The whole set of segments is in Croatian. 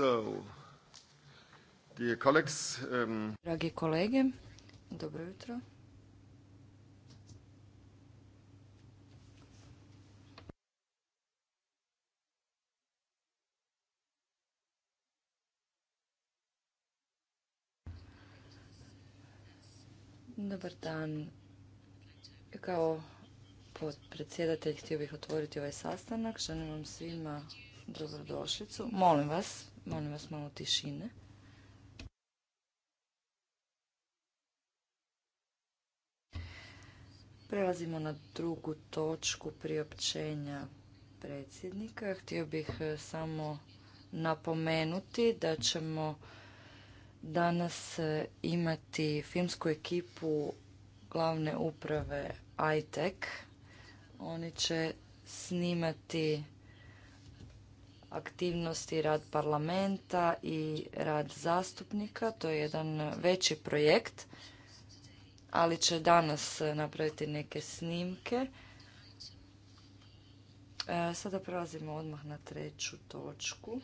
Um, Dragi kolege, dobro jutro. Dobar dan. Kao predsjedatelj htio bih otvoriti ovaj sastanak. Želim vam svima dobrodošlicu. Molim vas, molim vas malo tišine. Prelazimo na drugu točku priopćenja predsjednika. Htio bih e, samo napomenuti da ćemo danas e, imati filmsku ekipu glavne uprave ITEC. Oni će snimati aktivnosti rad parlamenta i rad zastupnika. To je jedan veći projekt, ali će danas napraviti neke snimke. E, sada prelazimo odmah na treću točku.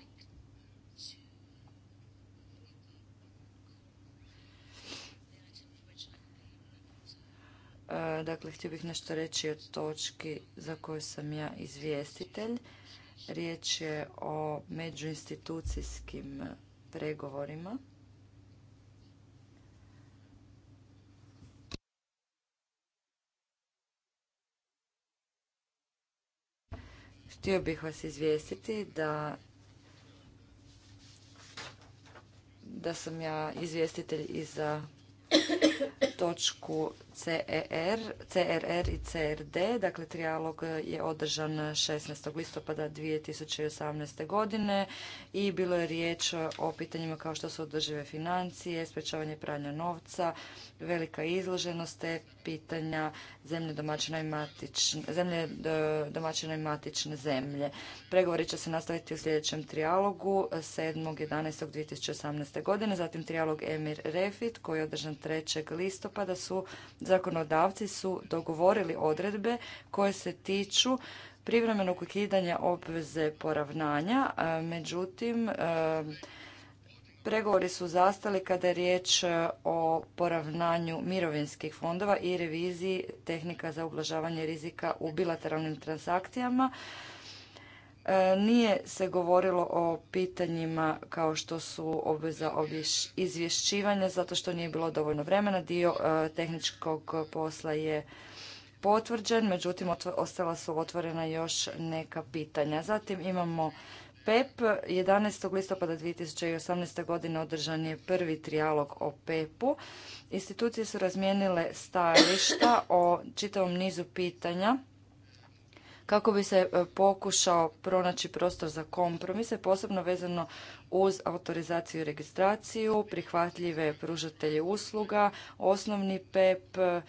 E, dakle, htio bih nešto reći o točki za koju sam ja izvjestitelj. Riječ je o međuinstitucijskim pregovorima. Htio bih vas izvijestiti da da sam ja izvjestitelj i za točku CER, CRR i CRD. Dakle, trijalog je održan 16. listopada 2018. godine i bilo je riječ o pitanjima kao što su održive financije, sprečavanje pranja novca, velika izloženost te pitanja zemlje domaćina i matične, zemlje e, domaćina i matične zemlje. Pregovori će se nastaviti u sljedećem trijalogu 7.11.2018. godine, zatim trijalog Emir Refit koji je održan 3. listopada su zakonodavci su dogovorili odredbe koje se tiču privremenog ukidanja obveze poravnanja, e, međutim e, Pregovori su zastali kada je riječ e, o poravnanju mirovinskih fondova i reviziji tehnika za ublažavanje rizika u bilateralnim transakcijama. E, nije se govorilo o pitanjima kao što su obveza izvješćivanja zato što nije bilo dovoljno vremena. Dio e, tehničkog posla je potvrđen, međutim ostala su otvorena još neka pitanja. Zatim imamo PEP 11. listopada 2018. godine održan je prvi trijalog o PEP-u. Institucije su razmijenile stajališta o čitavom nizu pitanja kako bi se e, pokušao pronaći prostor za kompromise, posebno vezano uz autorizaciju i registraciju, prihvatljive pružatelje usluga, osnovni PEP e,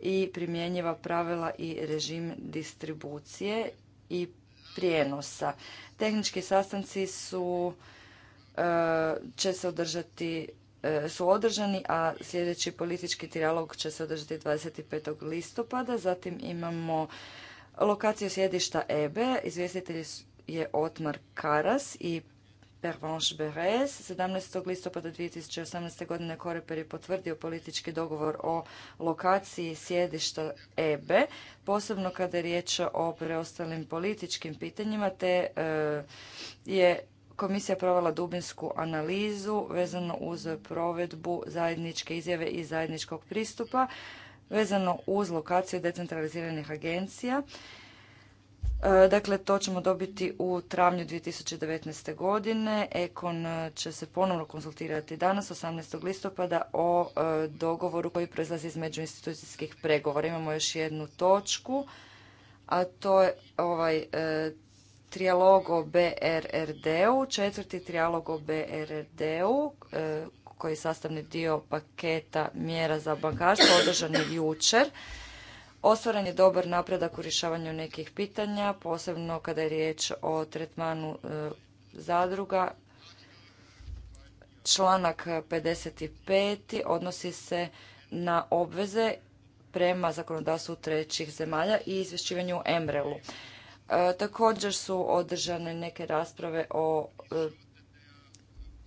i primjenjiva pravila i režim distribucije i prijenosa. Tehnički sastanci su e, će se održati e, su održani, a sljedeći politički trialog će se održati 25. listopada. Zatim imamo lokaciju sjedišta EBE. Izvjestitelj je Otmar Karas i Pervenche Beres. 17. listopada 2018. godine Koreper je potvrdio politički dogovor o lokaciji sjedišta EBE, posebno kada je riječ o preostalim političkim pitanjima, te e, je komisija provela dubinsku analizu vezano uz provedbu zajedničke izjave i zajedničkog pristupa vezano uz lokaciju decentraliziranih agencija E, dakle, to ćemo dobiti u travnju 2019. godine. Ekon e, će se ponovno konsultirati danas, 18. listopada, o e, dogovoru koji proizlazi iz međuinstitucijskih pregovora. Imamo još jednu točku, a to je ovaj trijalog o BRRD-u, četvrti trijalog o BRRD-u, koji je sastavni dio paketa mjera za bankarstvo, održan je jučer. Ostvaren je dobar napredak u rješavanju nekih pitanja, posebno kada je riječ o tretmanu e, zadruga. Članak 55. odnosi se na obveze prema zakonodavstvu trećih zemalja i izvješćivanju Emrelu. E, također su održane neke rasprave o e,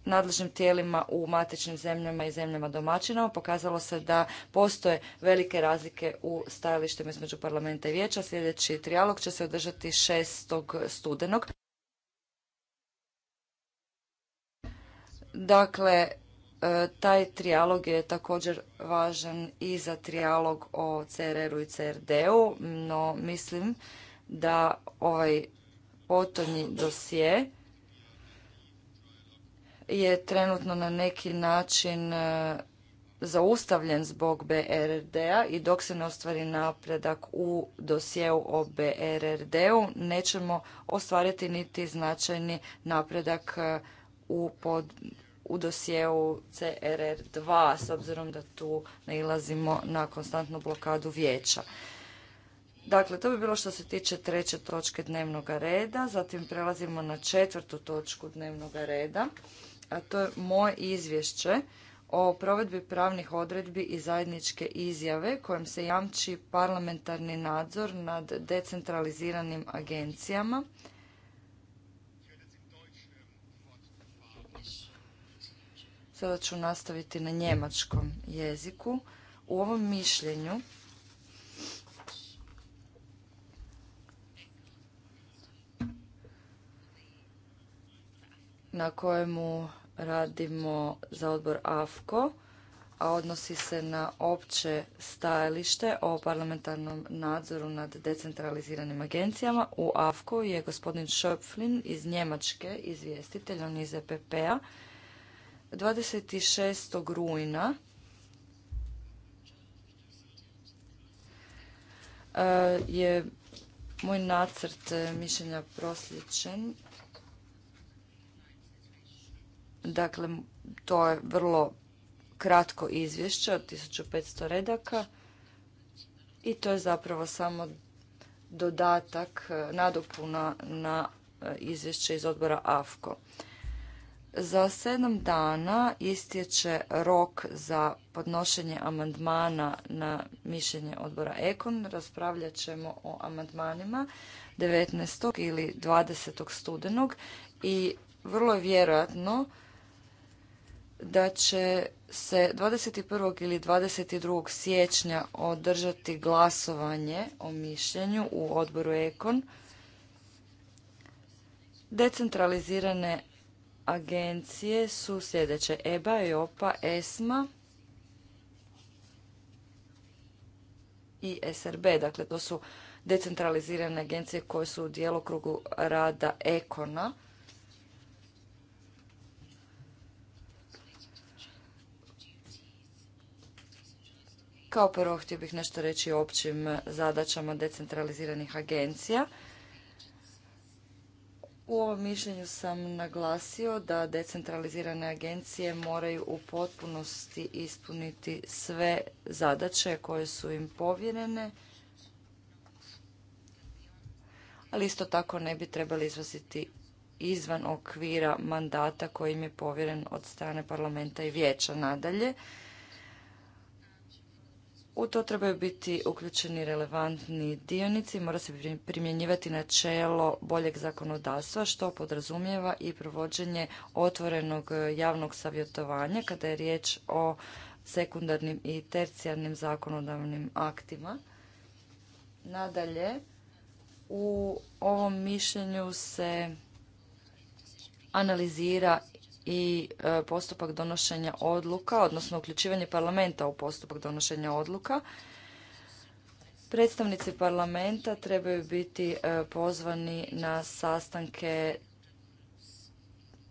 nadležnim tijelima u matičnim zemljama i zemljama domaćinama pokazalo se da postoje velike razlike u stajalištima između parlamenta i vijeća. Sljedeći trijalog će se održati 6. studenog. Dakle, e, taj trijalog je također važan i za trijalog o CRR-u i CRD-u, no mislim da ovaj potonji dosje je trenutno na neki način e, zaustavljen zbog BRRD-a i dok se ne ostvari napredak u dosjeu o BRRD-u nećemo ostvariti niti značajni napredak e, u, pod, u dosjeu CRR2 s obzirom da tu nailazimo na konstantnu blokadu vijeća. Dakle, to bi bilo što se tiče treće točke dnevnog reda. Zatim prelazimo na četvrtu točku dnevnog reda a to je moje izvješće o provedbi pravnih odredbi i zajedničke izjave kojom se jamči parlamentarni nadzor nad decentraliziranim agencijama. Sada ću nastaviti na njemačkom jeziku. U ovom mišljenju na kojemu radimo za odbor AFKO, a odnosi se na opće stajalište o parlamentarnom nadzoru nad decentraliziranim agencijama. U AFKO je gospodin Schöpflin iz Njemačke, izvjestitelj, on iz EPP-a. 26. rujna e, je moj nacrt mišljenja prosličen Dakle, to je vrlo kratko izvješće od 1500 redaka i to je zapravo samo dodatak, e, nadopuna na e, izvješće iz odbora AFKO. Za sedam dana istječe rok za podnošenje amandmana na mišljenje odbora Ekon. Raspravljat ćemo o amandmanima 19. ili 20. studenog i vrlo je vjerojatno da će se 21. ili 22. siječnja održati glasovanje o mišljenju u odboru Ekon decentralizirane agencije su sljedeće EBA, EOPA, ESMA i SRB. Dakle, to su decentralizirane agencije koje su u djelokrugu rada Ekona. Kao prvo htio bih nešto reći o općim zadaćama decentraliziranih agencija. U ovom mišljenju sam naglasio da decentralizirane agencije moraju u potpunosti ispuniti sve zadaće koje su im povjerene, ali isto tako ne bi trebali izvoziti izvan okvira mandata koji im je povjeren od strane parlamenta i vijeća nadalje. U to trebaju biti uključeni relevantni dionici, mora se primjenjivati načelo boljeg zakonodavstva što podrazumijeva i provođenje otvorenog javnog savjetovanja kada je riječ o sekundarnim i tercijarnim zakonodavnim aktima. Nadalje, u ovom mišljenju se analizira i e, postupak donošenja odluka, odnosno uključivanje parlamenta u postupak donošenja odluka. Predstavnici parlamenta trebaju biti e, pozvani na sastanke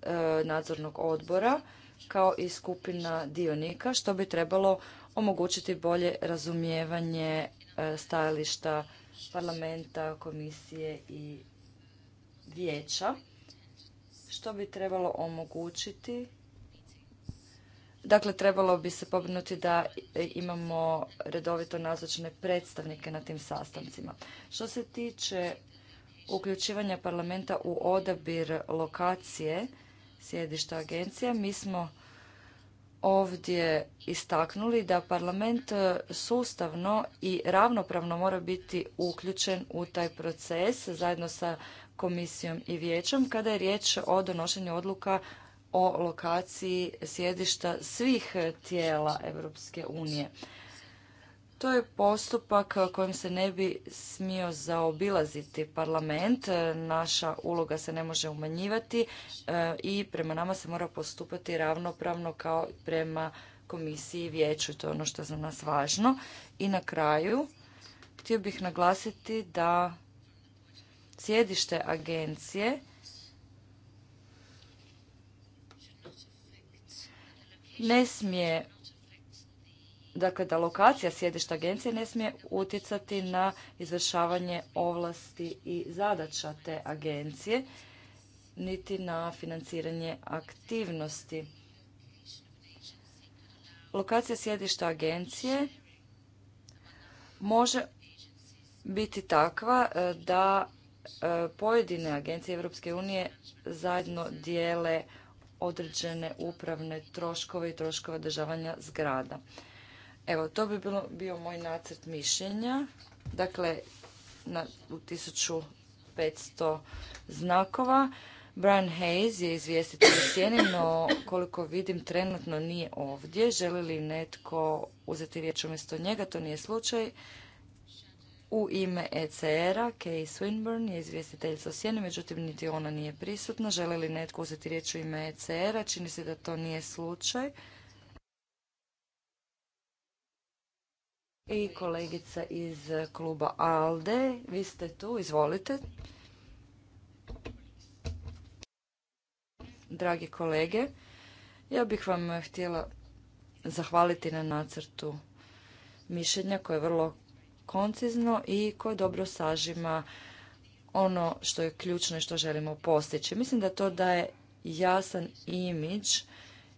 e, nadzornog odbora kao i skupina dionika, što bi trebalo omogućiti bolje razumijevanje stajališta parlamenta, komisije i vijeća što bi trebalo omogućiti Dakle, trebalo bi se pobrinuti da imamo redovito nazočne predstavnike na tim sastancima. Što se tiče uključivanja parlamenta u odabir lokacije sjedišta agencija, mi smo ovdje istaknuli da parlament sustavno i ravnopravno mora biti uključen u taj proces zajedno sa komisijom i vijećem kada je riječ o donošenju odluka o lokaciji sjedišta svih tijela Europske unije. To je postupak kojim se ne bi smio zaobilaziti parlament. Naša uloga se ne može umanjivati e, i prema nama se mora postupati ravnopravno kao prema komisiji i vijeću. To je ono što je za nas važno. I na kraju htio bih naglasiti da sjedište agencije ne smije dakle da lokacija sjedišta agencije ne smije utjecati na izvršavanje ovlasti i zadaća te agencije niti na financiranje aktivnosti. Lokacija sjedišta agencije može biti takva e, da E, pojedine agencije Europske unije zajedno dijele određene upravne troškove i troškove održavanja zgrada. Evo, to bi bilo, bio moj nacrt mišljenja. Dakle, na, u 1500 znakova. Brian Hayes je izvjestitelj u sjeni, no koliko vidim trenutno nije ovdje. Želi li netko uzeti riječ umjesto njega? To nije slučaj. U ime ECR-a Kay Swinburne je izvjestiteljica sjeni međutim niti ona nije prisutna. Želi li netko uzeti riječ u ime ECR-a? Čini se da to nije slučaj. I kolegica iz kluba ALDE, vi ste tu, izvolite. Dragi kolege, ja bih vam htjela zahvaliti na nacrtu mišljenja koje je vrlo koncizno i koje dobro sažima ono što je ključno i što želimo postići. Mislim da to daje jasan imidž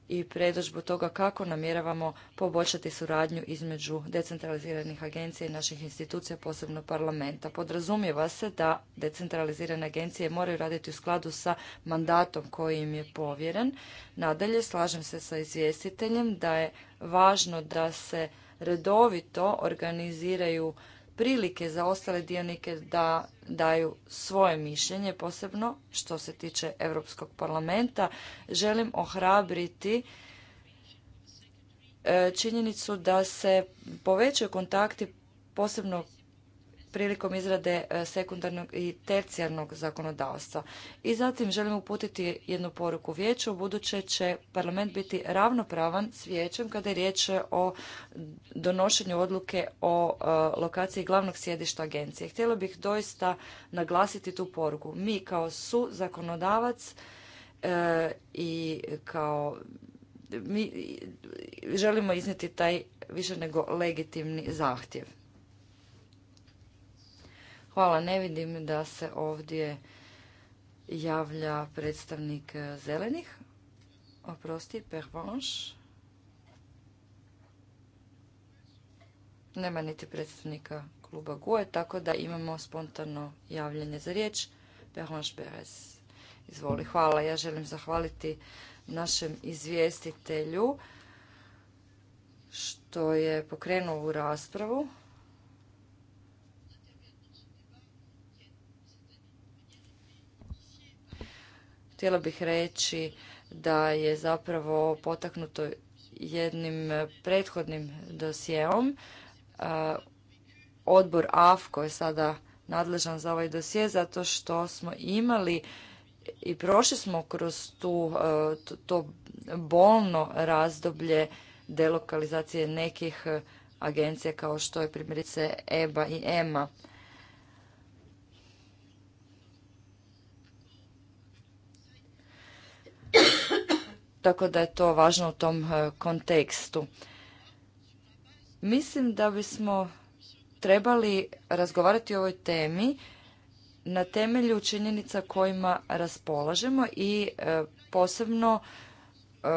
i predođbu toga kako namjeravamo poboljšati suradnju između decentraliziranih agencija i naših institucija, posebno parlamenta. Podrazumijeva se da decentralizirane agencije moraju raditi u skladu sa mandatom koji im je povjeren. Nadalje, slažem se sa izvjestiteljem da je važno da se redovito organiziraju prilike za ostale dionike da daju svoje mišljenje, posebno što se tiče Europskog parlamenta. Želim ohrabriti e, činjenicu da se povećaju kontakti posebno prilikom izrade e, sekundarnog i tercijarnog zakonodavstva. I zatim želim uputiti jednu poruku vijeću. Buduće će parlament biti ravnopravan s vijećem kada je riječ o donošenju odluke o e, lokaciji glavnog sjedišta agencije. Htjela bih doista naglasiti tu poruku. Mi kao su zakonodavac e, i kao mi želimo iznijeti taj više nego legitimni zahtjev. Hvala, ne vidim da se ovdje javlja predstavnik zelenih. Oprosti, Pervanche. Nema niti predstavnika kluba Guje, tako da imamo spontano javljanje za riječ. Pervanche Perez, izvoli. Hvala, ja želim zahvaliti našem izvjestitelju što je pokrenuo ovu raspravu. Htjela bih reći da je zapravo potaknuto jednim prethodnim dosijeom. Odbor AF koji je sada nadležan za ovaj dosije zato što smo imali i prošli smo kroz tu, e, to bolno razdoblje delokalizacije nekih agencija kao što je primjerice EBA i EMA. tako da je to važno u tom e, kontekstu. Mislim da bismo trebali razgovarati o ovoj temi na temelju činjenica kojima raspolažemo i e, posebno e,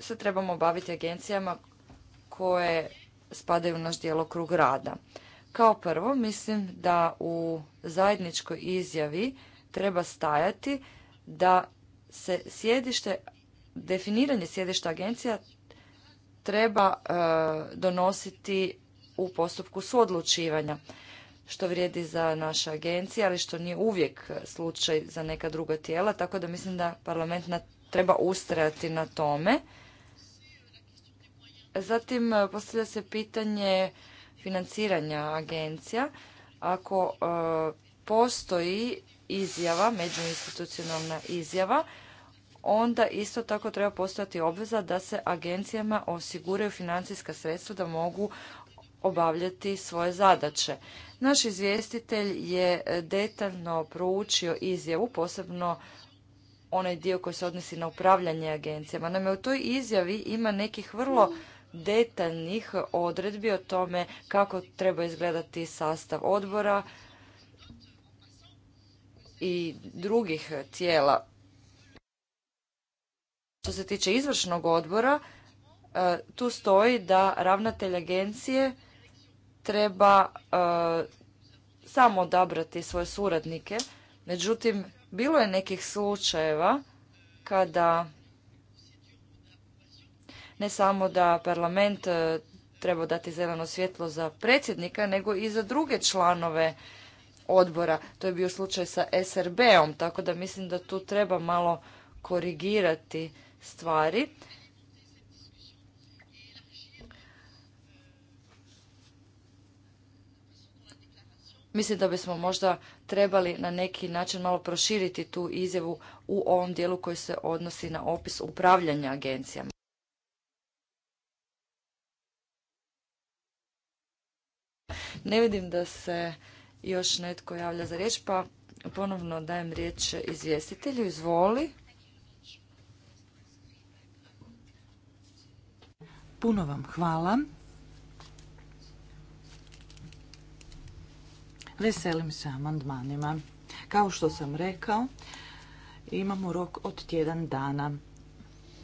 se trebamo baviti agencijama koje spadaju u naš djelokrug rada. Kao prvo, mislim da u zajedničkoj izjavi treba stajati da se sjedište, definiranje sjedišta agencija treba e, donositi u postupku suodlučivanja što vrijedi za naše agencije, ali što nije uvijek slučaj za neka druga tijela, tako da mislim da parlament treba ustrajati na tome. Zatim e, postavlja se pitanje financiranja agencija. Ako e, postoji izjava, međuinstitucionalna izjava, onda isto tako treba postojati obveza da se agencijama osiguraju financijska sredstva da mogu obavljati svoje zadaće. Naš izvjestitelj je detaljno proučio izjavu, posebno onaj dio koji se odnosi na upravljanje agencijama. Naime, u toj izjavi ima nekih vrlo detaljnih odredbi o tome kako treba izgledati sastav odbora, i drugih tijela. Što se tiče izvršnog odbora, e, tu stoji da ravnatelj agencije treba e, samo odabrati svoje suradnike. Međutim, bilo je nekih slučajeva kada ne samo da parlament e, treba dati zeleno svjetlo za predsjednika, nego i za druge članove odbora. To je bio slučaj sa SRB-om, tako da mislim da tu treba malo korigirati stvari. Mislim da bismo možda trebali na neki način malo proširiti tu izjavu u ovom dijelu koji se odnosi na opis upravljanja agencijama. Ne vidim da se još netko javlja za riječ, pa ponovno dajem riječ izvjestitelju. Izvoli. Puno vam hvala. Veselim se amandmanima. Kao što sam rekao, imamo rok od tjedan dana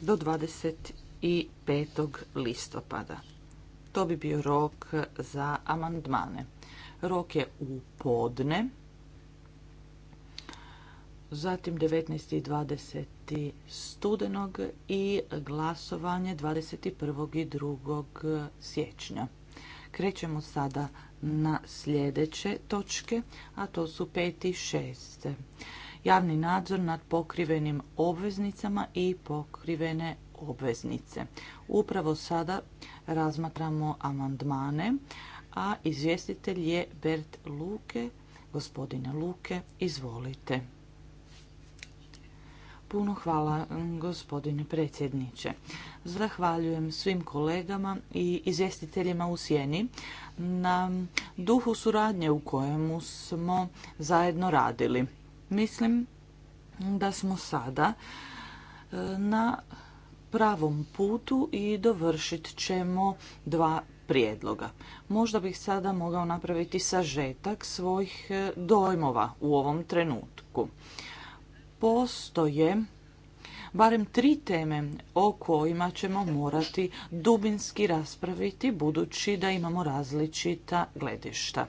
do 25. listopada. To bi bio rok za amandmane. Rok je u podne. Zatim 19. i 20. studenog i glasovanje 21. i 2. sječnja. Krećemo sada na sljedeće točke, a to su 5. i 6. Javni nadzor nad pokrivenim obveznicama i pokrivene obveznice. Upravo sada razmatramo amandmane a izvjestitelj je Bert Luke. Gospodine Luke, izvolite. Puno hvala, gospodine predsjedniče. Zahvaljujem svim kolegama i izvjestiteljima u Sjeni na duhu suradnje u kojemu smo zajedno radili. Mislim da smo sada e, na pravom putu i dovršit ćemo dva prijedloga. Možda bih sada mogao napraviti sažetak svojih e, dojmova u ovom trenutku. Postoje barem tri teme o kojima ćemo morati dubinski raspraviti budući da imamo različita gledišta.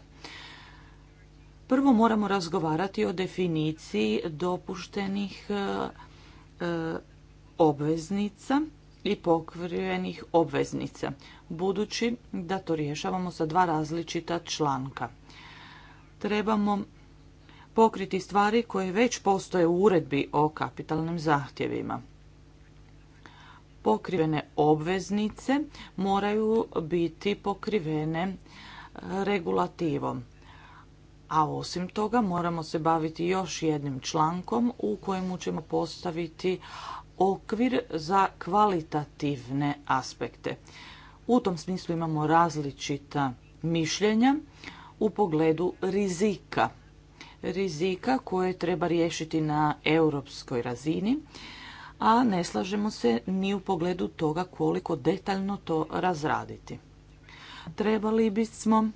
Prvo moramo razgovarati o definiciji dopuštenih e, e, obveznica i pokrivenih obveznica, budući da to rješavamo sa dva različita članka. Trebamo pokriti stvari koje već postoje u uredbi o kapitalnim zahtjevima. Pokrivene obveznice moraju biti pokrivene e, regulativom. A osim toga moramo se baviti još jednim člankom u kojemu ćemo postaviti okvir za kvalitativne aspekte. U tom smislu imamo različita mišljenja u pogledu rizika. Rizika koje treba riješiti na europskoj razini, a ne slažemo se ni u pogledu toga koliko detaljno to razraditi. Trebali bismo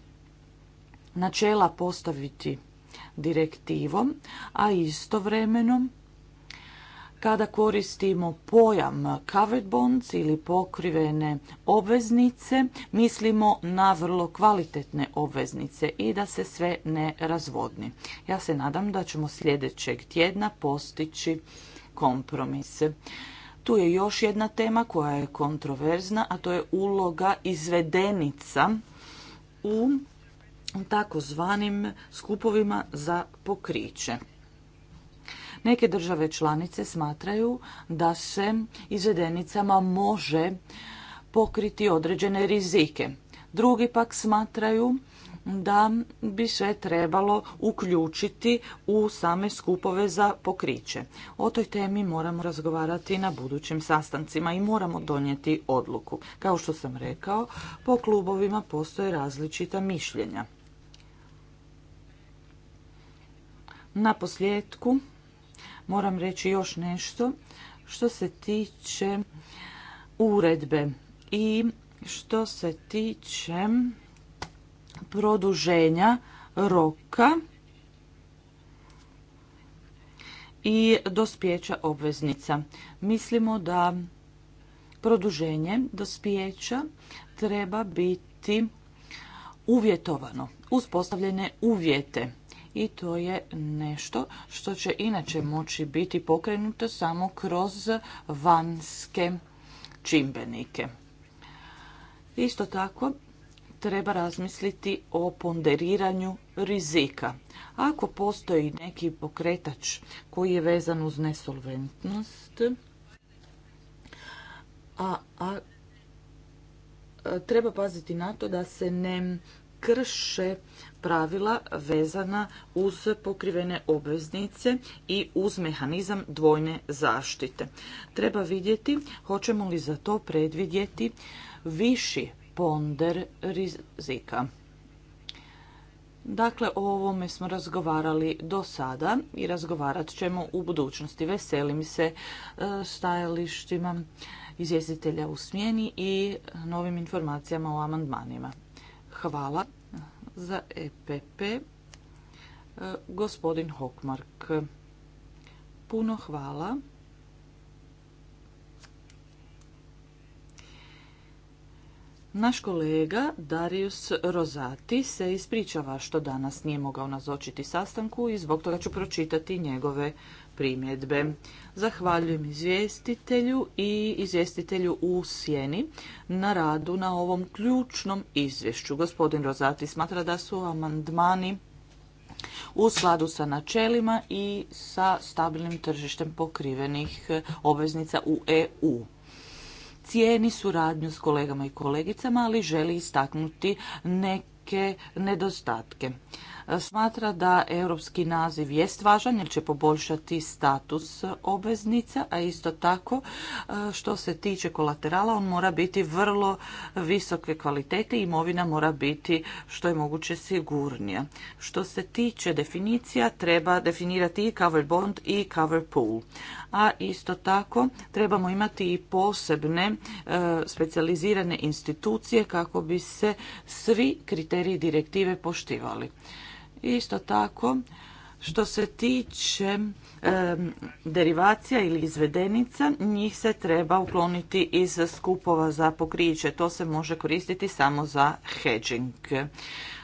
načela postaviti direktivom, a istovremeno kada koristimo pojam covered bonds ili pokrivene obveznice, mislimo na vrlo kvalitetne obveznice i da se sve ne razvodni. Ja se nadam da ćemo sljedećeg tjedna postići kompromise. Tu je još jedna tema koja je kontroverzna, a to je uloga izvedenica u takozvanim skupovima za pokriće. Neke države članice smatraju da se izvedenicama može pokriti određene rizike. Drugi pak smatraju da bi sve trebalo uključiti u same skupove za pokriće. O toj temi moramo razgovarati na budućim sastancima i moramo donijeti odluku. Kao što sam rekao, po klubovima postoje različita mišljenja. Na posljedku moram reći još nešto što se tiče uredbe i što se tiče produženja roka i dospjeća obveznica. Mislimo da produženje dospijeća treba biti uvjetovano, uspostavljene uvjete i to je nešto što će inače moći biti pokrenuto samo kroz vanjske čimbenike. Isto tako, treba razmisliti o ponderiranju rizika. Ako postoji neki pokretač koji je vezan uz nesolventnost, a, a treba paziti na to da se ne krše pravila vezana uz pokrivene obveznice i uz mehanizam dvojne zaštite. Treba vidjeti hoćemo li za to predvidjeti viši ponder rizika. Dakle, o ovome smo razgovarali do sada i razgovarat ćemo u budućnosti. Veselim se e, stajalištima izvjestitelja u smjeni i novim informacijama o amandmanima. Hvala za EPP, e, gospodin Hokmark. Puno hvala. Naš kolega Darius Rozati se ispričava što danas nije mogao nazočiti sastanku i zbog toga ću pročitati njegove primjedbe. Zahvaljujem izvjestitelju i izvjestitelju u sjeni na radu na ovom ključnom izvješću. Gospodin Rozati smatra da su amandmani u skladu sa načelima i sa stabilnim tržištem pokrivenih obveznica u EU cijeni suradnju s kolegama i kolegicama, ali želi istaknuti neke nedostatke smatra da europski naziv jest važan jer će poboljšati status obveznica, a isto tako e, što se tiče kolaterala on mora biti vrlo visoke kvalitete i imovina mora biti što je moguće sigurnija. Što se tiče definicija treba definirati i cover bond i cover pool. A isto tako trebamo imati i posebne e, specijalizirane institucije kako bi se svi kriteriji direktive poštivali. Isto tako, što se tiče derivacija ili izvedenica, njih se treba ukloniti iz skupova za pokriće. To se može koristiti samo za hedging.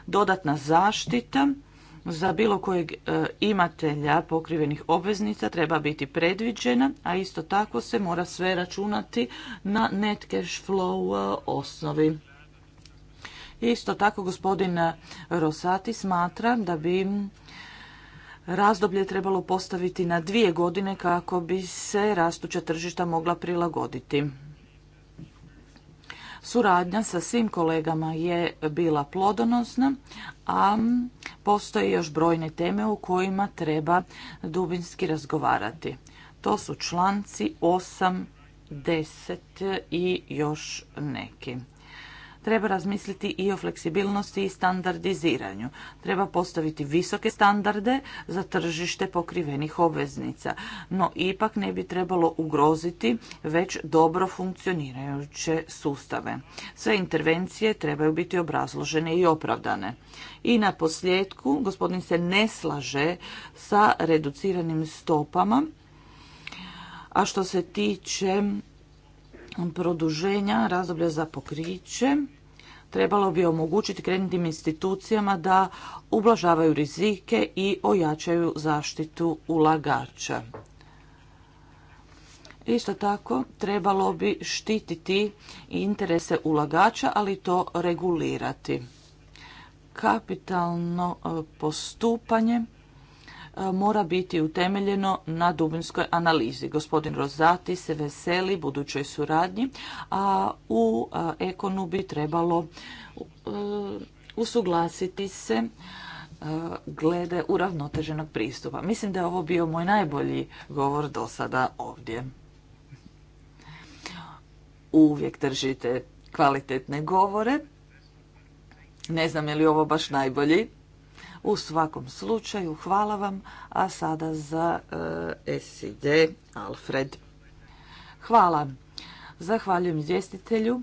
Dodatna zaštita za bilo kojeg e, imatelja pokrivenih obveznica treba biti predviđena, a isto tako se mora sve računati na net cash flow e, osnovi. Isto tako gospodin Rosati smatra da bi razdoblje trebalo postaviti na dvije godine kako bi se rastuća tržišta mogla prilagoditi. Suradnja sa svim kolegama je bila plodonosna, a postoje još brojne teme u kojima treba dubinski razgovarati. To su članci 8, 10 i još neki. Treba razmisliti i o fleksibilnosti i standardiziranju. Treba postaviti visoke standarde za tržište pokrivenih obveznica, no ipak ne bi trebalo ugroziti već dobro funkcionirajuće sustave. Sve intervencije trebaju biti obrazložene i opravdane. I na posljedku, gospodin se ne slaže sa reduciranim stopama, a što se tiče produženja razdoblja za pokriće, trebalo bi omogućiti kreditnim institucijama da ublažavaju rizike i ojačaju zaštitu ulagača. Isto tako trebalo bi štititi interese ulagača, ali to regulirati. Kapitalno e, postupanje E, mora biti utemeljeno na dubinskoj analizi. Gospodin Rozati se veseli budućoj suradnji, a u e, Ekonu bi trebalo e, usuglasiti se glede uravnoteženog pristupa. Mislim da je ovo bio moj najbolji govor do sada ovdje. Uvijek držite kvalitetne govore. Ne znam je li ovo baš najbolji, u svakom slučaju, hvala vam, a sada za e, SID Alfred. Hvala. Zahvaljujem izvjestitelju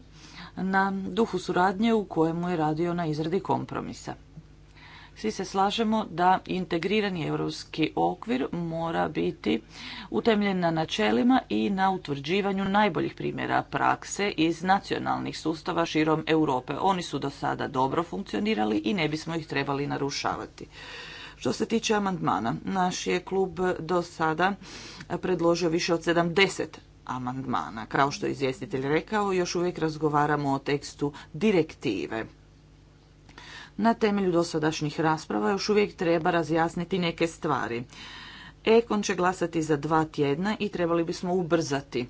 na duhu suradnje u kojemu je radio na izradi kompromisa. Svi se slažemo da integrirani europski okvir mora biti utemljen na načelima i na utvrđivanju najboljih primjera prakse iz nacionalnih sustava širom Europe. Oni su do sada dobro funkcionirali i ne bismo ih trebali narušavati. Što se tiče amandmana, naš je klub do sada predložio više od 70 amandmana. Kao što je izvjestitelj rekao, još uvijek razgovaramo o tekstu direktive. Na temelju dosadašnjih rasprava još uvijek treba razjasniti neke stvari. Ekon će glasati za dva tjedna i trebali bismo ubrzati.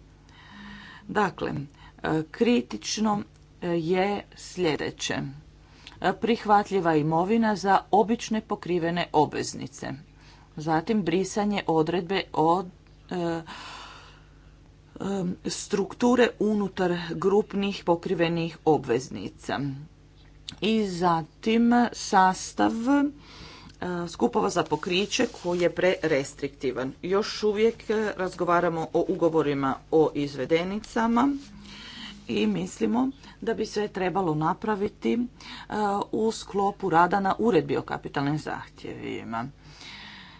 Dakle, e, kritično e, je sljedeće. E, prihvatljiva imovina za obične pokrivene obveznice. Zatim brisanje odredbe od strukture unutar grupnih pokrivenih obveznica i zatim sastav e, skupova za pokriće koji je prerestriktivan. Još uvijek e, razgovaramo o ugovorima o izvedenicama i mislimo da bi sve trebalo napraviti e, u sklopu rada na uredbi o kapitalnim zahtjevima.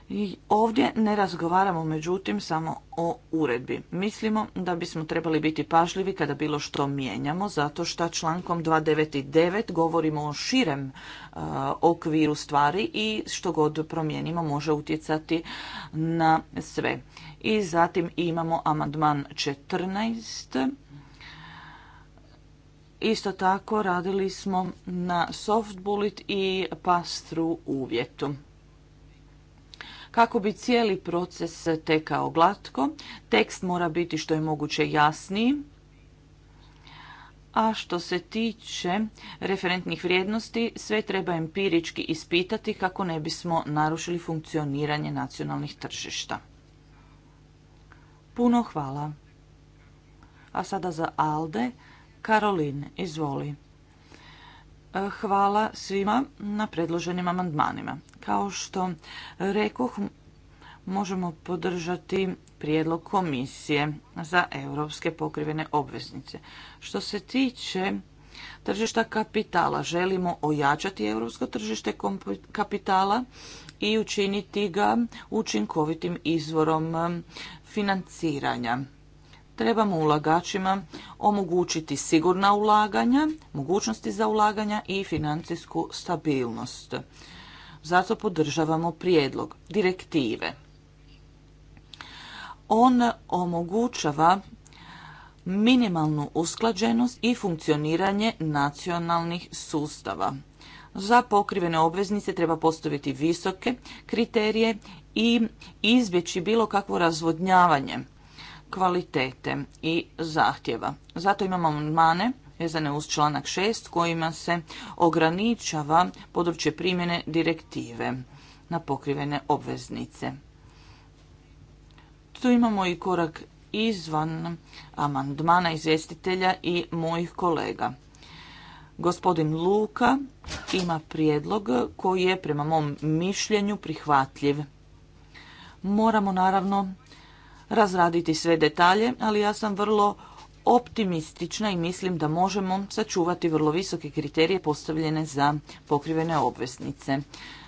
I ovdje ne razgovaramo međutim samo o uredbi. Mislimo da bismo trebali biti pažljivi kada bilo što mijenjamo, zato što člankom 299 govorimo o širem e, okviru stvari i što god promijenimo može utjecati na sve. I zatim imamo amandman 14. Isto tako radili smo na soft i pastru uvjetu. Kako bi cijeli proces tekao glatko, tekst mora biti što je moguće jasniji, a što se tiče referentnih vrijednosti, sve treba empirički ispitati kako ne bismo narušili funkcioniranje nacionalnih tržišta. Puno hvala. A sada za Alde, Karolin, izvoli. Hvala svima na predloženim amandmanima. Kao što rekoh, možemo podržati prijedlog komisije za europske pokrivene obveznice. Što se tiče tržišta kapitala, želimo ojačati europsko tržište kapitala i učiniti ga učinkovitim izvorom financiranja trebamo ulagačima omogućiti sigurna ulaganja, mogućnosti za ulaganja i financijsku stabilnost. Zato podržavamo prijedlog direktive. On omogućava minimalnu usklađenost i funkcioniranje nacionalnih sustava. Za pokrivene obveznice treba postaviti visoke kriterije i izbjeći bilo kakvo razvodnjavanje kvalitete i zahtjeva. Zato imamo amandmane vezane uz članak 6 kojima se ograničava područje primjene direktive na pokrivene obveznice. Tu imamo i korak izvan amandmana izvjestitelja i mojih kolega. Gospodin Luka ima prijedlog koji je prema mom mišljenju prihvatljiv. Moramo naravno razraditi sve detalje, ali ja sam vrlo optimistična i mislim da možemo sačuvati vrlo visoke kriterije postavljene za pokrivene obveznice.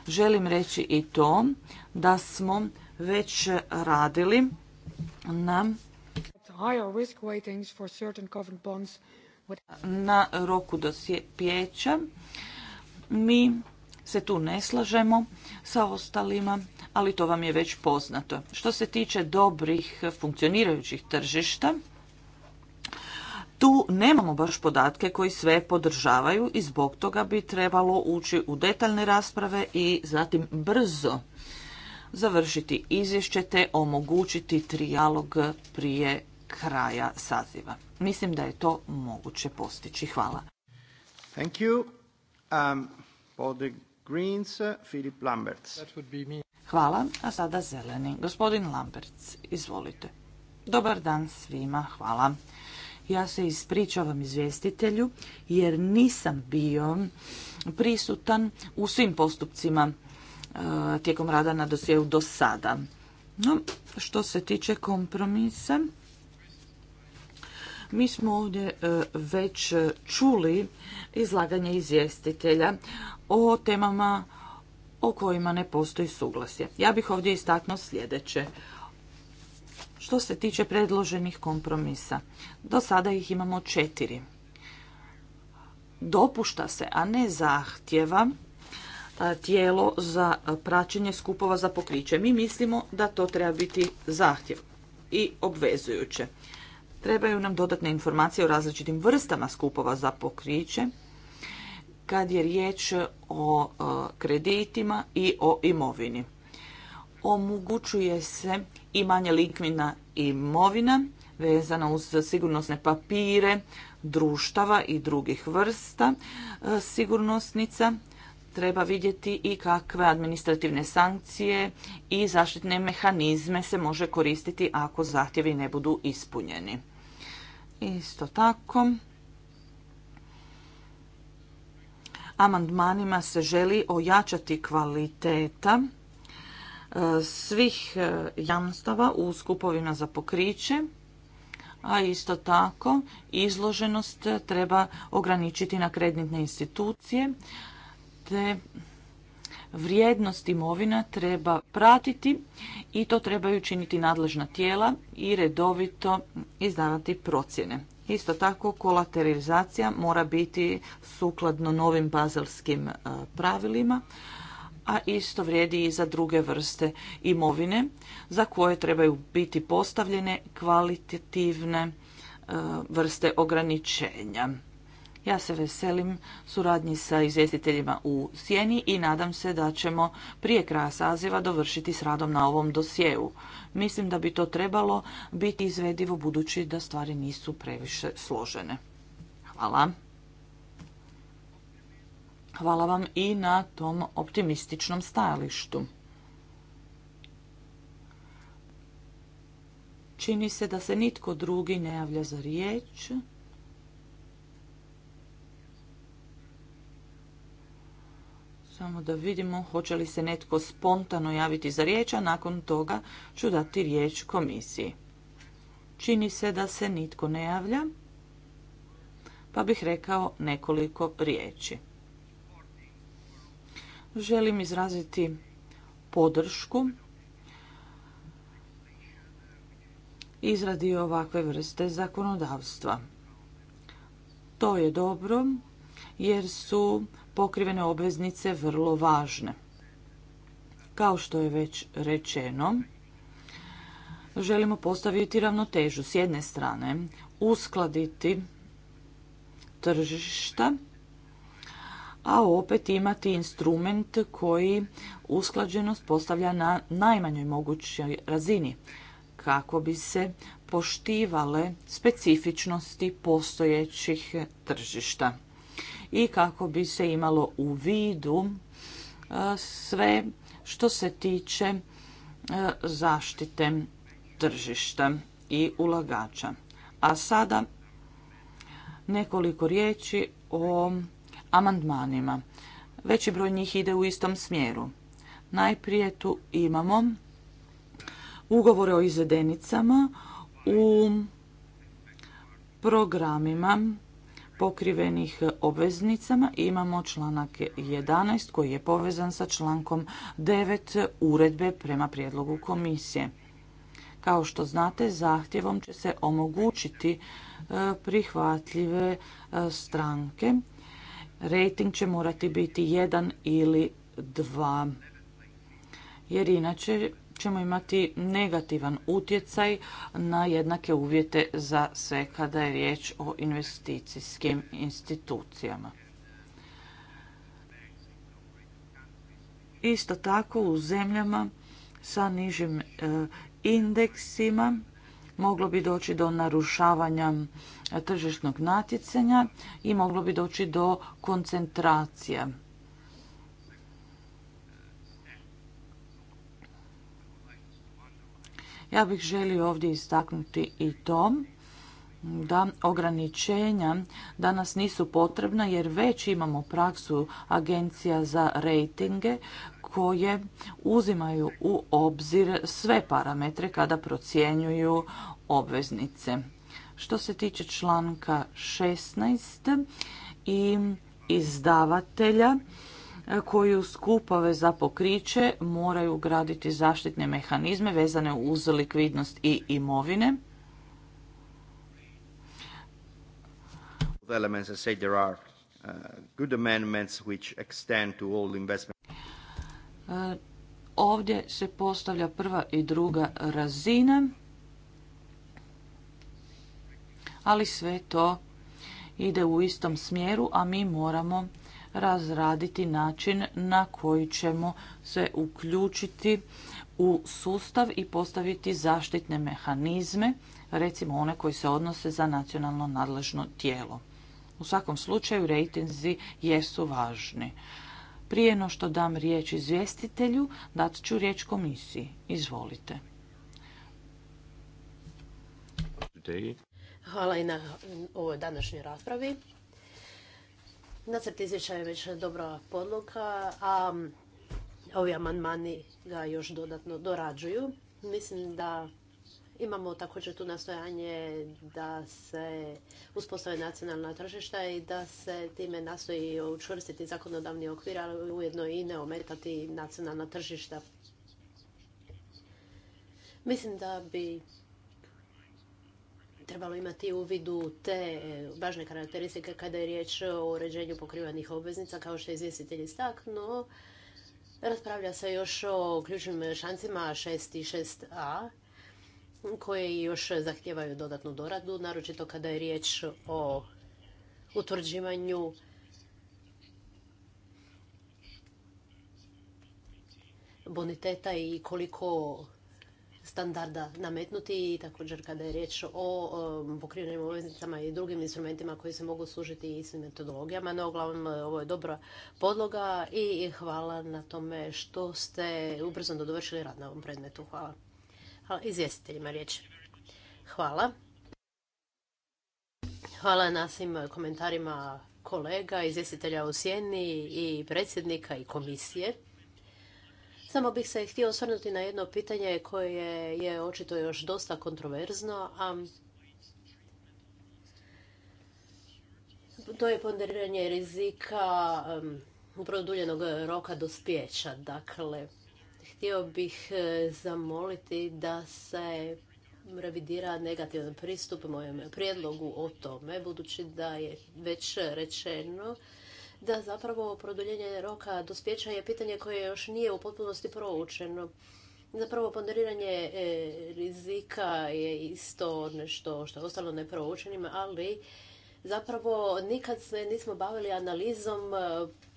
Želim reći i to da smo već radili na na roku pjeća. Mi se tu ne slažemo sa ostalima ali to vam je već poznato. Što se tiče dobrih funkcionirajućih tržišta, tu nemamo baš podatke koji sve podržavaju i zbog toga bi trebalo ući u detaljne rasprave i zatim brzo završiti izvješće te omogućiti trijalog prije kraja saziva. Mislim da je to moguće postići. Hvala. Thank you. Um, uh, Hvala, a sada zeleni. Gospodin lamperc izvolite. Dobar dan svima, hvala. Ja se ispričavam izvjestitelju jer nisam bio prisutan u svim postupcima e, tijekom rada na dosjeu do sada. No, što se tiče kompromisa, mi smo ovdje e, već čuli izlaganje izvjestitelja o temama o kojima ne postoji suglasje. Ja bih ovdje istaknuo sljedeće. Što se tiče predloženih kompromisa, do sada ih imamo četiri. Dopušta se, a ne zahtjeva, tijelo za praćenje skupova za pokriće. Mi mislimo da to treba biti zahtjev i obvezujuće. Trebaju nam dodatne informacije o različitim vrstama skupova za pokriće, kad je riječ o e, kreditima i o imovini. Omogućuje se i manje likvina imovina vezana uz sigurnosne papire, društava i drugih vrsta e, sigurnosnica. Treba vidjeti i kakve administrativne sankcije i zaštitne mehanizme se može koristiti ako zahtjevi ne budu ispunjeni. Isto tako, amandmanima se želi ojačati kvaliteta e, svih e, jamstava u skupovima za pokriće, a isto tako izloženost treba ograničiti na kreditne institucije, te vrijednost imovina treba pratiti i to trebaju činiti nadležna tijela i redovito izdavati procjene. Isto tako, kolaterizacija mora biti sukladno novim bazelskim e, pravilima, a isto vrijedi i za druge vrste imovine za koje trebaju biti postavljene kvalitativne e, vrste ograničenja. Ja se veselim suradnji sa izvjestiteljima u Sjeni i nadam se da ćemo prije kraja saziva dovršiti s radom na ovom dosjeu. Mislim da bi to trebalo biti izvedivo budući da stvari nisu previše složene. Hvala. Hvala vam i na tom optimističnom stajalištu. Čini se da se nitko drugi ne javlja za riječ. Samo da vidimo hoće li se netko spontano javiti za riječ, a nakon toga ću dati riječ komisiji. Čini se da se nitko ne javlja, pa bih rekao nekoliko riječi. Želim izraziti podršku izradi ovakve vrste zakonodavstva. To je dobro jer su pokrivene obveznice vrlo važne. Kao što je već rečeno, želimo postaviti ravnotežu. S jedne strane, uskladiti tržišta, a opet imati instrument koji usklađenost postavlja na najmanjoj mogućoj razini kako bi se poštivale specifičnosti postojećih tržišta i kako bi se imalo u vidu e, sve što se tiče e, zaštite tržišta i ulagača. A sada nekoliko riječi o amandmanima. Veći broj njih ide u istom smjeru. Najprije tu imamo ugovore o izvedenicama u programima pokrivenih obveznicama. Imamo članak 11 koji je povezan sa člankom 9 uredbe prema prijedlogu komisije. Kao što znate, zahtjevom će se omogućiti e, prihvatljive e, stranke. Rating će morati biti 1 ili 2, jer inače ćemo imati negativan utjecaj na jednake uvjete za sve kada je riječ o investicijskim institucijama. Isto tako u zemljama sa nižim e, indeksima moglo bi doći do narušavanja tržišnog natjecanja i moglo bi doći do koncentracija Ja bih želio ovdje istaknuti i to da ograničenja danas nisu potrebna jer već imamo praksu agencija za rejtinge koje uzimaju u obzir sve parametre kada procjenjuju obveznice. Što se tiče članka 16 i izdavatelja, koju skupove za pokriće moraju graditi zaštitne mehanizme vezane uz likvidnost i imovine. Uh, uh, ovdje se postavlja prva i druga razina, ali sve to ide u istom smjeru, a mi moramo razraditi način na koji ćemo se uključiti u sustav i postaviti zaštitne mehanizme, recimo one koji se odnose za nacionalno nadležno tijelo. U svakom slučaju rejtinzi jesu važni. Prije no što dam riječ izvjestitelju, dat ću riječ komisiji. Izvolite. Hvala i na ovoj današnjoj raspravi. Nacrt izvješća je već dobra podloga, a ovi amandmani ga još dodatno dorađuju. Mislim da imamo također tu nastojanje da se uspostave nacionalna tržišta i da se time nastoji učvrstiti zakonodavni okvir, ali ujedno i ne ometati nacionalna tržišta. Mislim da bi trebalo imati u vidu te e, važne karakteristike kada je riječ o uređenju pokrivanih obveznica, kao što je izvjestitelj no Raspravlja se još o ključnim šancima 6 i 6a, koje još zahtijevaju dodatnu doradu, naročito kada je riječ o utvrđivanju boniteta i koliko standarda nametnuti i također kada je riječ o pokrivenim obveznicama i drugim instrumentima koji se mogu služiti i svim metodologijama. No, uglavnom, e, ovo je dobra podloga i hvala na tome što ste ubrzo dovršili rad na ovom predmetu. Hvala. Hvala izvjestiteljima riječ. Hvala. Hvala na svim komentarima kolega, izvjestitelja u Sjeni i predsjednika i komisije. Samo bih se htio osvrnuti na jedno pitanje koje je očito još dosta kontroverzno, a to je ponderiranje rizika produljenog roka dospjeća. Dakle, htio bih e, zamoliti da se revidira negativan pristup mojem prijedlogu o tome, budući da je već rečeno da zapravo produljenje roka dospjeća je pitanje koje još nije u potpunosti proučeno. Zapravo ponderiranje e, rizika je isto nešto što je ostalo neproučenim, ali zapravo nikad se nismo bavili analizom e,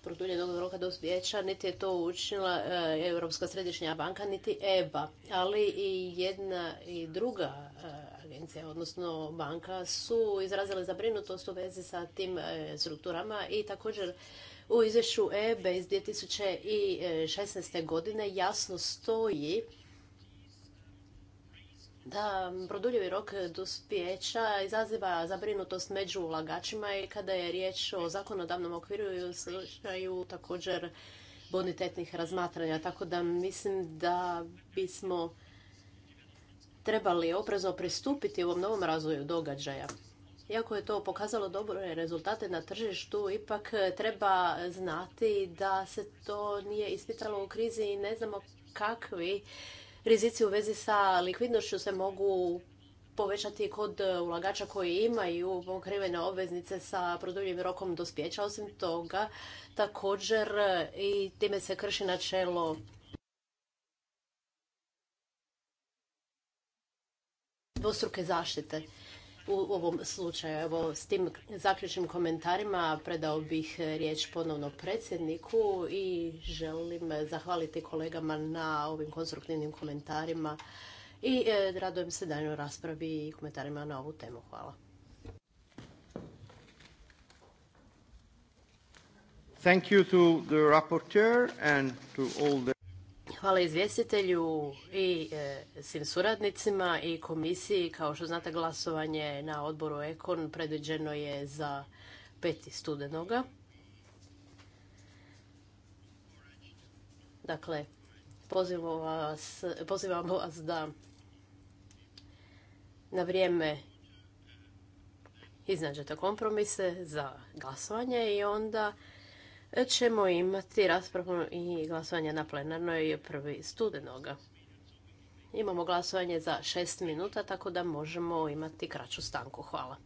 produljenog roka dospijeća, niti je to učinila e, Europska središnja banka, niti EBA. Ali i jedna i druga agencija, odnosno banka, su izrazile zabrinutost u vezi sa tim e, strukturama i također u izvješću EBE iz 2016. godine jasno stoji da produljivi rok dospijeća izaziva zabrinutost među ulagačima i kada je riječ o zakonodavnom okviru i slučaju također bonitetnih razmatranja. Tako da mislim da bismo trebali oprezno pristupiti ovom novom razvoju događaja. Iako je to pokazalo dobre rezultate na tržištu, ipak treba znati da se to nije ispitalo u krizi i ne znamo kakvi rizici u vezi sa likvidnošću se mogu povećati kod ulagača koji imaju pokrivene obveznice sa produljivim rokom dospjeća. Osim toga, također i time se krši načelo dvostruke zaštite u ovom slučaju. Evo, s tim zaključnim komentarima predao bih riječ ponovno predsjedniku i želim zahvaliti kolegama na ovim konstruktivnim komentarima i e, radujem se daljnjoj raspravi i komentarima na ovu temu. Hvala. Thank you to the and to all Hvala izvjestitelju i e, svim suradnicima i komisiji. Kao što znate, glasovanje na odboru Ekon predviđeno je za 5. studenoga. Dakle, pozivam vas, vas da na vrijeme iznađete kompromise za glasovanje i onda ćemo imati raspravu i glasovanje na plenarnoj prvi studenoga. Imamo glasovanje za šest minuta, tako da možemo imati kraću stanku. Hvala.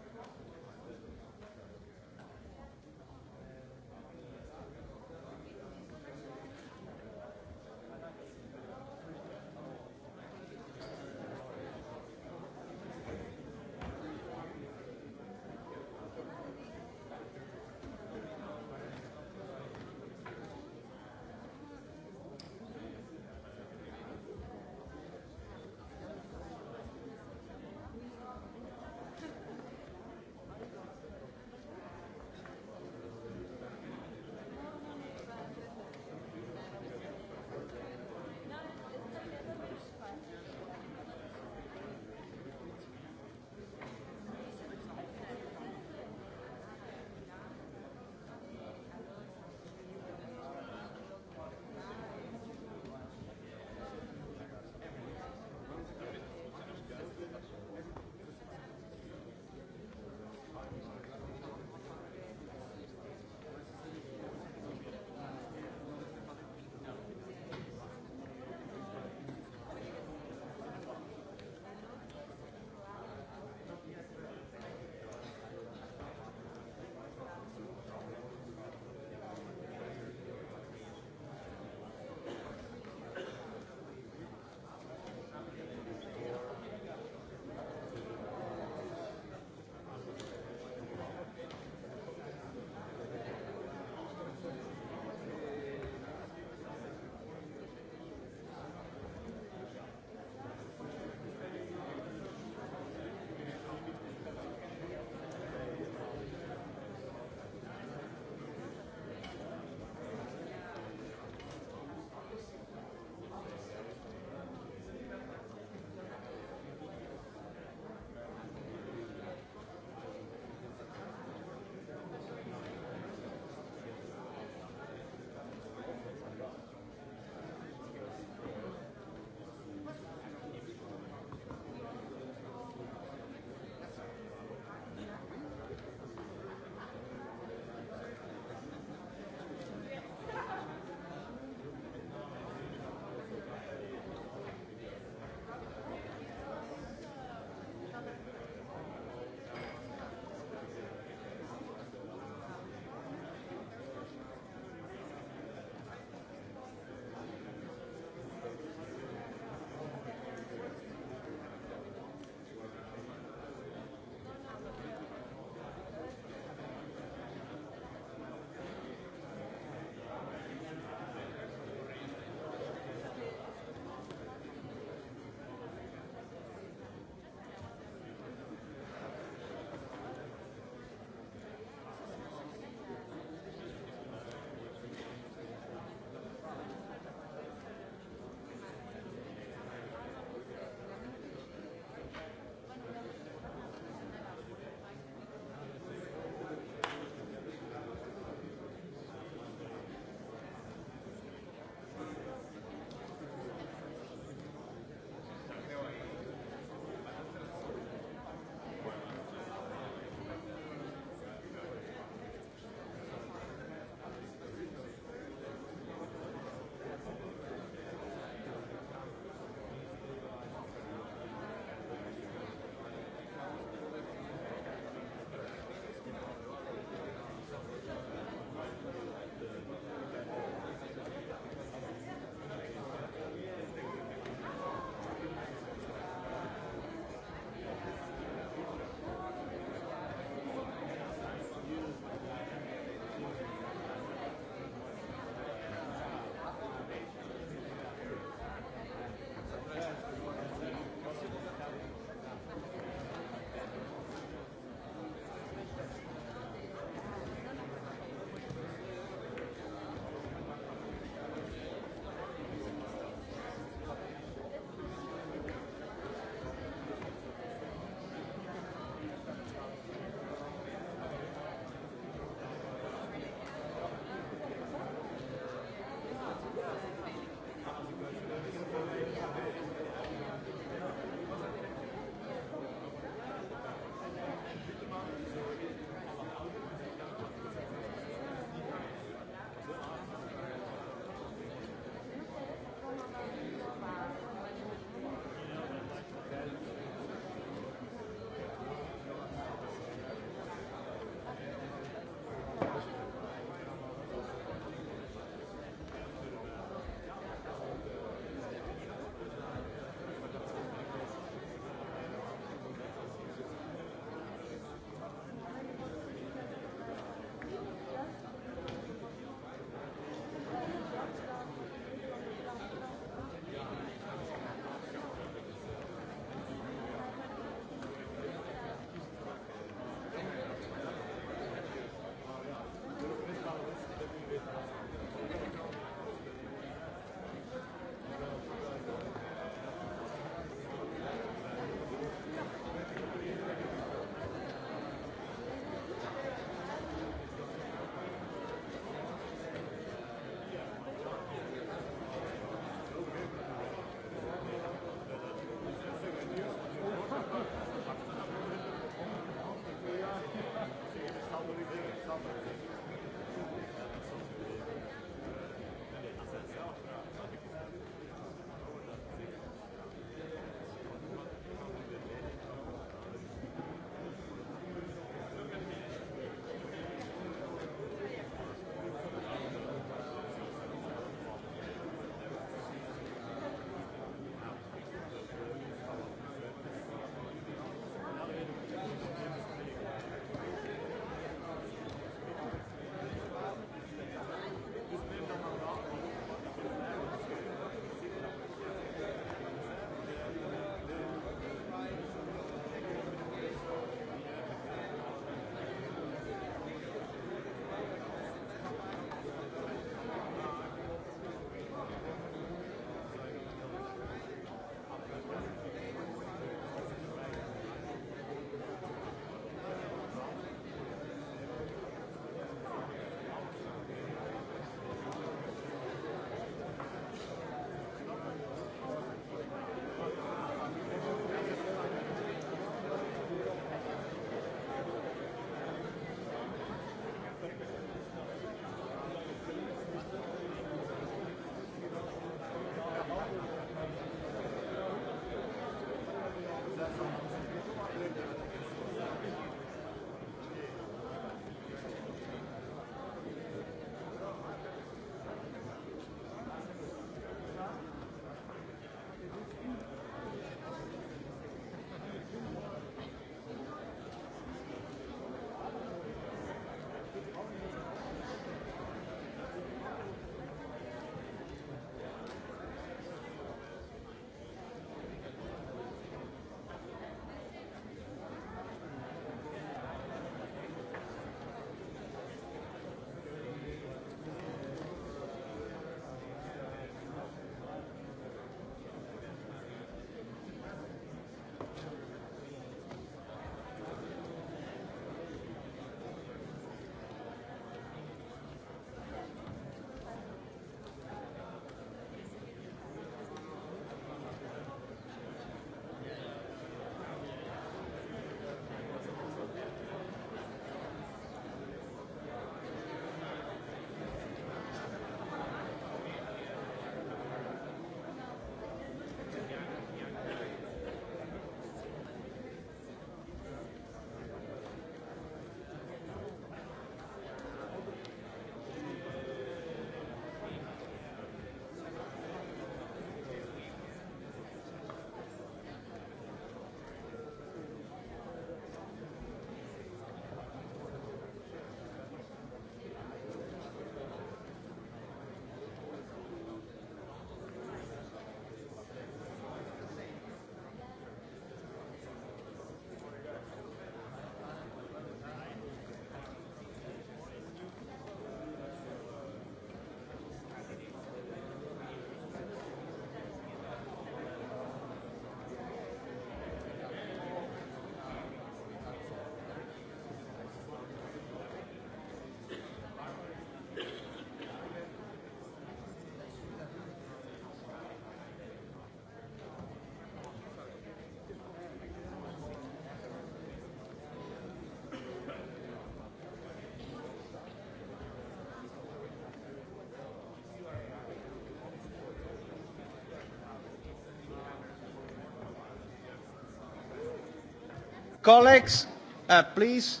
Colleagues, uh, please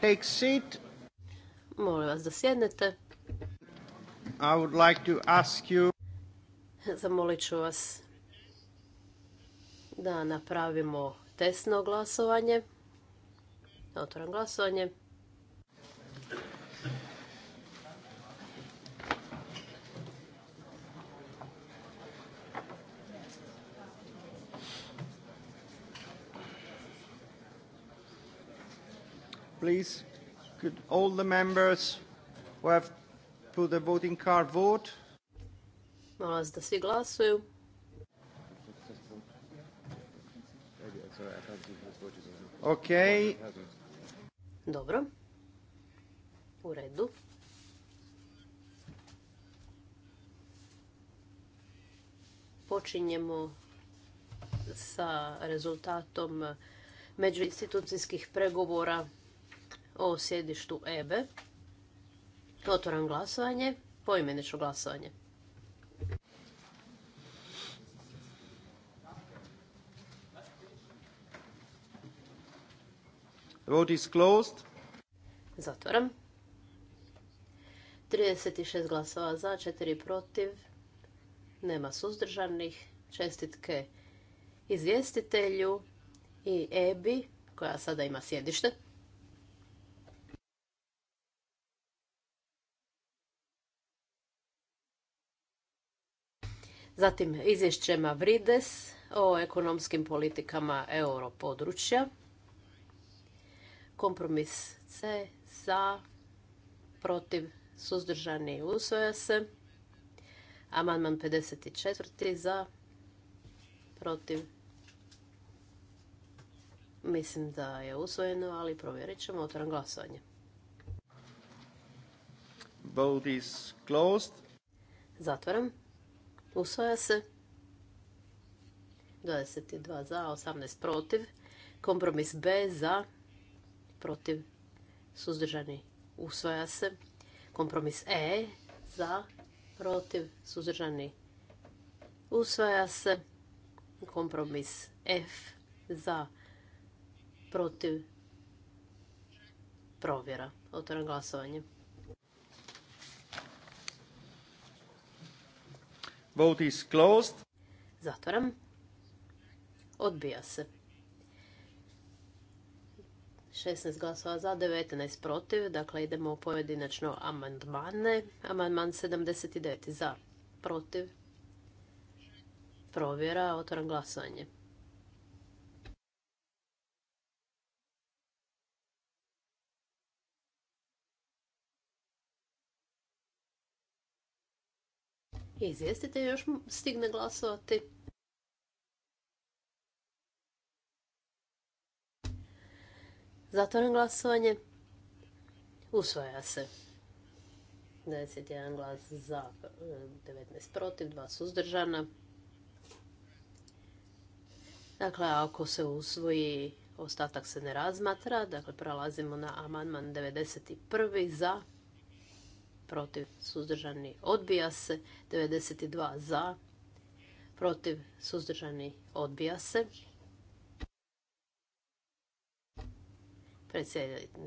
take seat. Molim vas da sjednete. I would like to ask you... Zamolit ću vas da napravimo tesno glasovanje. Otvoram glasovanje. the members who have the voting card vote. Molim da svi glasuju. Ok. Dobro. U redu. Počinjemo sa rezultatom međuinstitucijskih pregovora o sjedištu EBE. Otvoram glasovanje, poimenično glasovanje. Vote is closed. 36 glasova za, 4 protiv. Nema suzdržanih. Čestitke izvjestitelju i EBI, koja sada ima sjedište. Zatim izvješće o ekonomskim politikama europodručja. Kompromis C za, protiv, suzdržani usvoja se. Amandman 54. za, protiv. Mislim da je usvojeno, ali provjerit ćemo. Otvaram glasovanje. Vote closed. Zatvaram. Usvaja se. 22 za, 18 protiv. Kompromis B za, protiv, suzdržani. Usvaja se. Kompromis E za, protiv, suzdržani. Usvaja se. Kompromis F za, protiv, provjera. Otvoram glasovanje. Vote is closed. Zatvaram. Odbija se. 16 glasova za, 19 protiv. Dakle, idemo u pojedinačno amandmane. Amandman 79 za, protiv. Provjera, otvoram glasovanje. i još stigne glasovati. Zatvoren glasovanje. Usvaja se. 21 glas za, 19 protiv, 2 suzdržana. Dakle, ako se usvoji, ostatak se ne razmatra. Dakle, prelazimo na amandman 91. za, protiv, suzdržani, odbija se. 92 za, protiv, suzdržani, odbija se.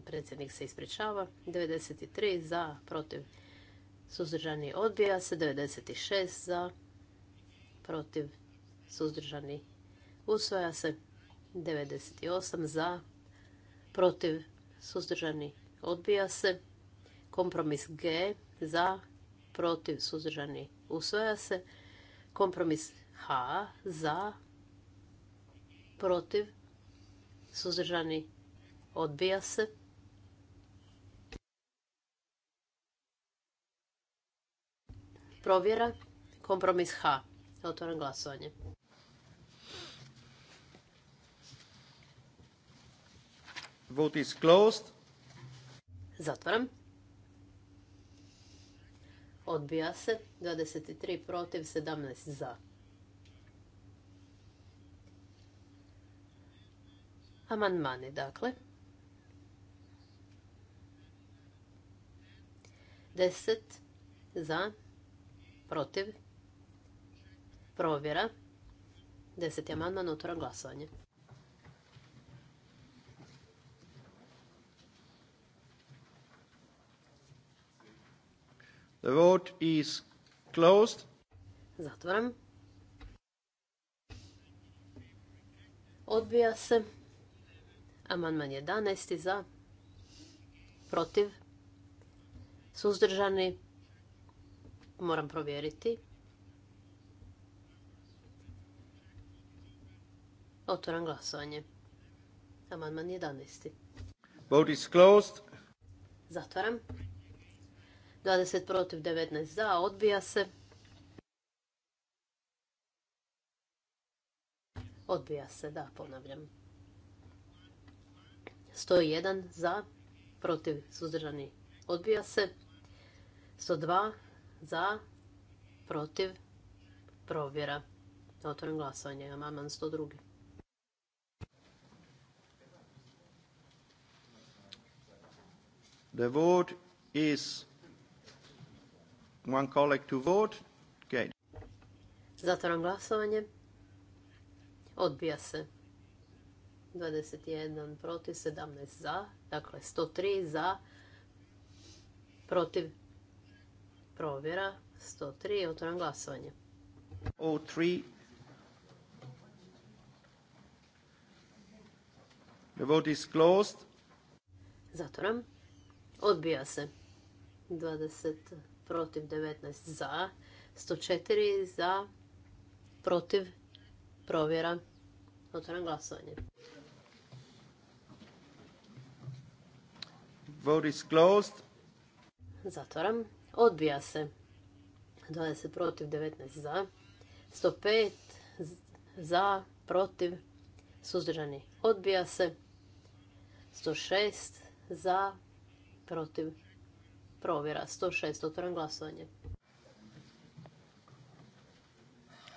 Predsjednik se ispričava. 93 za, protiv, suzdržani, odbija se. 96 za, protiv, suzdržani, usvaja se. 98 za, protiv, suzdržani, odbija se. Kompromis G za, protiv, suzdržani, usvaja se. Kompromis H za, protiv, suzdržani, odbija se. Provjera, kompromis H. Otvoram glasovanje. Vote is closed. Zatvaram odbija se, 23 protiv, 17 za. Amandmani, dakle. 10 za, protiv, provjera. 10. amandman, otvora glasovanje. The vote is closed. Zatvaram. Odbija se. Amandman 11. za. Protiv. Suzdržani. Moram provjeriti. Otvoram glasovanje. Amandman 11. Vote is closed. Zatvaram. 20 protiv 19 za, odbija se. Odbija se, da, ponavljam. 101 za, protiv suzdržani, odbija se. 102 za, protiv, provjera. Otvorim glasovanje, amaman 102. The vote is one colleague to vote. Okay. Zatvaram glasovanje. Odbija se. 21 protiv, 17 za. Dakle, 103 za. Protiv. Provjera. 103. Otvaram glasovanje. 03. The vote is closed. Zatvoram. Odbija se. 20 protiv 19 za, 104 za, protiv, provjera. Otvaram glasovanje. Vote is closed. Zatvaram. Odbija se. 20 protiv, 19 za. 105 za, protiv, suzdržani. Odbija se. 106 za, protiv, Provjera 106. Otvoren glasovanje.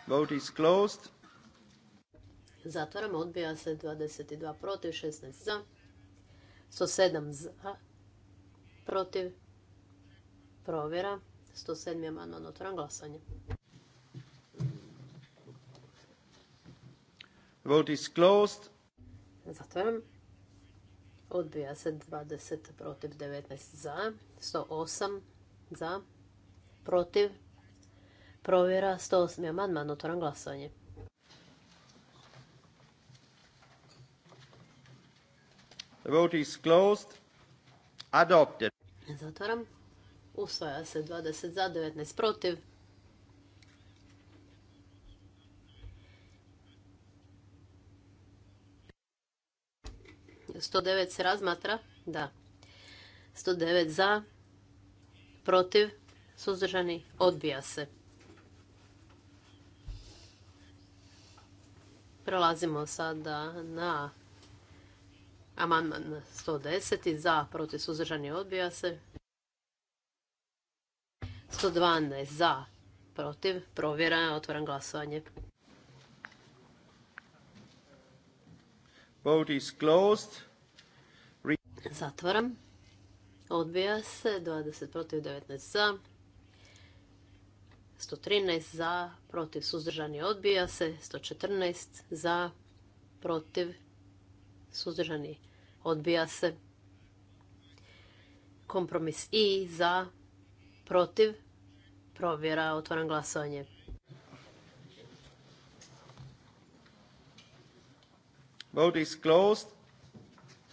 Vote is closed. Zatvaram, odbija se 22 protiv, 16 za, 107 za, protiv, provjera, 107 je manon, otvoram glasanje. Vote is closed. Zatvaram. Odbija se 20 protiv 19 za. 108 za. Protiv. Provjera 108. amandman. Otvoram glasovanje. The vote is closed. Adopted. Zatvaram. Usvaja se 20 za, 19 protiv. 109 se razmatra? Da. 109 za, protiv, suzdržani, odbija se. Prelazimo sada na amandman 110. Za, protiv, suzdržani, odbija se. 112 za, protiv, provjera, otvoram glasovanje. Zatvoram. Zatvaram. Odbija se 20 protiv 19 za. 113 za, protiv suzdržani odbija se, 114 za, protiv suzdržani odbija se. Kompromis i za, protiv, provjera, otvaram glasovanje. Vote is closed.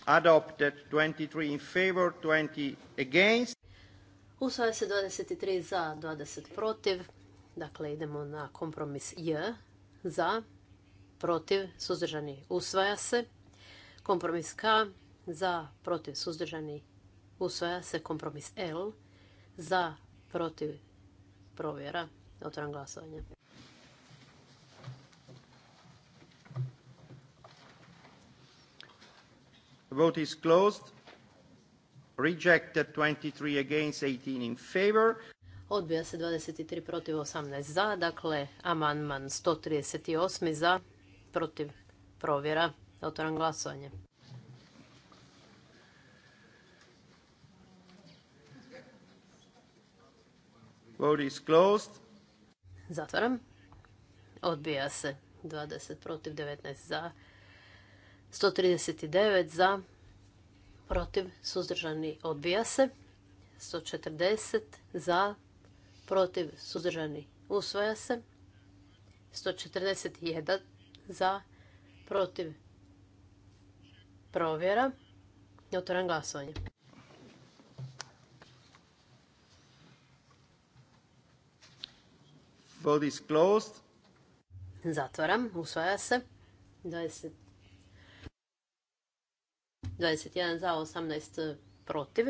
Adopted 23 in favor, 20 against. Usvaja se 23 za, 20 protiv. Dakle, idemo na kompromis J. Za, protiv, suzdržani, usvaja se. Kompromis K. Za, protiv, suzdržani, usvaja se. Kompromis L. Za, protiv, provjera. Otvaram glasovanje. The vote is closed. Rejected 23 against 18 in favor. Odbija se 23 protiv 18 za, dakle amandman 138 za, protiv provjera. Otvoram glasovanje. Vote is closed. Zatvaram. Odbija se 20 protiv 19 za. 139 za, protiv, suzdržani, odbija se. 140 za, protiv, suzdržani, usvoja se. 141 za, protiv, provjera. Otvoram glasovanje. Vote is closed. Zatvaram, usvaja se. 20 21 za 18 e, protiv.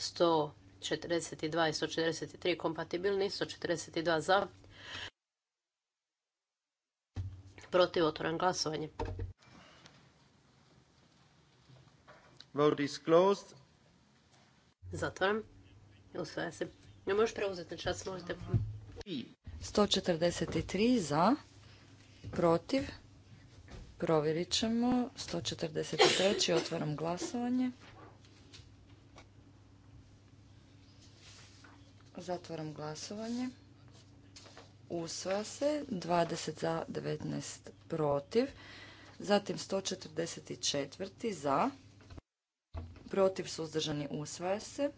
142 i 143 kompatibilni, 142 za. Protiv otvoran glasovanje. Vote is closed. Zatvoram. Usvaja se. Ne možeš preuzeti na čas, možete... 143 za, protiv, Provjerit ćemo. 143. Otvaram glasovanje. Zatvaram glasovanje. Usvaja se. 20 za, 19 protiv. Zatim 144. za. Protiv suzdržani usvaja se.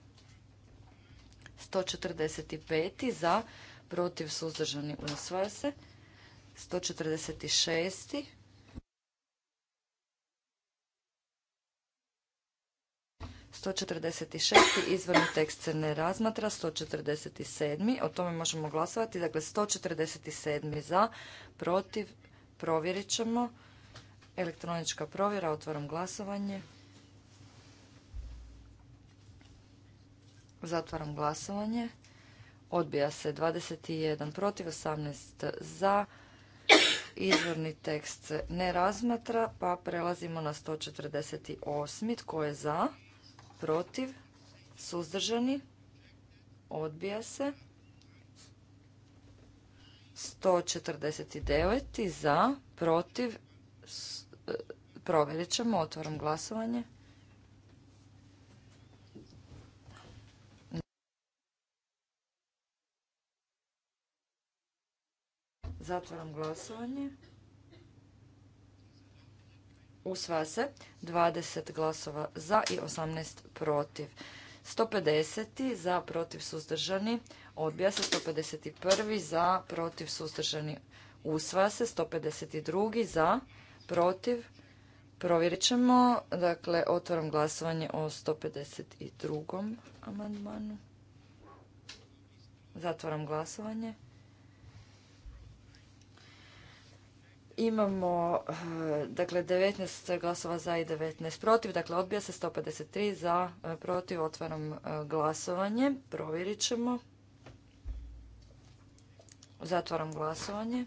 145. za. Protiv suzdržani usvaja se. 146. 146. izvorni tekst se ne razmatra. 147. O tome možemo glasovati. Dakle, 147. za, protiv, provjerit ćemo. Elektronička provjera, otvaram glasovanje. Zatvaram glasovanje. Odbija se 21 protiv, 18 za. Izvorni tekst se ne razmatra, pa prelazimo na 148. Tko je za? protiv, suzdržani, odbija se. 149. za, protiv, e, provjerit ćemo, otvorom glasovanje. Zatvaram glasovanje. Usvaja se 20 glasova za i 18 protiv. 150. za protiv suzdržani odbija se. 151. za protiv suzdržani usvaja se. 152. za protiv Provjerit ćemo. Dakle, otvaram glasovanje o 152. amandmanu. Zatvaram glasovanje. Imamo eh, dakle 19 glasova za i 19 protiv, dakle odbija se 153 za, eh, protiv, otvaram eh, glasovanje, provjerit ćemo. Zatvaram glasovanje.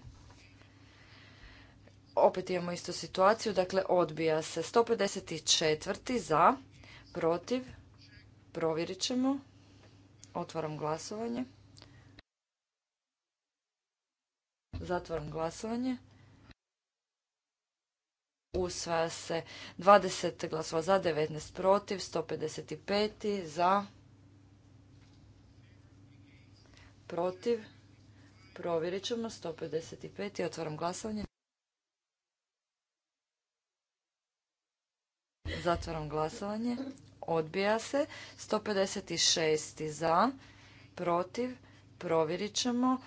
Opet imamo istu situaciju, dakle odbija se 154 za, protiv, provjerit ćemo, otvaram glasovanje. Zatvaram glasovanje usvaja se 20 glasova za, 19 protiv, 155 za, protiv, provjerit ćemo 155 i otvaram glasovanje. Zatvaram glasovanje. Odbija se. 156 za, protiv, provjerit ćemo.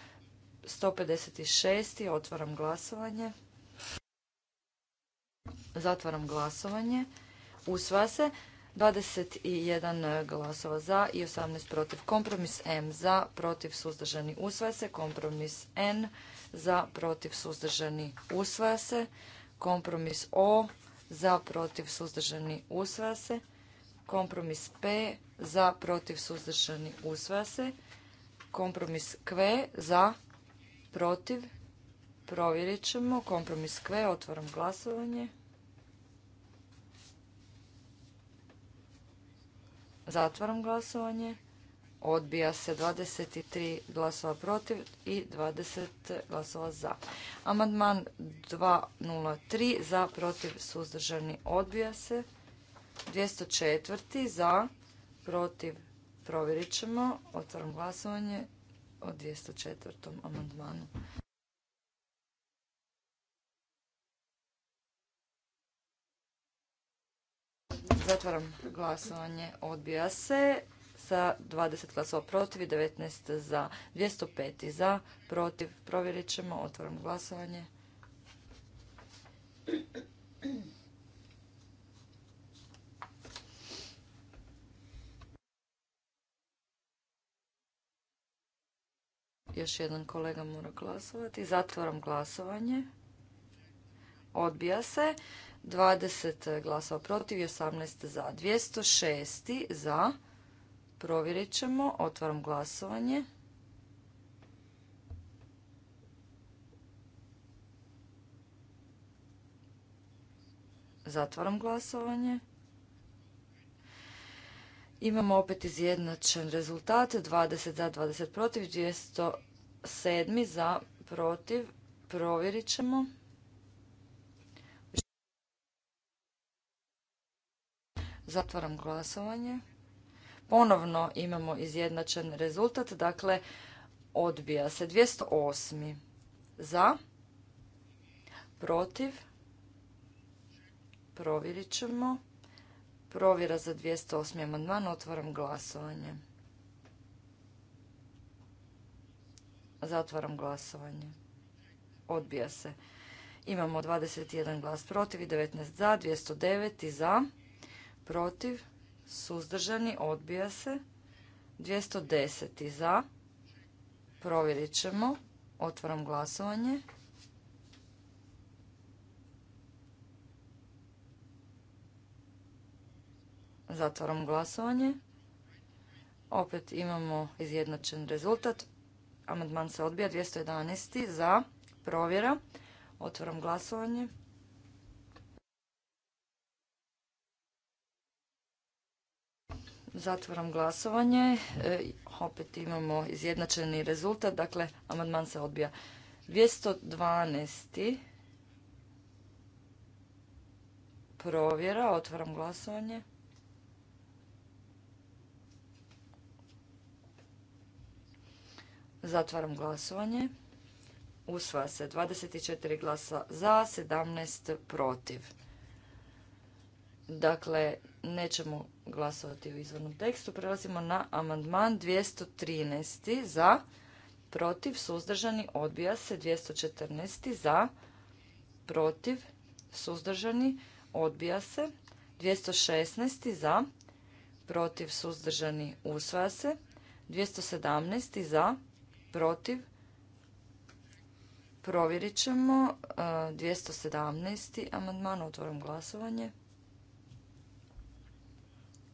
156. Otvaram glasovanje. Zatvaram glasovanje. Usva se. 21 glasova za i 18 protiv. Kompromis M za, protiv suzdržani usvaja se. Kompromis N za, protiv suzdržani usvaja se. Kompromis O za, protiv suzdržani usvaja se. Kompromis P za, protiv suzdržani usvaja se. Kompromis Q za, protiv. Provjerit ćemo. Kompromis Q. Otvoram glasovanje. Zatvaram glasovanje. Odbija se 23 glasova protiv i 20 glasova za. Amandman 203 za protiv suzdržani odbija se. 204 za protiv provjerit ćemo. Otvaram glasovanje o 204. amandmanu. Zatvaram glasovanje. Odbija se sa 20 glasova protiv i 19 za. 205 za, protiv. Provjerit ćemo. Otvaram glasovanje. Još jedan kolega mora glasovati. Zatvaram glasovanje. Odbija se. 20 glasova protiv i 18 za. 206 za. Provjerit ćemo. Otvaram glasovanje. Zatvaram glasovanje. Imamo opet izjednačen rezultat. 20 za, 20 protiv, 207 za, protiv. Provjerit ćemo. Zatvaram glasovanje. Ponovno imamo izjednačen rezultat, dakle odbija se 208. Za, protiv, provjerit ćemo. Provjera za 208. amandman, otvaram glasovanje. Zatvaram glasovanje. Odbija se. Imamo 21 glas protiv i 19 za, 209 za protiv, suzdržani, odbija se. 210. za, provjerit ćemo, otvaram glasovanje. Zatvaram glasovanje. Opet imamo izjednačen rezultat. Amandman se odbija. 211. za. Provjera. Otvaram glasovanje. Zatvaram glasovanje. E, opet imamo izjednačeni rezultat. Dakle, amandman se odbija. 212. Provjera. Otvaram glasovanje. Zatvaram glasovanje. Usvaja se 24 glasa za, 17 protiv. Dakle, nećemo glasovati u izvornom tekstu. Prelazimo na amandman 213. za, protiv, suzdržani, odbija se. 214. za, protiv, suzdržani, odbija se. 216. za, protiv, suzdržani, usvaja se. 217. za, protiv, provjerit ćemo. 217. E, amandman, otvorim glasovanje.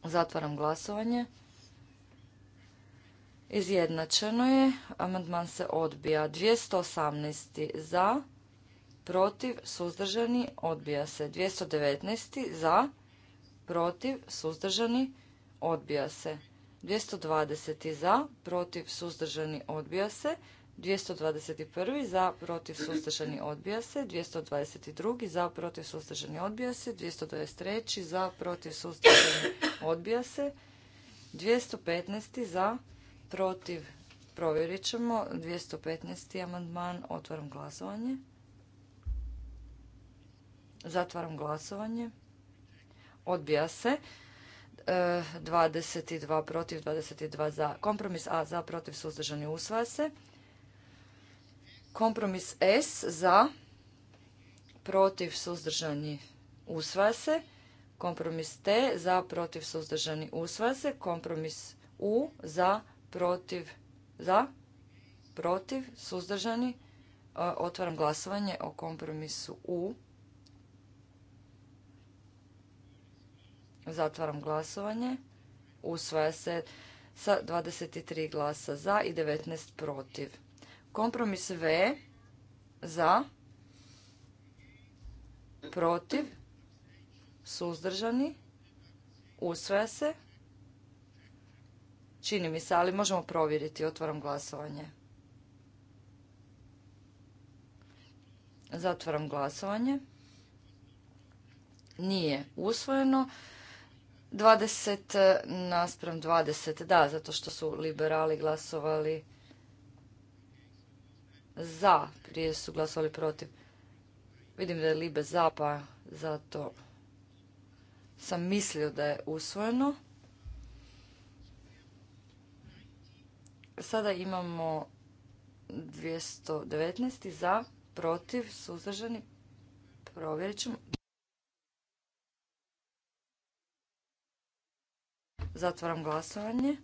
Zatvaram glasovanje. Izjednačeno je. Amandman se odbija. 218. za, protiv, suzdržani, odbija se. 219. za, protiv, suzdržani, odbija se. 220. za, protiv, suzdržani, odbija se. 221. za protiv suzdržani odbija se. 222. za protiv suzdržani odbija se. 223. za protiv suzdržani odbija se. 215. za protiv provjerit ćemo. 215. amandman otvaram glasovanje. Zatvaram glasovanje. Odbija se. 22 e, protiv, 22 za. Kompromis A za protiv suzdržani usvaja se. Kompromis S za, protiv, suzdržani, usvaja se. Kompromis T za, protiv, suzdržani, usvaja se. Kompromis U za, protiv, za, protiv, suzdržani. E, otvaram glasovanje o kompromisu U. Zatvaram glasovanje. Usvaja se sa 23 glasa za i 19 protiv. Kompromis V za, protiv, suzdržani, usvaja se. Čini mi se, ali možemo provjeriti. Otvaram glasovanje. Zatvaram glasovanje. Nije usvojeno. 20 naspram 20, da, zato što su liberali glasovali za, prije su glasovali protiv. Vidim da je Libe za, pa zato sam mislio da je usvojeno. Sada imamo 219 za, protiv, suzdržani. Provjerit ćemo. Zatvaram glasovanje.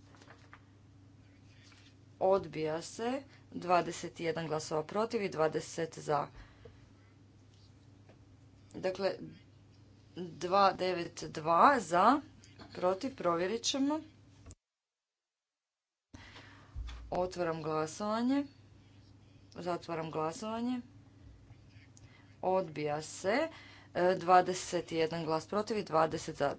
Odbija se. 21 glasova protiv i 20 za. Dakle, 292 za, protiv, provjerit ćemo. Otvoram glasovanje. Zatvoram glasovanje. Odbija se. 21 e, glas protiv i 20 za.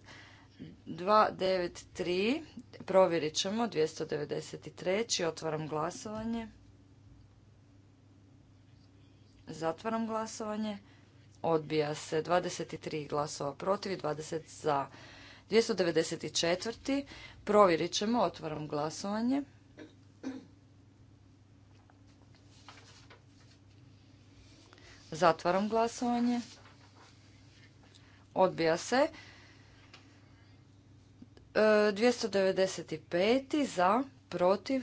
293. Provjerit ćemo. 293. Otvaram glasovanje. Zatvaram glasovanje. Odbija se 23 glasova protiv i 20 za. 294. Provjerit ćemo. Otvaram glasovanje. Zatvaram glasovanje. Odbija se. 295. E, za, protiv,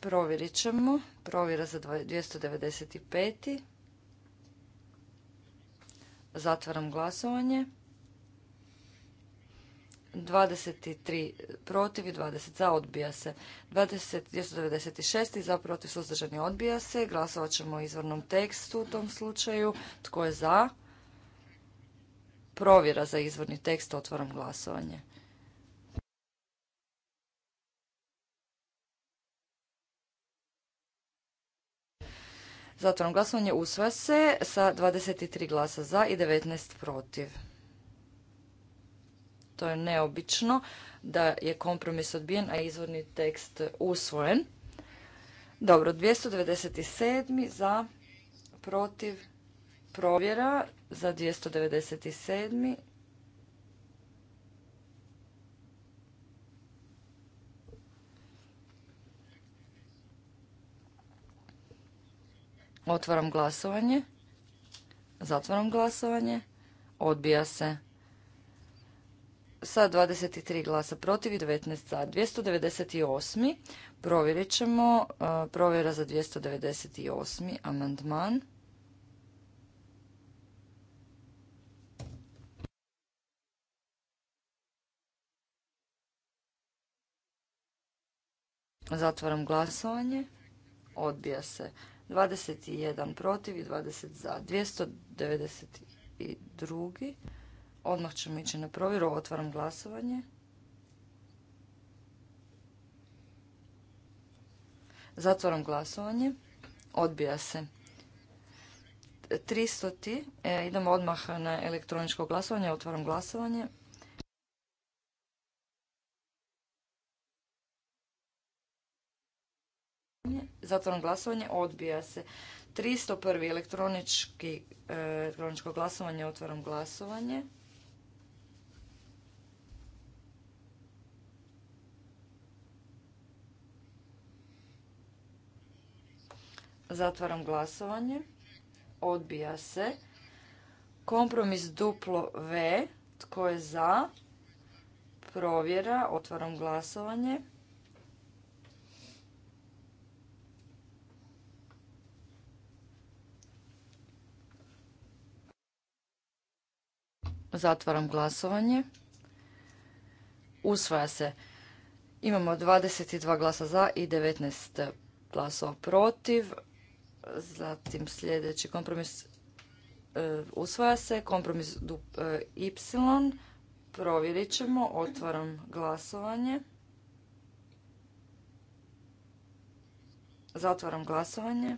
Provjerit ćemo. Provjera za 295. Zatvaram glasovanje. 23 protiv i 20 za odbija se. 20, 296 za protiv suzdržani odbija se. Glasovat ćemo o izvornom tekstu u tom slučaju. Tko je za? Provjera za izvorni tekst. Otvaram glasovanje. Zatvorno glasovanje usva se sa 23 glasa za i 19 protiv. To je neobično da je kompromis odbijen, a izvorni tekst usvojen. Dobro, 297. za, protiv, provjera za 297. Otvaram glasovanje. Zatvaram glasovanje. Odbija se. Sa 23 glasa protiv i 19 za. 298. Provjerit ćemo. E, provjera za 298. Amandman. Zatvaram glasovanje. Odbija se. 21 protiv i 20 za. 292. Odmah ćemo ići na provjeru. Otvaram glasovanje. Zatvaram glasovanje. Odbija se. 300. E, idemo odmah na elektroničko glasovanje. Otvaram glasovanje. glasovanje, glasovanje, odbija se. 301. elektronički, e, elektroničko glasovanje, otvaram glasovanje. Zatvaram glasovanje. Odbija se. Kompromis duplo V. Tko je za? Provjera. Otvaram glasovanje. Zatvaram glasovanje. Usvaja se. Imamo 22 glasa za i 19 glasova protiv. Zatim sljedeći kompromis e, usvaja se. Kompromis Y. E, Provjerit ćemo. Otvaram glasovanje. Zatvaram glasovanje.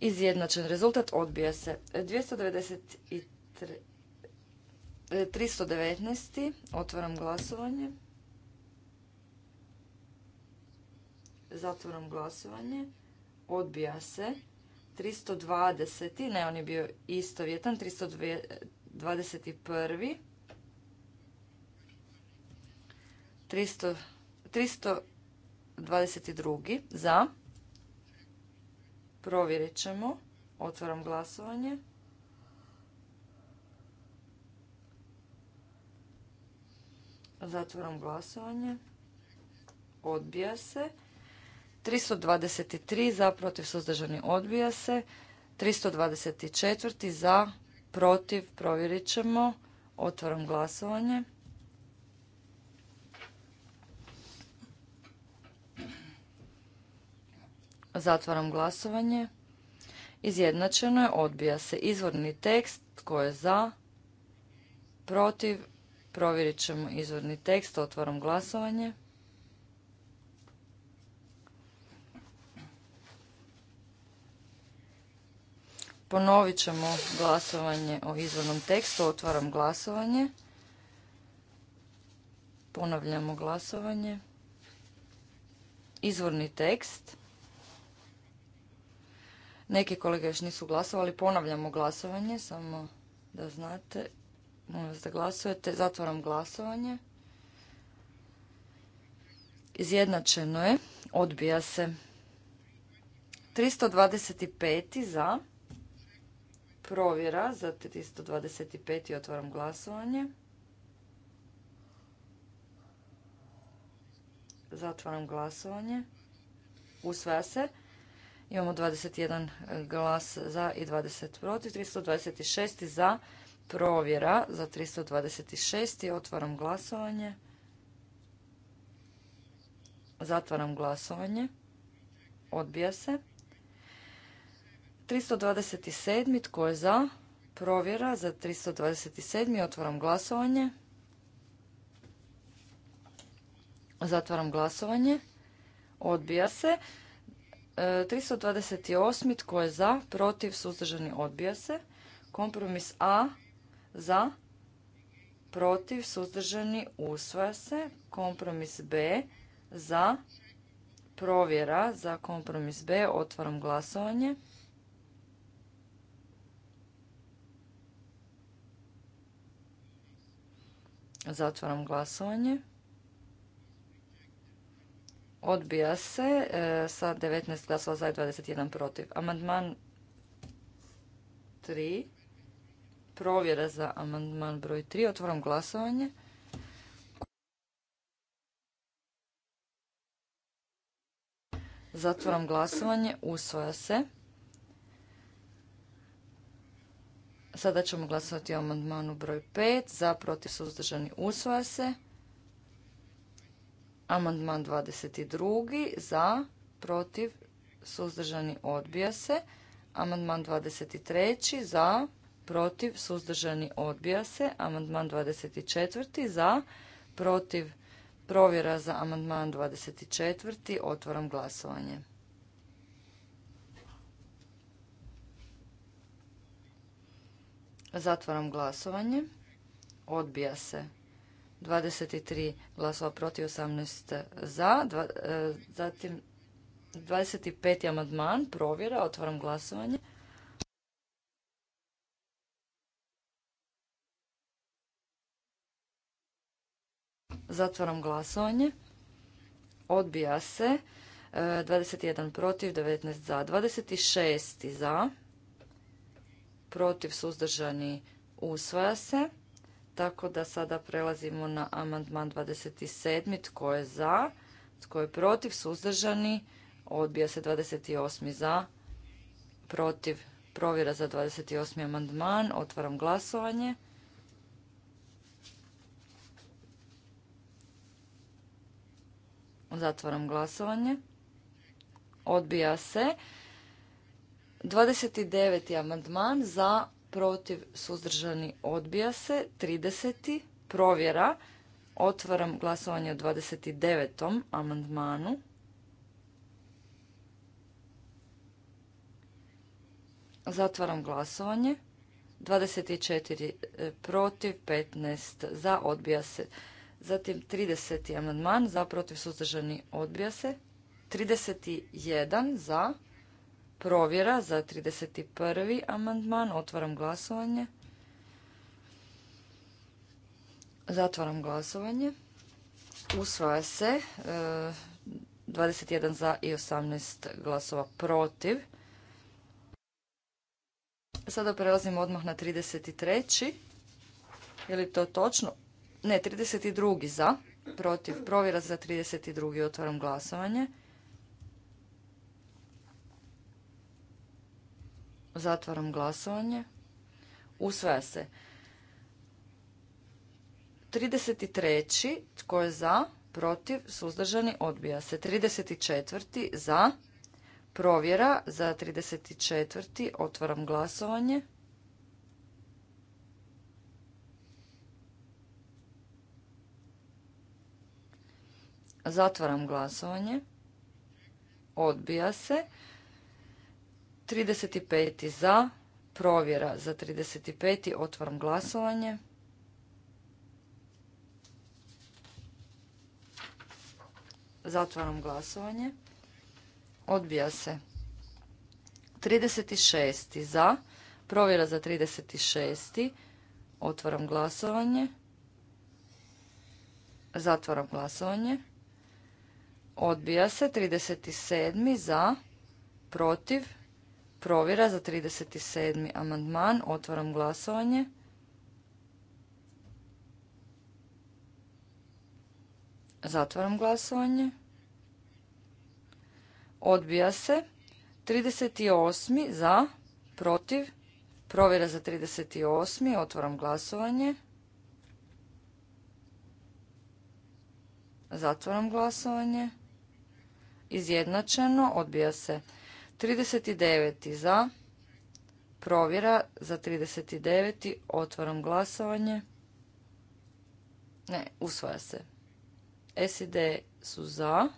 Izjednačen rezultat odbija se. 293. 319. E, otvaram glasovanje. Zatvaram glasovanje. Odbija se. 320. Ne, on je bio istovjetan. 321. 300, 322. Za. Provjerit ćemo. Otvaram glasovanje. Zatvaram glasovanje. Odbija se. 323 za, protiv, suzdržani, odbija se. 324 za, protiv, provjerit ćemo. Otvaram glasovanje. Zatvaram glasovanje. Izjednačeno je, odbija se izvorni tekst, tko je za, protiv, provjerit ćemo izvorni tekst, otvaram glasovanje. Ponovit ćemo glasovanje o izvornom tekstu, otvaram glasovanje. Ponavljamo glasovanje. Izvorni tekst. Neki kolege još nisu glasovali. Ponavljamo glasovanje, samo da znate. Molim vas da glasujete. Zatvaram glasovanje. Izjednačeno je. Odbija se. 325. za. Provjera za 325. Otvaram glasovanje. Zatvaram glasovanje. Usvaja se. Imamo 21 e, glas za i 20 protiv. 326 za provjera za 326. Otvaram glasovanje. Zatvaram glasovanje. Odbija se. 327. Tko je za? Provjera za 327. Otvaram glasovanje. Zatvaram glasovanje. Odbija se. 328. Tko je za? Protiv? Suzdržani? Odbija se. Kompromis A. Za? Protiv? Suzdržani? Usvaja se. Kompromis B. Za? Provjera za kompromis B. Otvaram glasovanje. Zatvaram glasovanje. Odbija se e, sa 19 glasova za i 21 protiv. Amandman 3. Provjera za amandman broj 3. Otvoram glasovanje. Zatvoram glasovanje. Usvaja se. Sada ćemo glasovati o amandmanu broj 5. Za, protiv, suzdržani. Usvaja se. Amandman 22. Za, protiv, suzdržani odbija se. Amandman 23. Za, protiv, suzdržani odbija se. Amandman 24. Za, protiv, provjera za amandman 24. Otvaram glasovanje. Zatvaram glasovanje. Odbija se. 23 glasova protiv, 18 za. E, zatim 25. amandman, provjera, otvaram glasovanje. Zatvaram glasovanje. Odbija se. 21 e, protiv, 19 za. 26 za. Protiv suzdržani usvaja se. Tako da sada prelazimo na amandman 27. Tko je za? Tko je protiv? Suzdržani? Odbija se 28. za. Protiv? Provjera za 28. amandman. Otvaram glasovanje. Zatvaram glasovanje. Odbija se. 29. amandman za protiv, suzdržani, odbija se. 30. provjera. Otvaram glasovanje o 29. amandmanu. Zatvaram glasovanje. 24 e, protiv, 15 za, odbija se. Zatim 30. amandman, za, protiv, suzdržani, odbija se. 31 za, provjera za 31. amandman. Otvaram glasovanje. Zatvaram glasovanje. Usvaja se 21 e, za i 18 glasova protiv. Sada prelazim odmah na 33. Je li to točno? Ne, 32. za, protiv. Provjera za 32. Otvaram glasovanje. Zatvaram glasovanje. Usvaja se. 33. Tko je za? Protiv? Suzdržani? Odbija se. 34. Za? Provjera za 34. Otvaram glasovanje. Zatvaram glasovanje. Odbija se. 35. za, provjera za 35. otvaram glasovanje. Zatvaram glasovanje. Odbija se. 36. za, provjera za 36. otvaram glasovanje. Zatvaram glasovanje. Odbija se. 37. za, protiv provjera za 37. amandman. Otvaram glasovanje. Zatvaram glasovanje. Odbija se. 38. za, protiv. Provjera za 38. Otvaram glasovanje. Zatvaram glasovanje. Izjednačeno. Odbija se. 39. za. Provjera za 39. Otvaram glasovanje. Ne, usvaja se. SID su za.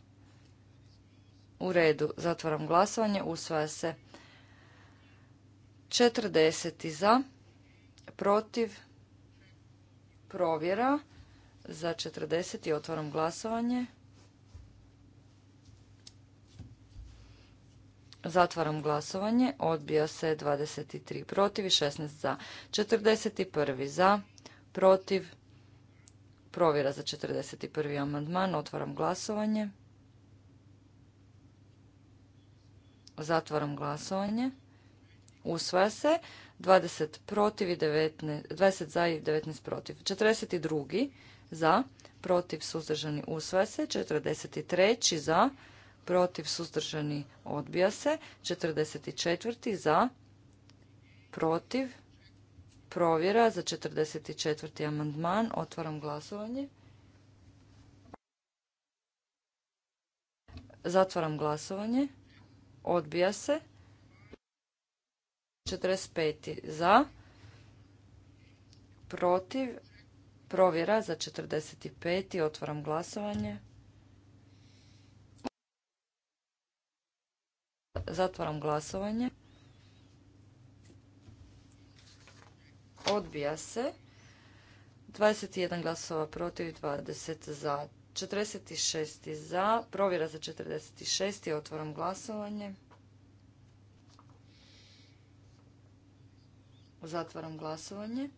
U redu, zatvaram glasovanje, usvaja se. 40 za, protiv, provjera za 40 i otvaram glasovanje. Zatvaram glasovanje. Odbija se 23 protiv i 16 za. 41. za, protiv, provjera za 41. amandman. Otvaram glasovanje. Zatvaram glasovanje. Usvaja se 20 protiv i 19, 20 za i 19 protiv. 42. za, protiv, suzdržani, usvaja se. 43. za, protiv, suzdržani, odbija se. 44. za, protiv, provjera za 44. amandman. Otvaram glasovanje. Zatvaram glasovanje. Odbija se. 45. za, protiv, provjera za 45. Otvaram glasovanje. Zatvaram glasovanje. Odbija se. 21 glasova protiv, 20 za. 46 za. Provjera za 46. Otvaram glasovanje. Zatvaram glasovanje.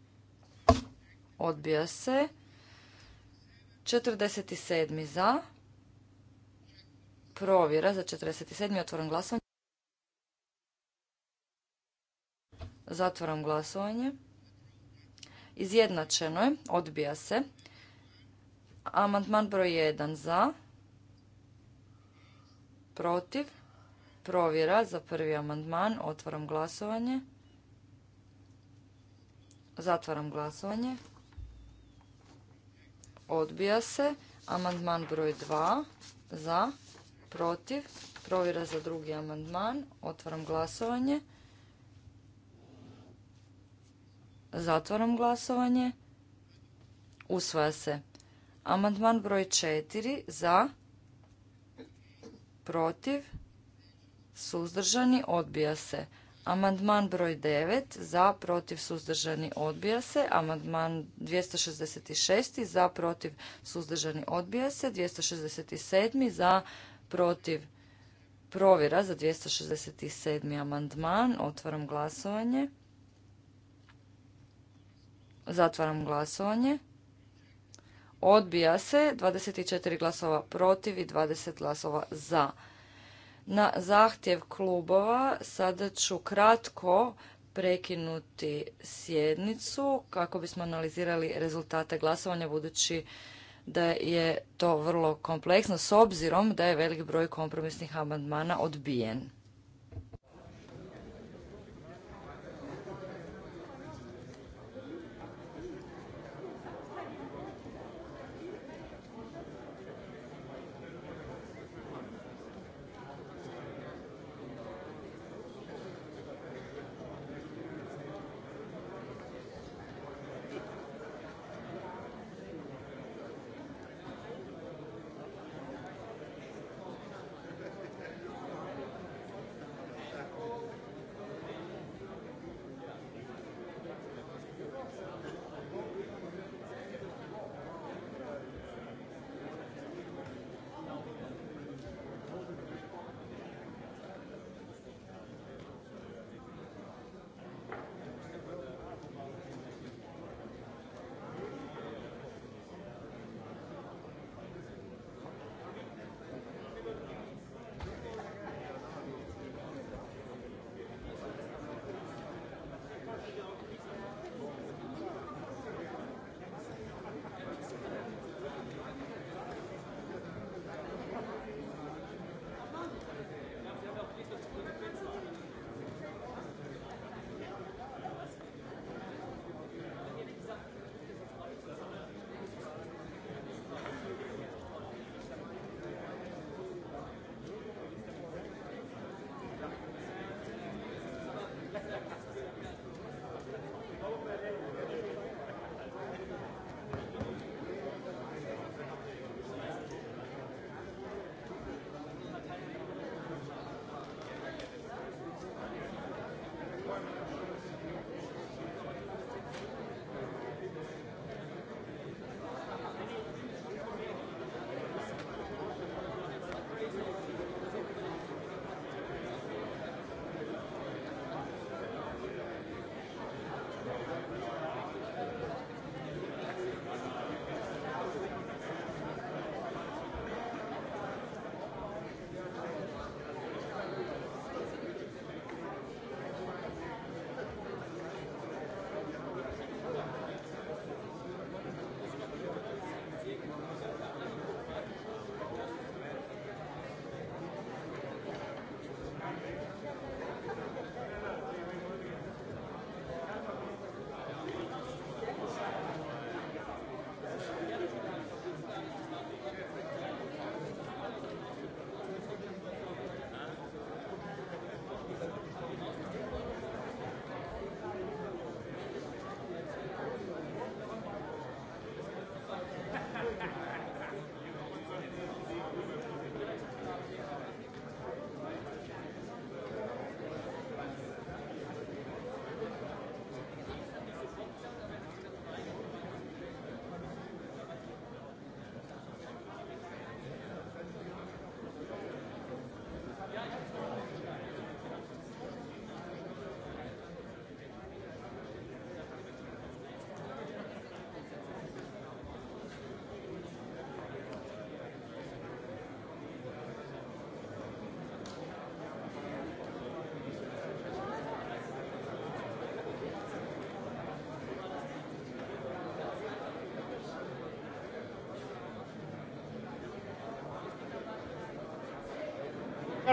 Odbija se. 47 za. Provjera za 47. Otvaram glasovanje. Zatvaram glasovanje. Izjednačeno je, odbija se. Amandman broj 1 za, protiv, provjera za prvi amandman, otvaram glasovanje. Zatvaram glasovanje. Odbija se. Amandman broj 2 za, protiv, provjera za drugi amandman, otvaram glasovanje. Zatvaram glasovanje. Usvaja se. Amandman broj 4 za, protiv, suzdržani, odbija se. Amandman broj 9 za, protiv, suzdržani, odbija se. Amandman 266 za, protiv, suzdržani, odbija se. 267 za, protiv, provjera za 267. amandman. Otvaram glasovanje. Zatvaram glasovanje. Odbija se 24 glasova protiv i 20 glasova za. Na zahtjev klubova sada ću kratko prekinuti sjednicu kako bismo analizirali rezultate glasovanja budući da je to vrlo kompleksno s obzirom da je velik broj kompromisnih amandmana odbijen.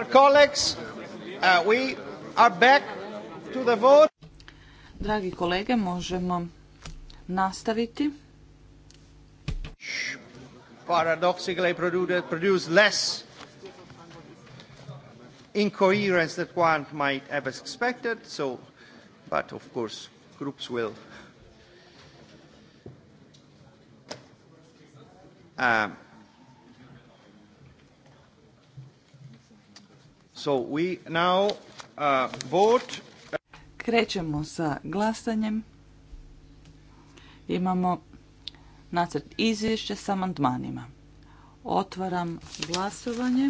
colleagues, uh, we are back to the vote. Dragi kolege, možemo nastaviti. Paradoxically produce, produce less incoherence that one might have expected, so, but of course, groups will um, Uh, Krećemo sa glasanjem. Imamo nacrt izvješća sa amandmanima. Otvaram glasovanje.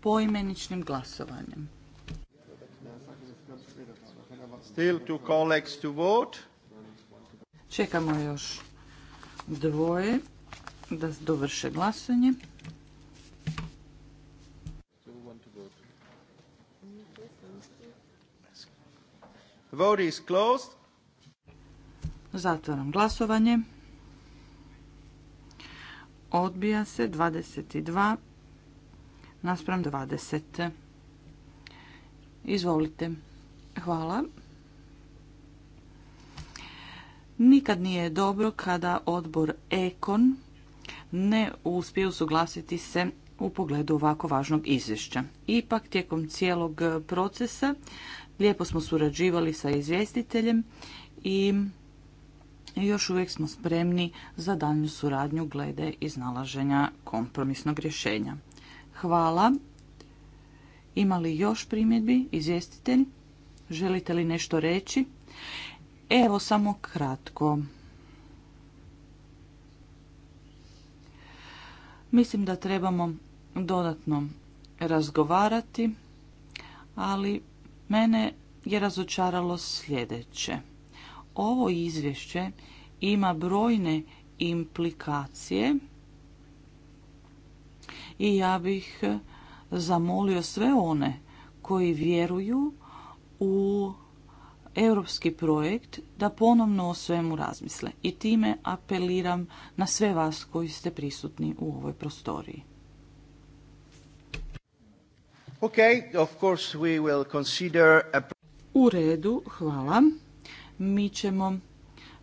Poimeničnim glasovanjem. Still two to vote. Čekamo još dvoje da dovrše glasanje. Vote is closed. Zatvaram glasovanje. Odbija se 22 naspram 20. Izvolite. Hvala. Nikad nije dobro kada odbor Ekon ne uspiju suglasiti se u pogledu ovako važnog izvješća. Ipak, tijekom cijelog procesa lijepo smo surađivali sa izvjestiteljem i još uvijek smo spremni za daljnju suradnju glede iznalaženja kompromisnog rješenja. Hvala. Ima li još primjedbi, izvjestitelj? Želite li nešto reći? Evo samo kratko. Mislim da trebamo dodatno razgovarati, ali mene je razočaralo sljedeće. Ovo izvješće ima brojne implikacije i ja bih zamolio sve one koji vjeruju u europski projekt da ponovno o svemu razmisle i time apeliram na sve vas koji ste prisutni u ovoj prostoriji. U redu, hvala. Mi ćemo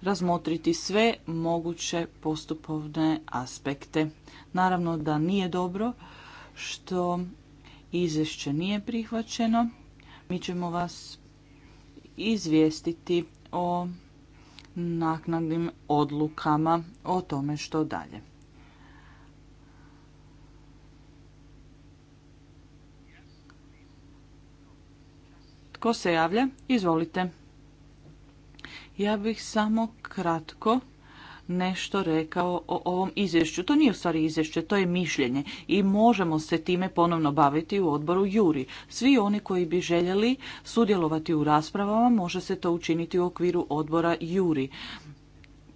razmotriti sve moguće postupovne aspekte. Naravno da nije dobro što izvješće nije prihvaćeno. Mi ćemo vas izvijestiti o naknadnim odlukama o tome što dalje. Tko se javlja? Izvolite. Ja bih samo kratko nešto rekao o ovom izvješću. To nije u stvari izvješće, to je mišljenje i možemo se time ponovno baviti u odboru Juri. Svi oni koji bi željeli sudjelovati u raspravama može se to učiniti u okviru odbora Juri.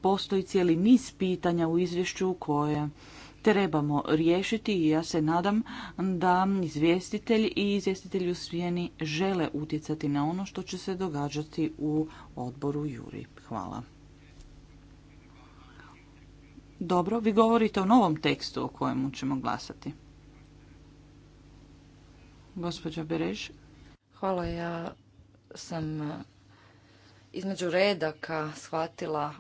Postoji cijeli niz pitanja u izvješću koje trebamo riješiti i ja se nadam da izvjestitelj i izvjestitelji u svijeni žele utjecati na ono što će se događati u odboru Juri. Hvala. Dobro, vi govorite o novom tekstu o kojemu ćemo glasati. Gospođa Bereš. Hvala, ja sam e, između redaka shvatila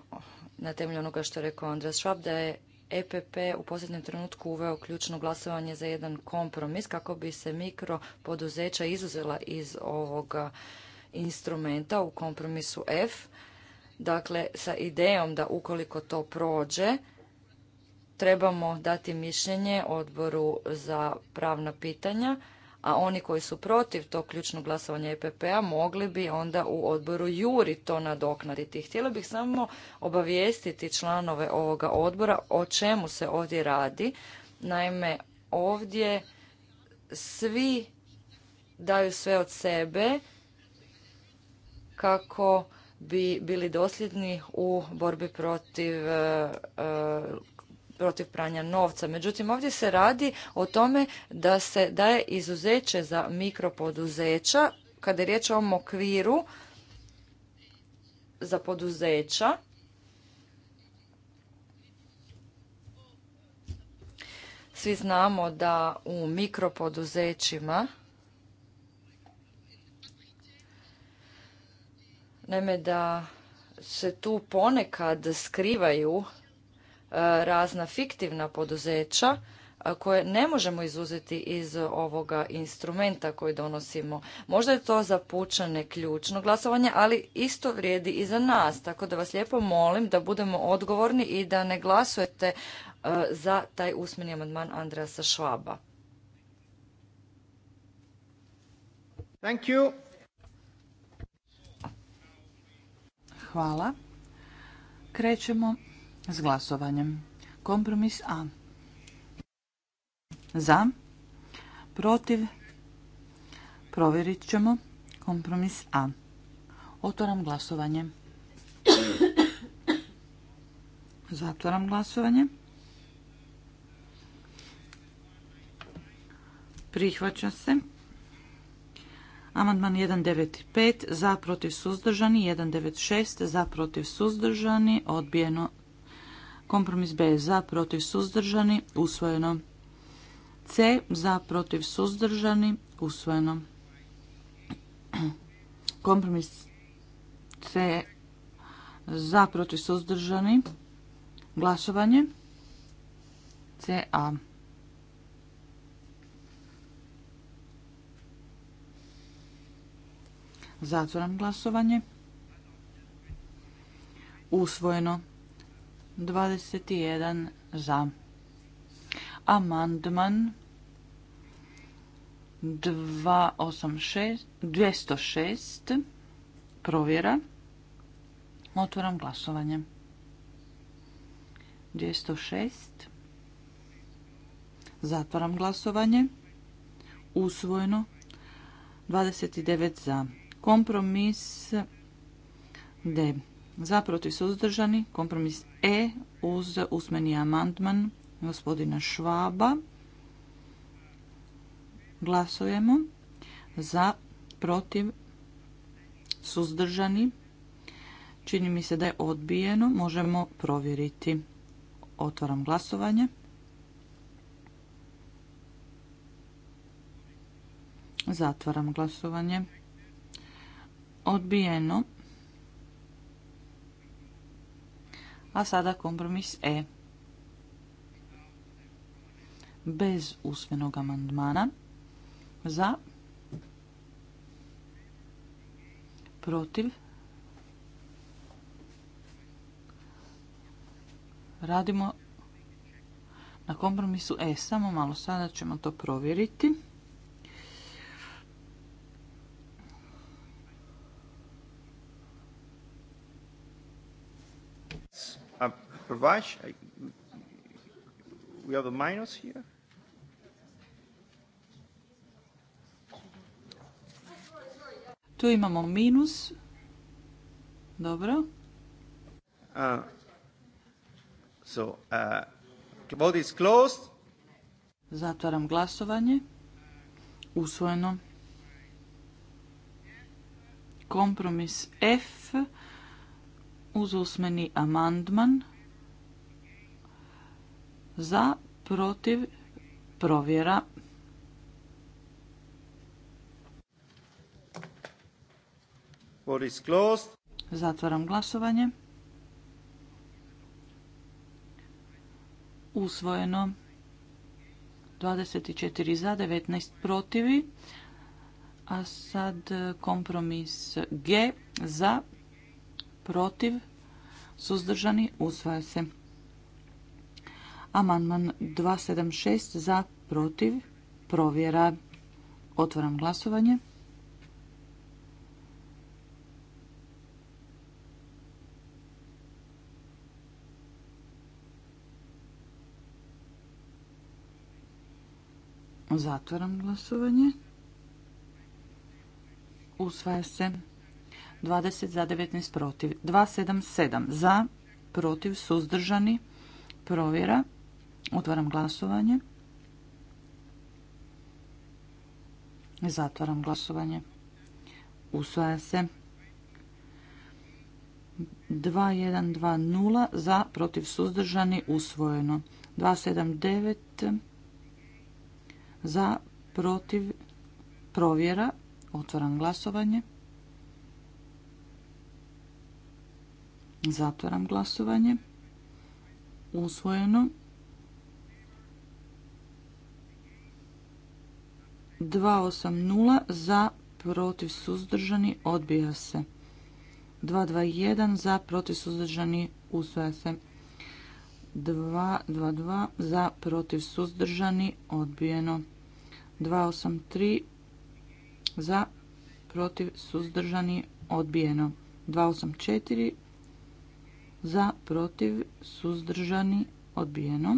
na temelju onoga što je rekao Andres Schwab da je EPP u posljednjem trenutku uveo ključno glasovanje za jedan kompromis kako bi se mikro poduzeća izuzela iz ovoga instrumenta u kompromisu F. Dakle, sa idejom da ukoliko to prođe, trebamo dati mišljenje odboru za pravna pitanja, a oni koji su protiv tog ključnog glasovanja EPP-a mogli bi onda u odboru Juri to nadoknaditi. Htjela bih samo obavijestiti članove ovoga odbora o čemu se ovdje radi. Naime, ovdje svi daju sve od sebe kako bi bili dosljedni u borbi protiv e, e, protiv pranja novca. Međutim, ovdje se radi o tome da se daje izuzeće za mikropoduzeća kada je riječ o ovom okviru za poduzeća. Svi znamo da u mikropoduzećima Naime, da se tu ponekad skrivaju E, razna fiktivna poduzeća e, koje ne možemo izuzeti iz ovoga instrumenta koji donosimo. Možda je to za pučane ključno glasovanje, ali isto vrijedi i za nas. Tako da vas lijepo molim da budemo odgovorni i da ne glasujete e, za taj usmeni amandman Andreasa Švaba. Hvala. Krećemo s glasovanjem. Kompromis A. Za. Protiv. Provjerit ćemo. Kompromis A. Otvaram glasovanje. Zatvaram glasovanje. Prihvaća se. Amandman 195 za protiv suzdržani, 196 za protiv suzdržani, odbijeno Kompromis B za, protiv, suzdržani, usvojeno. C za, protiv, suzdržani, usvojeno. Kompromis C za, protiv, suzdržani, glasovanje. CA. Zatvoram glasovanje. Usvojeno. 21 za. Amandman 206 provjera. Otvoram glasovanje. 206. Zatvaram glasovanje. Usvojeno. 29 za. Kompromis D. Za protiv suzdržani. Kompromis E uz usmeni amandman gospodina Švaba. Glasujemo za, protiv, suzdržani. Čini mi se da je odbijeno. Možemo provjeriti. Otvaram glasovanje. Zatvaram glasovanje. Odbijeno. A sada kompromis E. Bez usmenog amandmana. Za. Protiv. Radimo na kompromisu E. Samo malo sada ćemo to provjeriti. Eh, we have minus here. Tu imamo minus. Dobro. Uh, so, uh, is closed. Zatvaram glasovanje. Usvojeno. Kompromis F uz usmeni amandman za, protiv, provjera. Zatvaram glasovanje. Usvojeno 24 za, 19 protivi. A sad e, kompromis G za, protiv, suzdržani, usvaja se. Amandman 276 za, protiv, provjera. Otvaram glasovanje. Zatvaram glasovanje. Usvaja se 20 za 19 protiv. 277 za, protiv, suzdržani, provjera. Otvaram glasovanje. Zatvaram glasovanje. Usvaja se. 2120 za, protiv suzdržani, usvojeno. 279 za, protiv provjera. Otvaram glasovanje. Zatvaram glasovanje. Usvojeno. 280 za, protiv suzdržani, odbija se. 221 za, protiv suzdržani, usvaja se. 222 za, protiv suzdržani, odbijeno. 283 za, protiv suzdržani, odbijeno. 284 za, protiv suzdržani, odbijeno.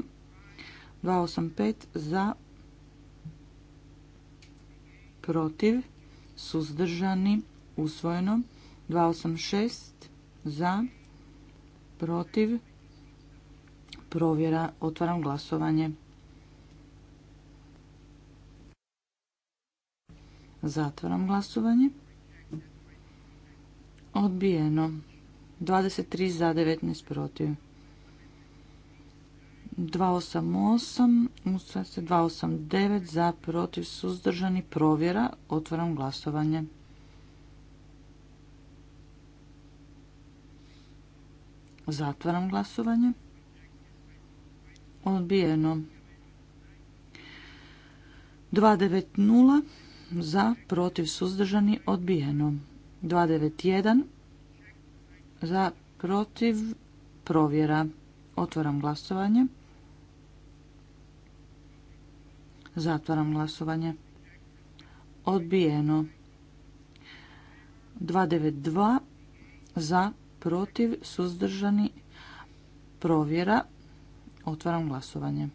285 za, protiv, suzdržani, usvojeno. 286 za, protiv, provjera, otvaram glasovanje. Zatvaram glasovanje. Odbijeno. 23 za, 19 protiv. 288, se 289, za, protiv, suzdržani, provjera, otvaram glasovanje. Zatvaram glasovanje. Odbijeno. 290, za, protiv, suzdržani, odbijeno. 291, za, protiv, provjera, otvaram glasovanje. Zatvaram glasovanje. Odbijeno. 292 za, protiv, suzdržani, provjera. Otvaram glasovanje.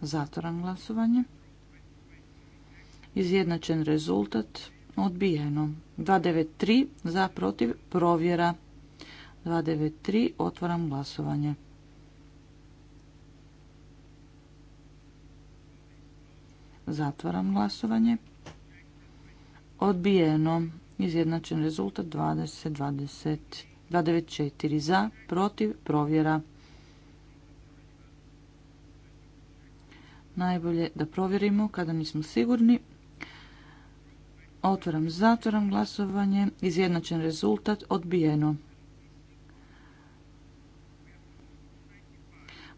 Zatvaram glasovanje. Izjednačen rezultat. Odbijeno. 293 za, protiv, provjera. 293. Otvaram glasovanje. Zatvaram glasovanje. Odbijeno. Izjednačen rezultat 20, za, protiv, provjera. Najbolje da provjerimo kada nismo sigurni. Otvaram, zatvaram glasovanje. Izjednačen rezultat odbijeno.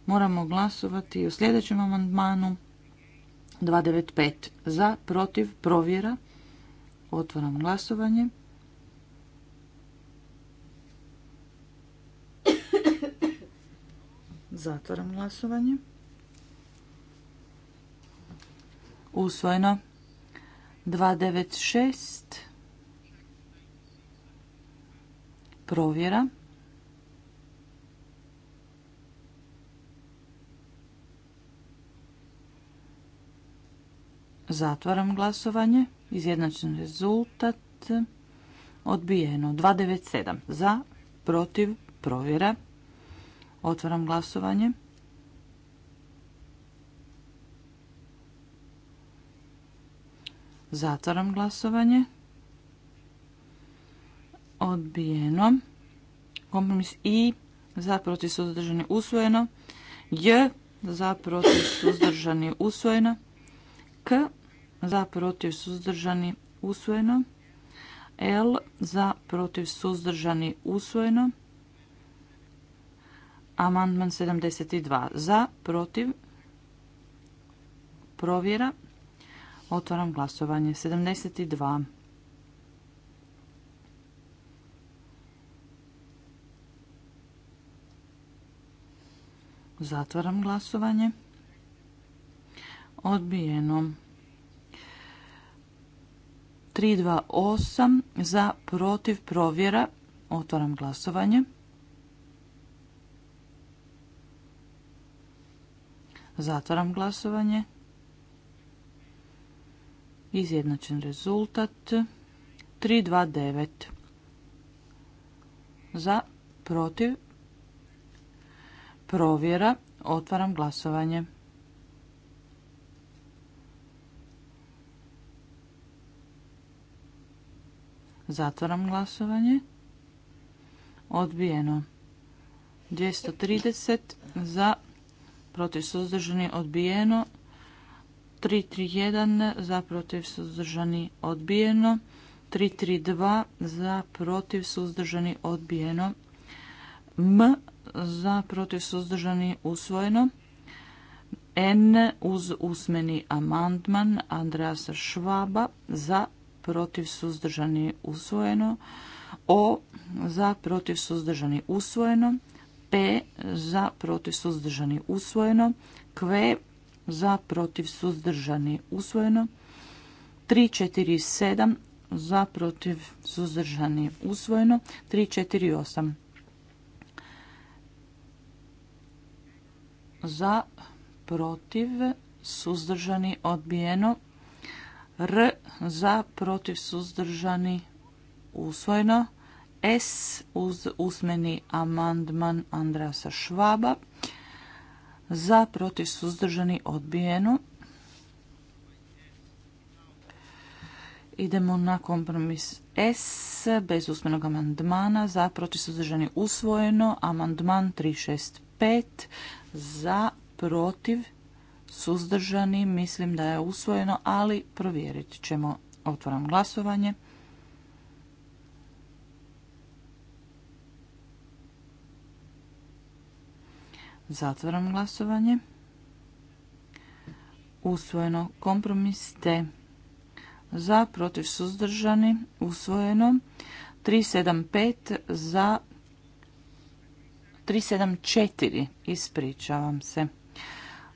Moramo glasovati u sljedećem amandmanu. 295 za, protiv, provjera. Otvoram glasovanje. Zatvoram glasovanje. Usvojeno. 296. Provjera. Zatvaram glasovanje. Izjednačen rezultat. Odbijeno. 297. Za, protiv, provjera. Otvaram glasovanje. Zatvaram glasovanje. Odbijeno. Kompromis I. Za, protiv, suzdržani, usvojeno. J. Za, protiv, suzdržani, usvojeno. K za protiv suzdržani usvojeno. L za protiv suzdržani usvojeno. Amandman 72 za protiv provjera. Otvaram glasovanje. 72. Zatvaram glasovanje. Odbijeno. 328 za protiv provjera. Otvaram glasovanje. Zatvaram glasovanje. Izjednačen rezultat. 329 za protiv provjera. Otvaram glasovanje. Zatvaram glasovanje. Odbijeno. 230 za, protiv suzdržani odbijeno. 331 za, protiv suzdržani odbijeno. 332 za, protiv suzdržani odbijeno. M za, protiv suzdržani usvojeno. N uz usmeni amandman Andrasa Švaba za, protiv suzdržani usvojeno. O za protiv suzdržani usvojeno. P za protiv suzdržani usvojeno. Q za protiv suzdržani usvojeno. 3, 4, 7 za protiv suzdržani usvojeno. 3, 4, 8 za protiv suzdržani odbijeno. R za protiv suzdržani usvojeno. S uz usmeni amandman Andrasa Švaba za protiv suzdržani odbijeno. Idemo na kompromis S bez usmenog amandmana za protiv suzdržani usvojeno. Amandman 365 za protiv suzdržani, mislim da je usvojeno, ali provjerit ćemo. Otvaram glasovanje. Zatvaram glasovanje. Usvojeno kompromis T. Za, protiv suzdržani, usvojeno. 375 za 374, ispričavam se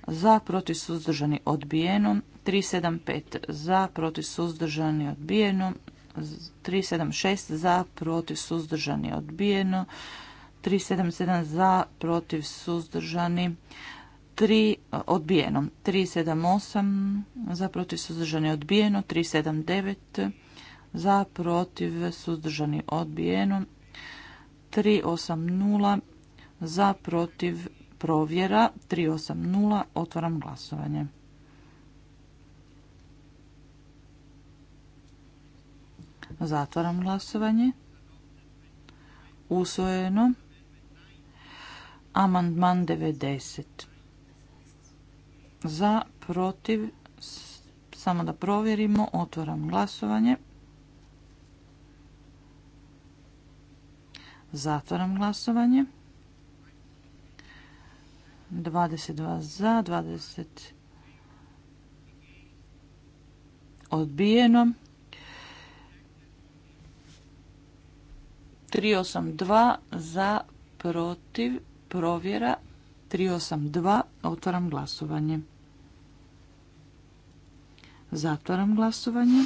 za, protiv suzdržani odbijeno, 375 za, protiv suzdržani odbijeno, 376 za, protiv suzdržani odbijeno, 377 za, protiv suzdržani 3 odbijeno, 378 za, protiv suzdržani odbijeno, 379 za, protiv suzdržani odbijeno, 380 za, protiv provjera 380. Otvoram glasovanje. Zatvaram glasovanje. Usvojeno. Amandman 90. Za, protiv, samo da provjerimo, otvaram glasovanje. Zatvaram glasovanje. 22 za, 20 odbijeno. 382 za, protiv, provjera. 382, otvaram glasovanje. Zatvaram glasovanje.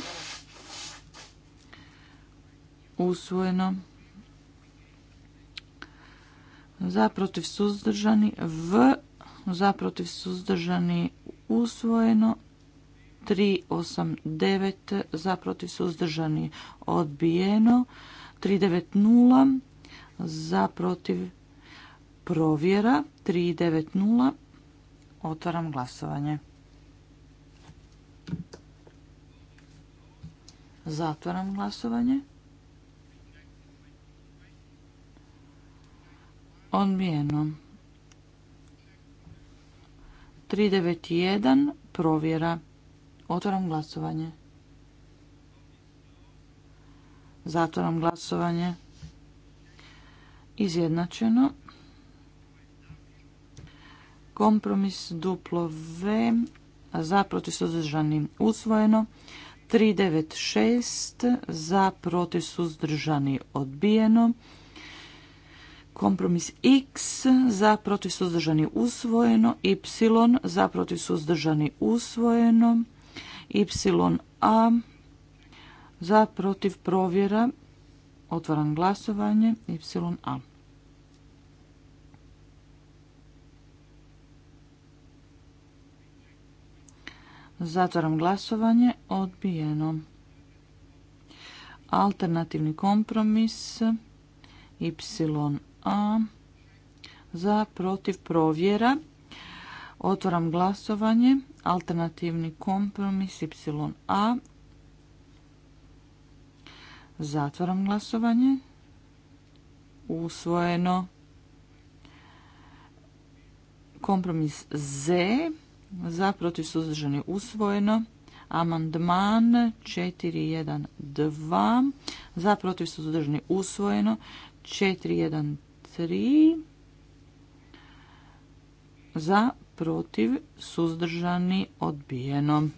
Usvojeno za protiv suzdržani v za protiv suzdržani usvojeno 389 za protiv suzdržani odbijeno 390 za protiv provjera 390 otvaram glasovanje zatvaram glasovanje Odbijeno. 391 provjera. Otvoram glasovanje. Zatvoram glasovanje. Izjednačeno. Kompromis duplo V za protiv usvojeno. 396 za protiv suzdržani odbijeno. Kompromis x za protiv suzdržani usvojeno, y za protiv suzdržani usvojeno, y a za protiv provjera otvoran glasovanje y a. Zatvaram glasovanje, odbijeno. Alternativni kompromis y a za protiv provjera. Otvaram glasovanje. Alternativni kompromis a Zatvaram glasovanje. Usvojeno. Kompromis Z. Za protiv suzdržani usvojeno. Amandman 412. Za protiv suzdržani usvojeno. 413 3 za, protiv, suzdržani, odbijeno.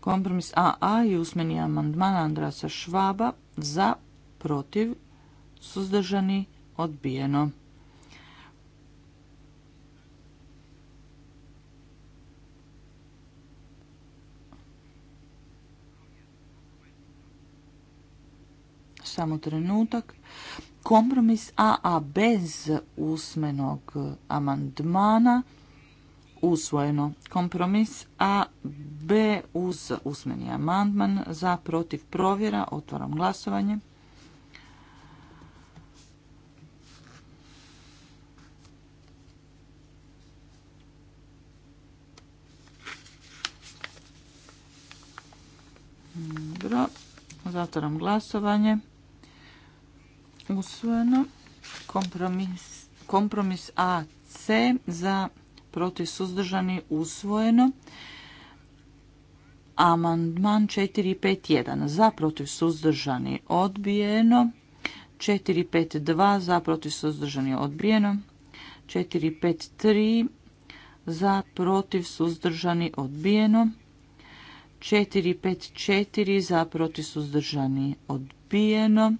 Kompromis AA i usmeni amandman Andrasa Švaba za, protiv, suzdržani, odbijeno. Samo trenutak kompromis A, a bez usmenog amandmana usvojeno. Kompromis A, B uz usmeni amandman za protiv provjera. Otvaram glasovanje. Dobro, zatvaram glasovanje usvojeno. Kompromis, kompromis AC za protiv suzdržani usvojeno. Amandman 451 za protiv suzdržani odbijeno. 452 za protiv suzdržani odbijeno. 453 za protiv suzdržani odbijeno. 454 za protiv suzdržani odbijeno odbijeno.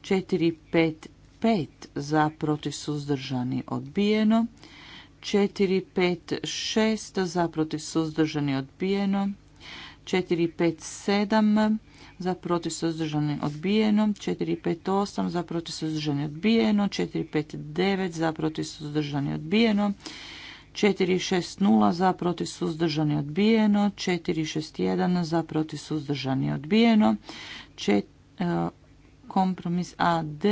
455 za protiv suzdržani odbijeno. 456 za protiv suzdržani odbijeno. 457 za protiv suzdržani odbijeno, 458 za protiv suzdržani odbijeno, 459 za protiv suzdržani odbijeno, 460 za protiv suzdržani odbijeno, 461 za protiv suzdržani odbijeno, kompromis AD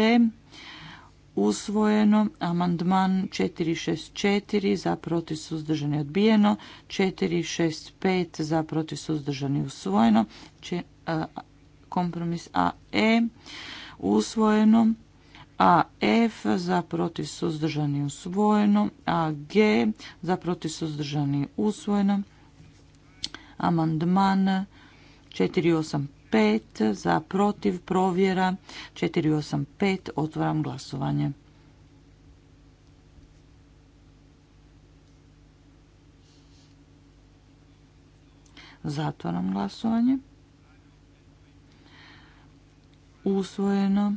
usvojeno, amandman 464 za protiv suzdržani odbijeno, 465 za protiv suzdržani usvojeno, kompromis AE usvojeno, AF za protiv suzdržani usvojeno, AG za protiv suzdržani usvojeno, amandman 485 pet za protiv provjera 485 otvaram glasovanje zatvaram glasovanje usvojeno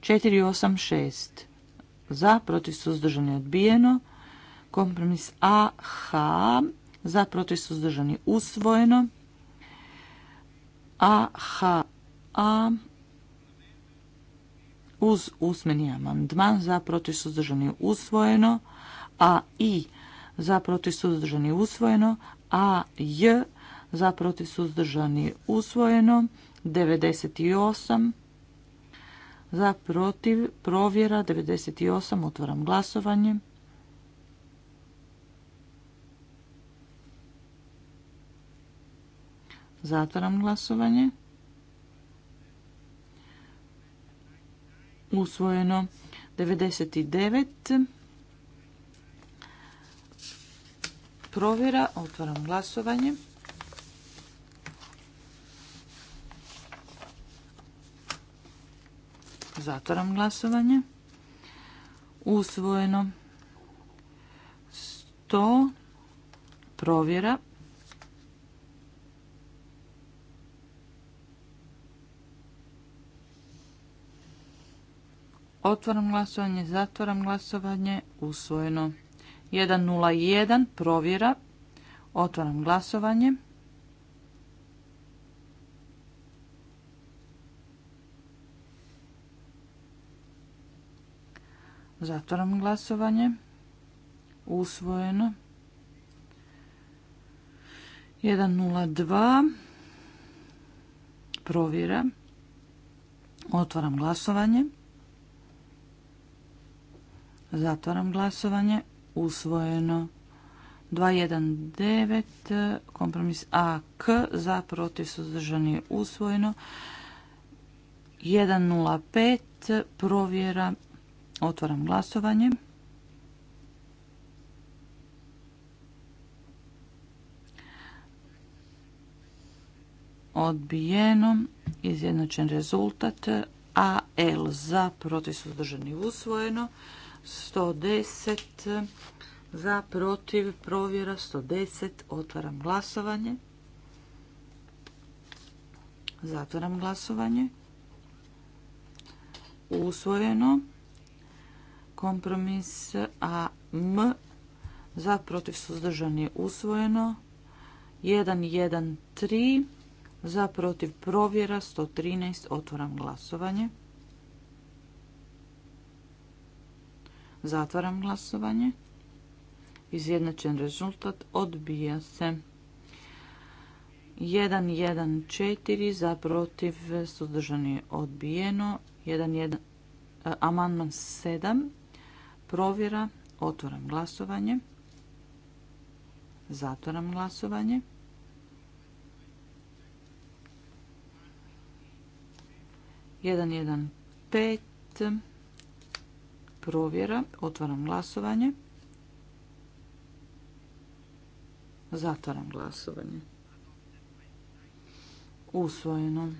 486 za protiv suzdržani odbijeno kompromis AH za protiv suzdržani usvojeno AHA uz usmeni amandman za protiv suzdržani usvojeno, a i za protiv suzdržani usvojeno, a j za protiv suzdržani usvojeno, 98 za protiv provjera 98 otvaram glasovanje. Zatvaram glasovanje. Usvojeno 99. Provjera. Otvaram glasovanje. Zatvaram glasovanje. Usvojeno 100. Provjera. Otvaram glasovanje, zatvaram glasovanje, usvojeno. 101, provjera. Otvaram glasovanje. Zatvaram glasovanje. Usvojeno. 102. Provjera. Otvaram glasovanje. Zatvaram glasovanje. Usvojeno. 219, kompromis AK, za, protiv, suzdržani je usvojeno. 105, provjera, otvaram glasovanje. Odbijeno, izjednačen rezultat, AL za, protiv, je usvojeno. 110 za, protiv, provjera 110, otvaram glasovanje. Zatvaram glasovanje. Usvojeno. Kompromis A, M, za, protiv, je, usvojeno. 113 za, protiv, provjera 113, otvaram glasovanje. Zatvaram glasovanje. Izjednačen rezultat odbija se. 114 za protiv je odbijeno. 1 e, amandman 7 provjera Otvoram glasovanje. Zatvaram glasovanje. Jedan, jedan, pet provjera. Otvaram glasovanje. Zatvaram glasovanje. Usvojeno.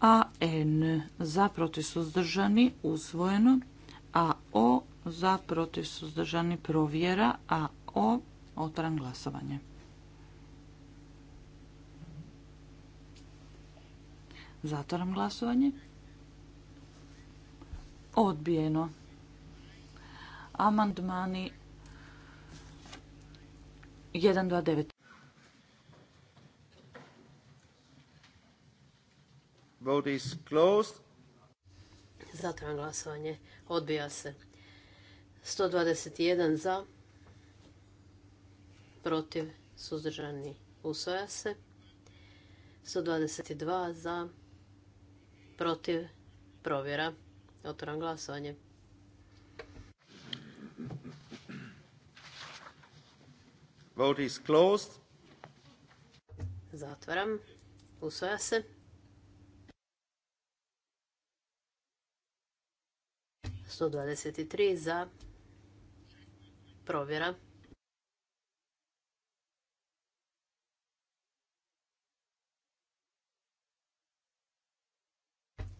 A N za protiv suzdržani usvojeno. A O za protiv suzdržani provjera. A O otvaram glasovanje. Zatvaram glasovanje odbijeno. Amandmani 129. Vote is closed. glasovanje. Odbija se. 121 za. Protiv. Suzdržani. Usvaja se. 122 za. Protiv. Provjera. Otvoram glasovanje. Vote is closed. Zatvaram. Usvaja se. Sto dvadeset tri za provjera.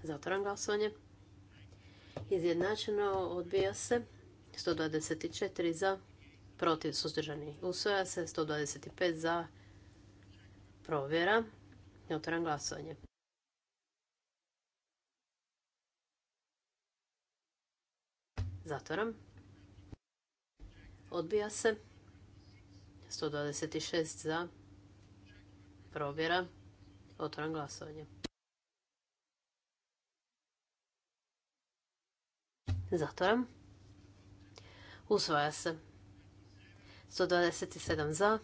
Zatvoram glasovanje. Izjednačeno odbija se 124 za, protiv suzdržani usvoja se 125 za provjera. Otvaram glasovanje. Zatvoram. Odbija se 126 za provjera. Otvaram glasovanje. Zatvoram. Usvaja se. 127 za.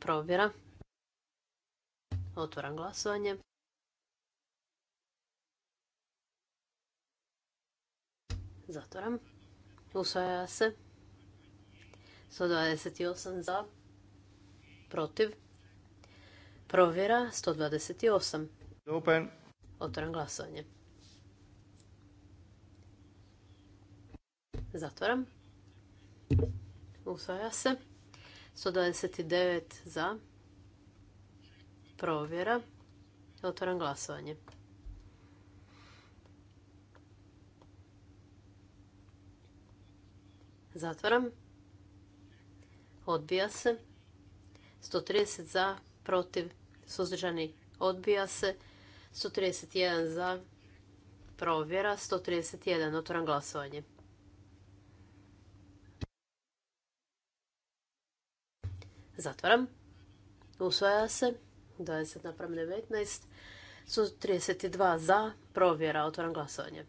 Probjera. Otvoram glasovanje. Zatvoram. Usvaja se. 128 za. Protiv. Provjera 128. Otvoram glasovanje. Zatvaram. Usvaja se. 129 za. Provjera. Otvaram glasovanje. Zatvaram. Odbija se. 130 za, protiv, suzdržani, odbija se. 131 za, provjera. 131, otvoram glasovanje. Zatvaram. Usvaja se. 20 naprem 19. Su 32 za. Provjera. Otvoram glasovanje.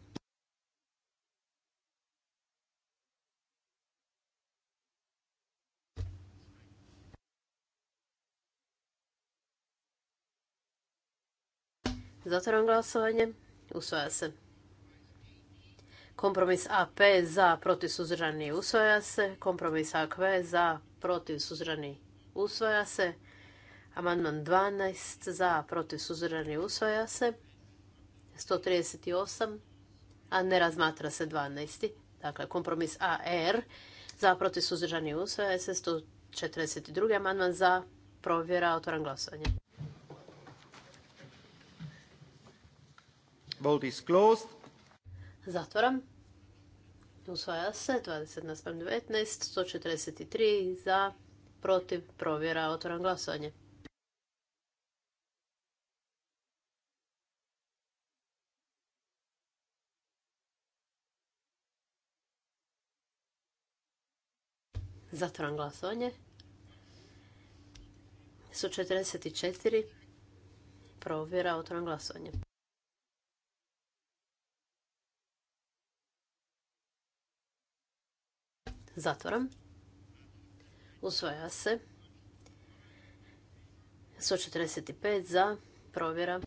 Zatvoram glasovanje. Usvaja se. Kompromis AP za protiv suzrani usvaja se. Kompromis AQ za protiv usvaja se. Amandman 12 za, protiv suzdržani usvaja se. 138, a ne razmatra se 12. Dakle, kompromis AR za, protiv suzdržani usvaja se. 142. amandman za, provjera, otvoran glasovanje. Vote is closed. Zatvoram. Usvaja se 20 naspram 19, 143 za, protiv, provjera, otvoram glasovanje. Zatvoram glasovanje. Su 44. Provjera, otvoram glasovanje. Zatvoram. Usvaja se. 145 za provjera.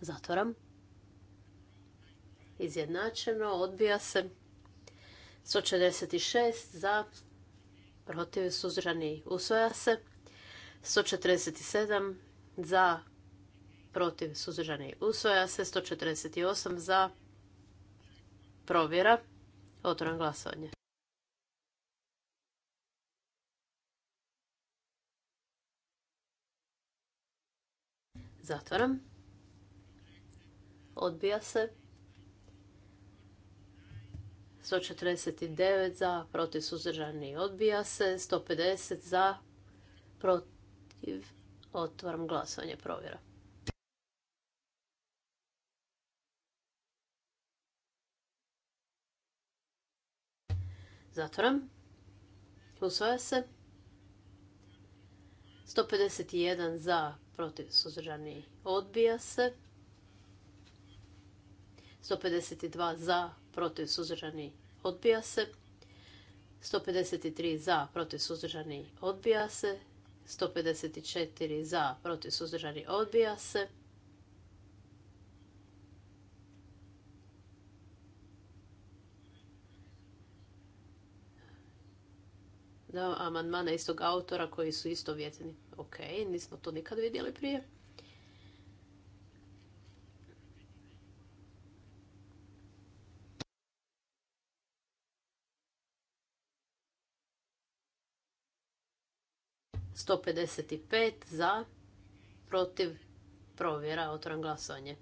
Zatvoram. Izjednačeno. Odbija se. 146 za protiv suzrani. Usvaja se. 147 za protiv, suzdržani, usvoja se. 148 za, provjera, otvoram glasovanje. Zatvaram. Odbija se. 149 za, protiv suzdržani odbija se. 150 za, protiv. Otvaram glasovanje provjera. Zatvoram. Usvaja se. 151 za, protiv suzdržani odbija se. 152 za, protiv suzdržani odbija se. 153 za, protiv suzdržani odbija se. 154 za, protiv suzdržani odbija se. da amandmana istog autora koji su isto vjetni. Ok, nismo to nikad vidjeli prije. Sto pet za, protiv, provjera, otvoram glasovanje.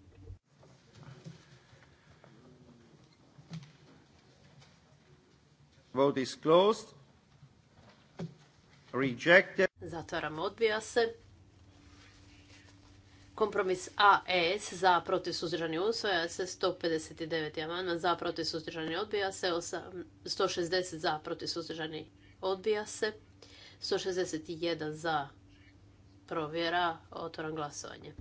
Vote is closed. Rejected. Zatvaram, odbija se. Kompromis AS za protiv suzdržani usvoja se 159. amana za protiv suzdržani odbija se 160 za protiv suzdržani odbija se 161 za provjera otvoram glasovanje.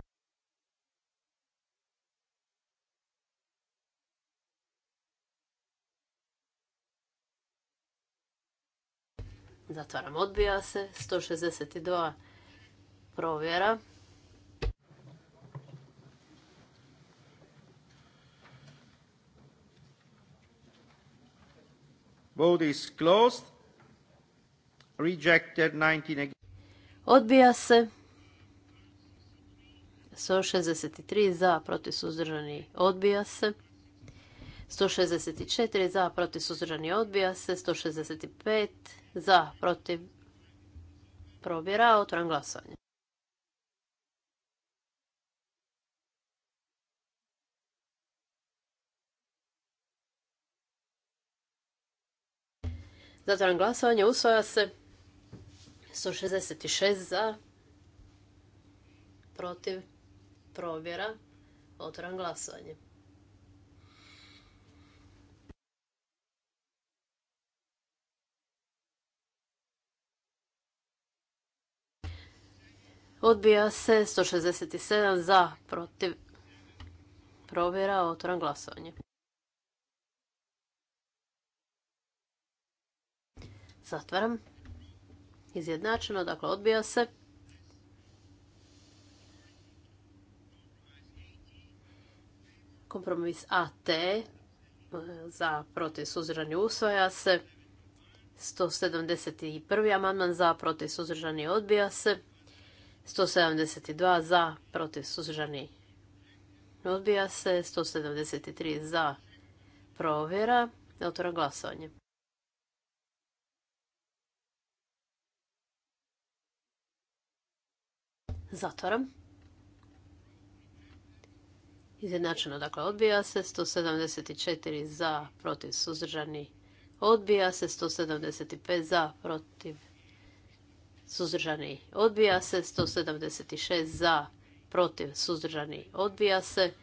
Zatvaram, odbija se. 162 provjera. Vote is closed. Rejected 19 Odbija se. 163 za, protiv suzdržani odbija se. 164 za, protiv suzdržani odbija se. 165 za, protiv probjera, Otvoram glasovanje. Zatvaram glasovanje. Usvaja se 166 za, protiv, provjera. Otvaram glasovanje. Odbija se 167 za, protiv. Provjera, otvoram glasovanje. Zatvaram. Izjednačeno, dakle odbija se. Kompromis AT za protiv suzdržani usvaja se. 171. amandman za protiv suzdržani odbija se. 172 za, protiv suzdržani odbija se. 173 za, provjera. otvora glasovanje. Zatvaram. Izjednačeno, dakle, odbija se. 174 za, protiv suzdržani odbija se. 175 za, protiv suzdržani, odbija se. 176 za, protiv, suzdržani, odbija se.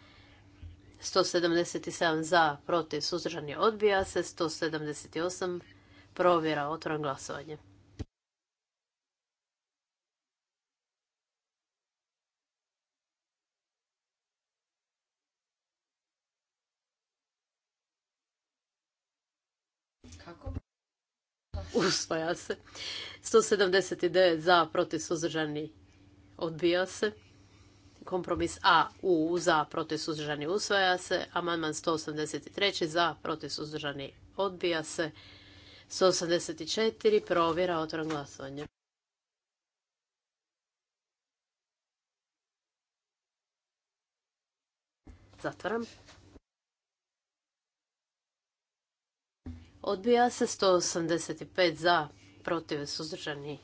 177 za, protiv, suzdržani, odbija se. 178 provjera, otvoran glasovanje. Kako? usvaja se. 179 za, protiv suzdržani odbija se. Kompromis A u za, protiv suzdržani usvaja se. Amandman 183 za, protiv suzdržani odbija se. 184 provjera otvoren glasovanje. Zatvaram. Odbija se 185 za, protiv suzdržani.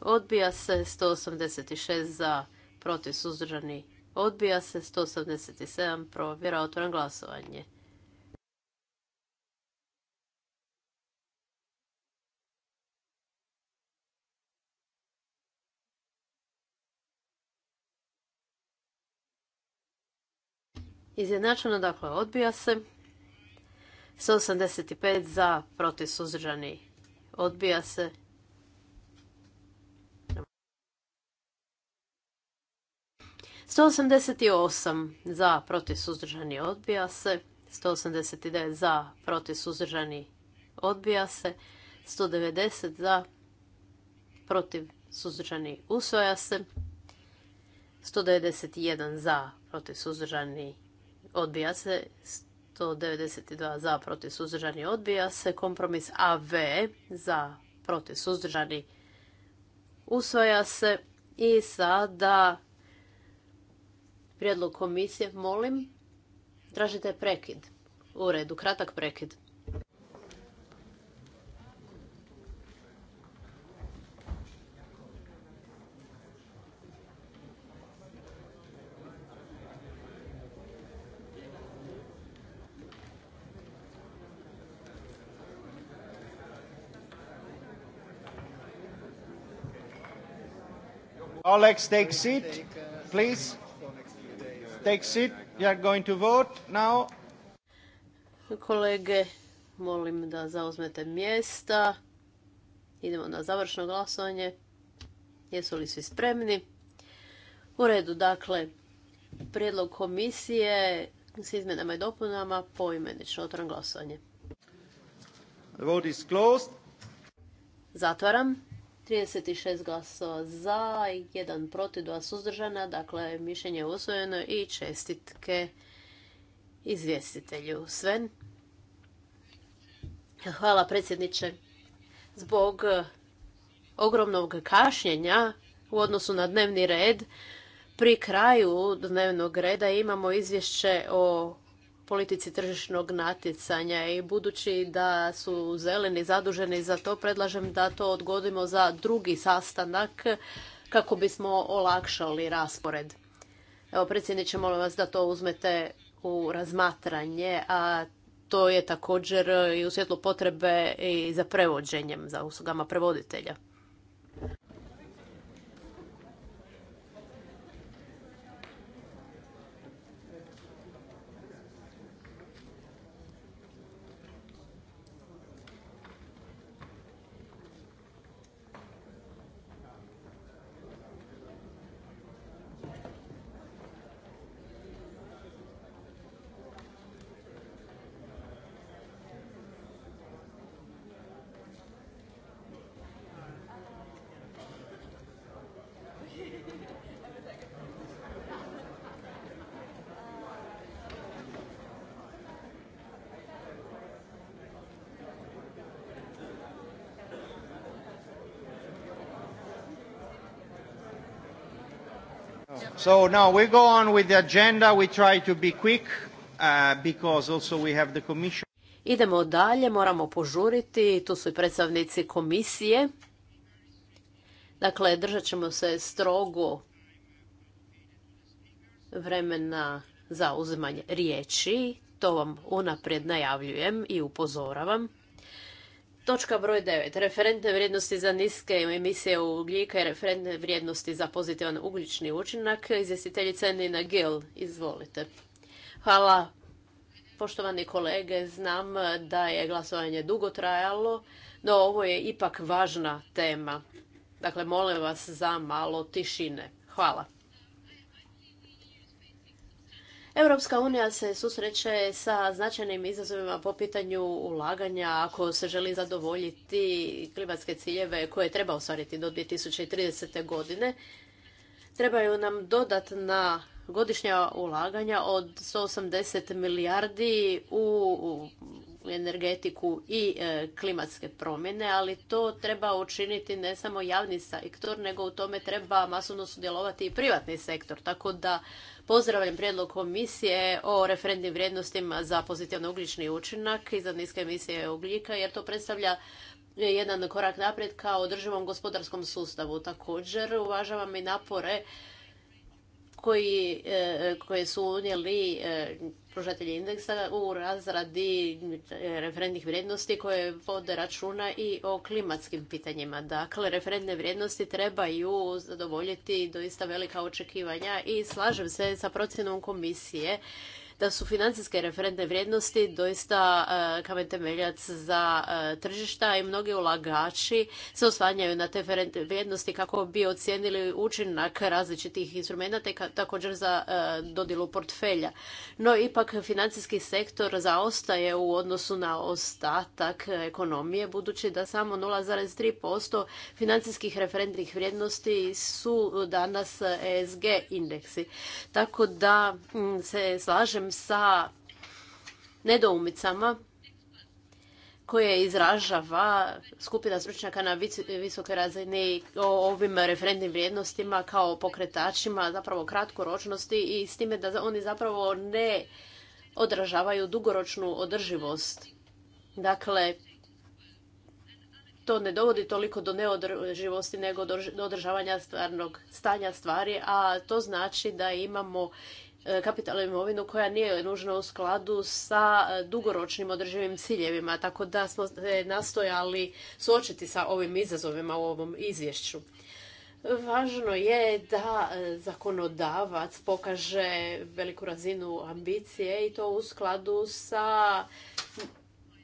Odbija se 186 za, protiv suzdržani. Odbija se 187 provjera otvoren glasovanje. Izjednačeno, dakle, odbija se. 185 za, protiv suzdržani odbija se. Sto za protiv suzdržani odbija se, 189 za protiv suzdržani odbija se, 190 za protiv suzdržani usvaja se, sto za protiv suzdržani odbija se, 192 za, protiv, suzdržani, odbija se. Kompromis AV za, protiv, suzdržani, usvaja se. I sada prijedlog komisije, molim, tražite prekid. U redu, kratak prekid. Alex, take seat, please. Take seat. are going to vote now. Kolege, molim da zauzmete mjesta. Idemo na završno glasovanje. Jesu li svi spremni? U redu, dakle, prijedlog komisije s izmjenama i dopunama poimenično otvoram glasovanje. Zatvaram. 36 glasova za, jedan protiv, dva suzdržana, dakle mišljenje je usvojeno i čestitke izvjestitelju. Sven? Hvala predsjedniče. Zbog ogromnog kašnjenja u odnosu na dnevni red, pri kraju dnevnog reda imamo izvješće o politici tržišnog natjecanja i budući da su zeleni zaduženi za to, predlažem da to odgodimo za drugi sastanak kako bismo olakšali raspored. Evo, predsjedniče, molim vas da to uzmete u razmatranje, a to je također i u svjetlu potrebe i za prevođenjem, za uslugama prevoditelja. So now we go on with the agenda. We try to be quick uh, because also we have the commission. Idemo dalje, moramo požuriti, tu su i predstavnici komisije. Dakle, držat ćemo se strogo vremena za uzimanje riječi. To vam unaprijed najavljujem i upozoravam. Točka broj 9. Referentne vrijednosti za niske emisije ugljika i referentne vrijednosti za pozitivan ugljični učinak. Izvjestiteljica Nina Gill, izvolite. Hvala, poštovani kolege. Znam da je glasovanje dugo trajalo, no ovo je ipak važna tema. Dakle, molim vas za malo tišine. Hvala. Europska unija se susreće sa značajnim izazovima po pitanju ulaganja ako se želi zadovoljiti klimatske ciljeve koje treba ostvariti do 2030. godine. Trebaju nam dodatna godišnja ulaganja od 180 milijardi u energetiku i e, klimatske promjene, ali to treba učiniti ne samo javni sektor, nego u tome treba masovno sudjelovati i privatni sektor. Tako da pozdravljam prijedlog komisije o referentnim vrijednostima za pozitivno ugljični učinak i za niske emisije ugljika, jer to predstavlja jedan korak naprijed ka održivom gospodarskom sustavu. Također uvažavam i napore koji, e, koje su unijeli e, pružatelji indeksa u razradi e, referentnih vrijednosti koje vode računa i o klimatskim pitanjima. Dakle, referentne vrijednosti trebaju zadovoljiti doista velika očekivanja i slažem se sa procjenom komisije da su financijske referentne vrijednosti doista e, kamen temeljac za e, tržišta i mnogi ulagači se oslanjaju na te vrijednosti kako bi ocijenili učinak različitih instrumenata i također za e, dodjelu portfelja. No ipak financijski sektor zaostaje u odnosu na ostatak ekonomije budući da samo 0,3% financijskih referentnih vrijednosti su danas ESG indeksi. Tako da se slažem sa nedoumicama koje izražava skupina stručnjaka na visokoj razini o ovim referentnim vrijednostima kao pokretačima zapravo kratkoročnosti i s time da oni zapravo ne odražavaju dugoročnu održivost. Dakle, to ne dovodi toliko do neodrživosti nego do održavanja stvarnog stanja stvari, a to znači da imamo E, kapitalnu imovinu koja nije nužno u skladu sa e, dugoročnim održivim ciljevima, tako da smo nastojali suočiti sa ovim izazovima u ovom izvješću. Važno je da e, zakonodavac pokaže veliku razinu ambicije i to u skladu sa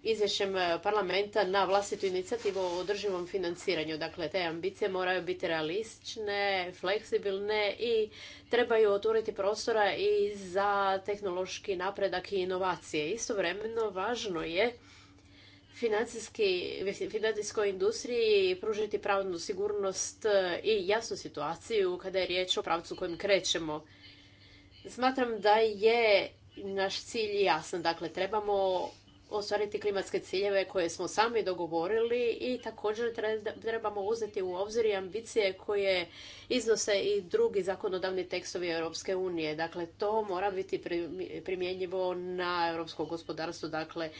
izvješćem e, parlamenta na vlastitu inicijativu o održivom financiranju. Dakle, te ambicije moraju biti realistične, fleksibilne i trebaju otvoriti prostora i za tehnološki napredak i inovacije. Istovremeno, važno je financijskoj industriji pružiti pravnu sigurnost e, i jasnu situaciju kada je riječ o pravcu kojim krećemo. Smatram da je naš cilj jasan. Dakle, trebamo ostvariti klimatske ciljeve koje smo sami dogovorili i također trebamo uzeti u obzir i ambicije koje iznose i drugi zakonodavni tekstovi Europske unije. Dakle, to mora biti primjenjivo na europsko gospodarstvo, dakle,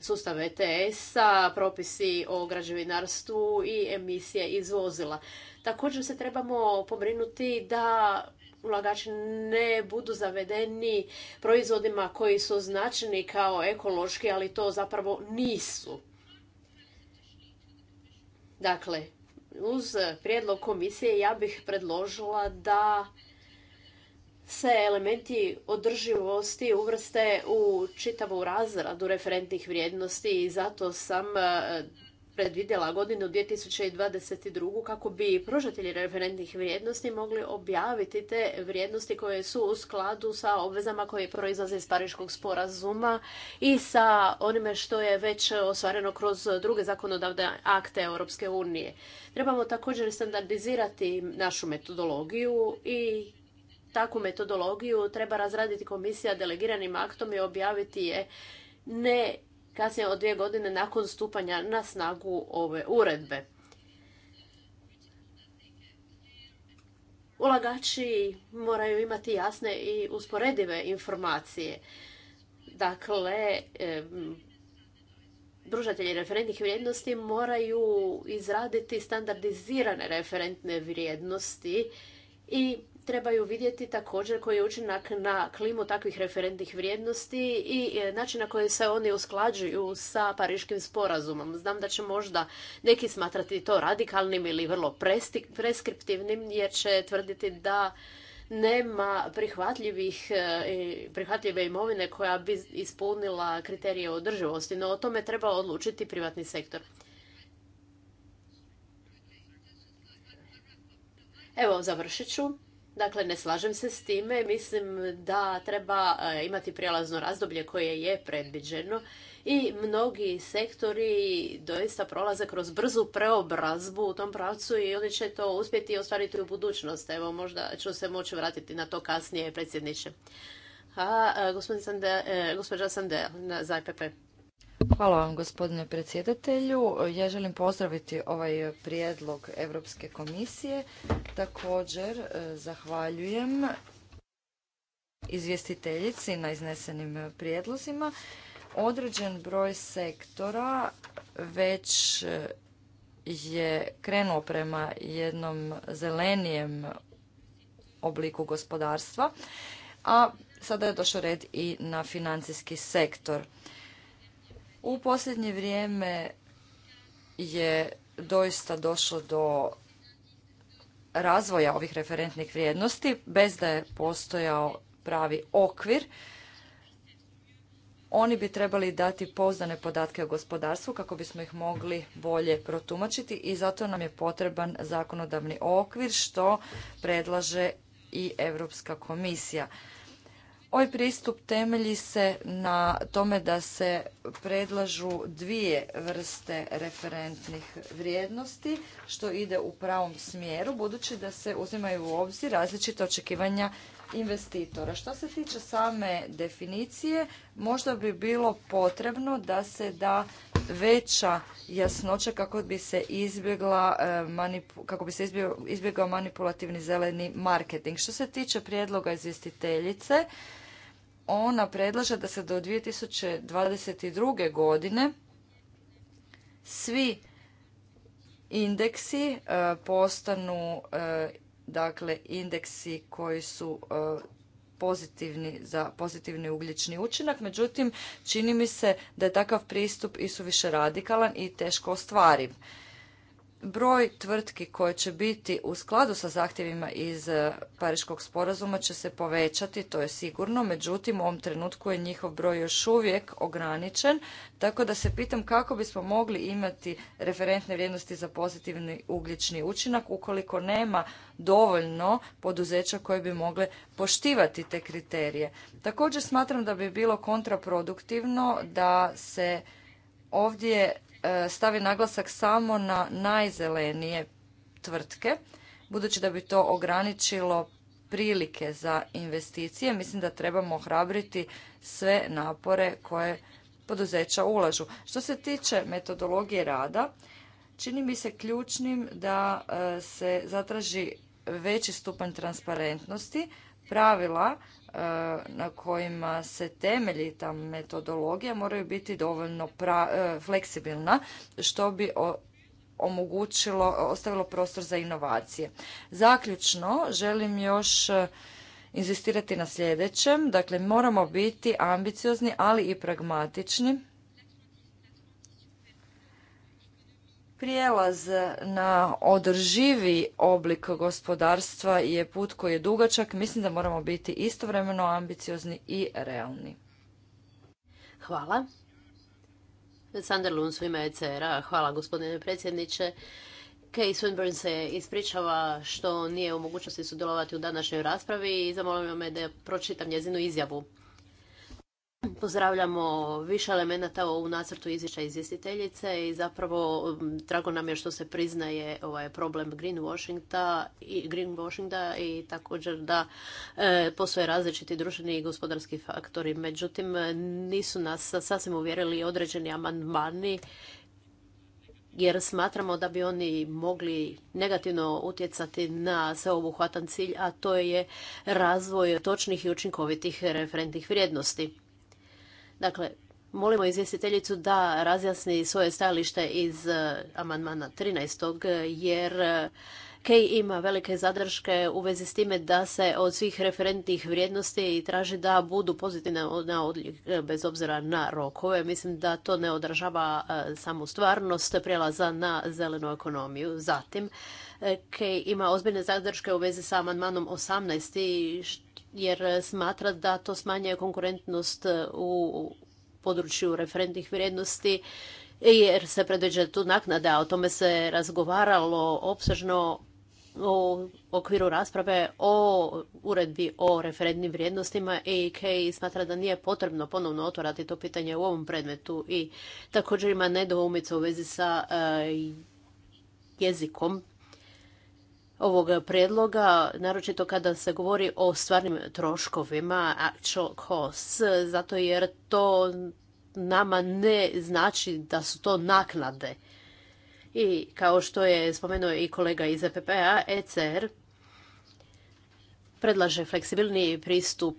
sustav ETS-a, propisi o građevinarstvu i emisije iz vozila. Također se trebamo pobrinuti da ulagači ne budu zavedeni proizvodima koji su označeni kao ekološki, ali to zapravo nisu. Dakle, uz prijedlog komisije ja bih predložila da se elementi održivosti uvrste u čitavu razradu referentnih vrijednosti i zato sam predvidjela godinu 2022. kako bi pružatelji referentnih vrijednosti mogli objaviti te vrijednosti koje su u skladu sa obvezama koje proizlaze iz Pariškog sporazuma i sa onime što je već ostvareno kroz druge zakonodavne akte Europske unije. Trebamo također standardizirati našu metodologiju i takvu metodologiju treba razraditi komisija delegiranim aktom i objaviti je ne kasnije od dvije godine nakon stupanja na snagu ove uredbe. Ulagači moraju imati jasne i usporedive informacije. Dakle, pružatelji referentnih vrijednosti moraju izraditi standardizirane referentne vrijednosti i trebaju vidjeti također koji je učinak na klimu takvih referentnih vrijednosti i e, način na koji se oni usklađuju sa Pariškim sporazumom. Znam da će možda neki smatrati to radikalnim ili vrlo preskriptivnim jer će tvrditi da nema prihvatljivih, e, prihvatljive imovine koja bi ispunila kriterije održivosti, no o tome treba odlučiti privatni sektor. Evo, završit ću. Dakle, ne slažem se s time. Mislim da treba e, imati prijelazno razdoblje koje je predviđeno i mnogi sektori doista prolaze kroz brzu preobrazbu u tom pravcu i oni će to uspjeti ostvariti u budućnost. Evo, možda ću se moći vratiti na to kasnije, predsjedniče. A, e, e, gospođa Sandel, za EPP. Hvala vam gospodine predsjedatelju. Ja želim pozdraviti ovaj prijedlog Europske komisije. Također e, zahvaljujem izvjestiteljici na iznesenim prijedlozima. Određen broj sektora već je krenuo prema jednom zelenijem obliku gospodarstva, a sada je došao red i na financijski sektor. U posljednje vrijeme je doista došlo do razvoja ovih referentnih vrijednosti bez da je postojao pravi okvir. Oni bi trebali dati pouzdane podatke o gospodarstvu kako bismo ih mogli bolje protumačiti i zato nam je potreban zakonodavni okvir što predlaže i Europska komisija. Ovaj pristup temelji se na tome da se predlažu dvije vrste referentnih vrijednosti, što ide u pravom smjeru, budući da se uzimaju u obzir različite očekivanja investitora. Što se tiče same definicije, možda bi bilo potrebno da se da veća jasnoća kako bi se izbjegla e, kako bi se izbjegao manipulativni zeleni marketing. Što se tiče prijedloga izvjestiteljice, ona predlaže da se do 2022. godine svi indeksi e, postanu e, dakle indeksi koji su e, pozitivni za pozitivni ugljični učinak, međutim čini mi se da je takav pristup i suviše radikalan i teško ostvariv. Broj tvrtki koje će biti u skladu sa zahtjevima iz e, Pariškog sporazuma će se povećati, to je sigurno, međutim u ovom trenutku je njihov broj još uvijek ograničen, tako da se pitam kako bismo mogli imati referentne vrijednosti za pozitivni ugljični učinak ukoliko nema dovoljno poduzeća koje bi mogle poštivati te kriterije. Također smatram da bi bilo kontraproduktivno da se ovdje E, stavi naglasak samo na najzelenije tvrtke, budući da bi to ograničilo prilike za investicije, mislim da trebamo ohrabriti sve napore koje poduzeća ulažu. Što se tiče metodologije rada, čini mi se ključnim da e, se zatraži veći stupanj transparentnosti, pravila E, na kojima se temelji ta metodologija moraju biti dovoljno e, fleksibilna što bi omogućilo, ostavilo prostor za inovacije. Zaključno želim još e, inzistirati na sljedećem, dakle moramo biti ambiciozni ali i pragmatični Prijelaz na održivi oblik gospodarstva je put koji je dugačak. Mislim da moramo biti istovremeno ambiciozni i realni. Hvala. Sander u ime ECR-a. Hvala gospodine predsjedniče. Kay Swinburne se ispričava što nije u mogućnosti sudjelovati u današnjoj raspravi i zamolio me da pročitam njezinu izjavu. Pozdravljamo više elemenata u nacrtu izvješća izvjestiteljice i zapravo drago nam je što se priznaje ovaj problem greenwashinga i, greenwashinga i također da e, postoje različiti društveni i gospodarski faktori. Međutim, nisu nas sasvim uvjerili određeni amandmani jer smatramo da bi oni mogli negativno utjecati na sveobuhvatan cilj, a to je razvoj točnih i učinkovitih referentnih vrijednosti. Dakle, molimo izvjestiteljicu da razjasni svoje stajalište iz e, amandmana 13. jer e, Kej ima velike zadrške u vezi s time da se od svih referentnih vrijednosti traži da budu pozitivne na odlik e, bez obzira na rokove. Mislim da to ne odražava samu stvarnost prijelaza na zelenu ekonomiju. Zatim, Kej ima ozbiljne zadrške u vezi sa amandmanom 18 jer smatra da to smanjuje konkurentnost u području referentnih vrijednosti jer se predviđa tu naknada, o tome se razgovaralo opsežno u okviru rasprave o uredbi o referentnim vrijednostima i EIK smatra da nije potrebno ponovno otvarati to pitanje u ovom predmetu i također ima nedoumica u vezi sa e, jezikom ovog prijedloga, naročito kada se govori o stvarnim troškovima, actual costs, zato jer to nama ne znači da su to naknade. I kao što je spomenuo i kolega iz EPP-a, ECR predlaže fleksibilniji pristup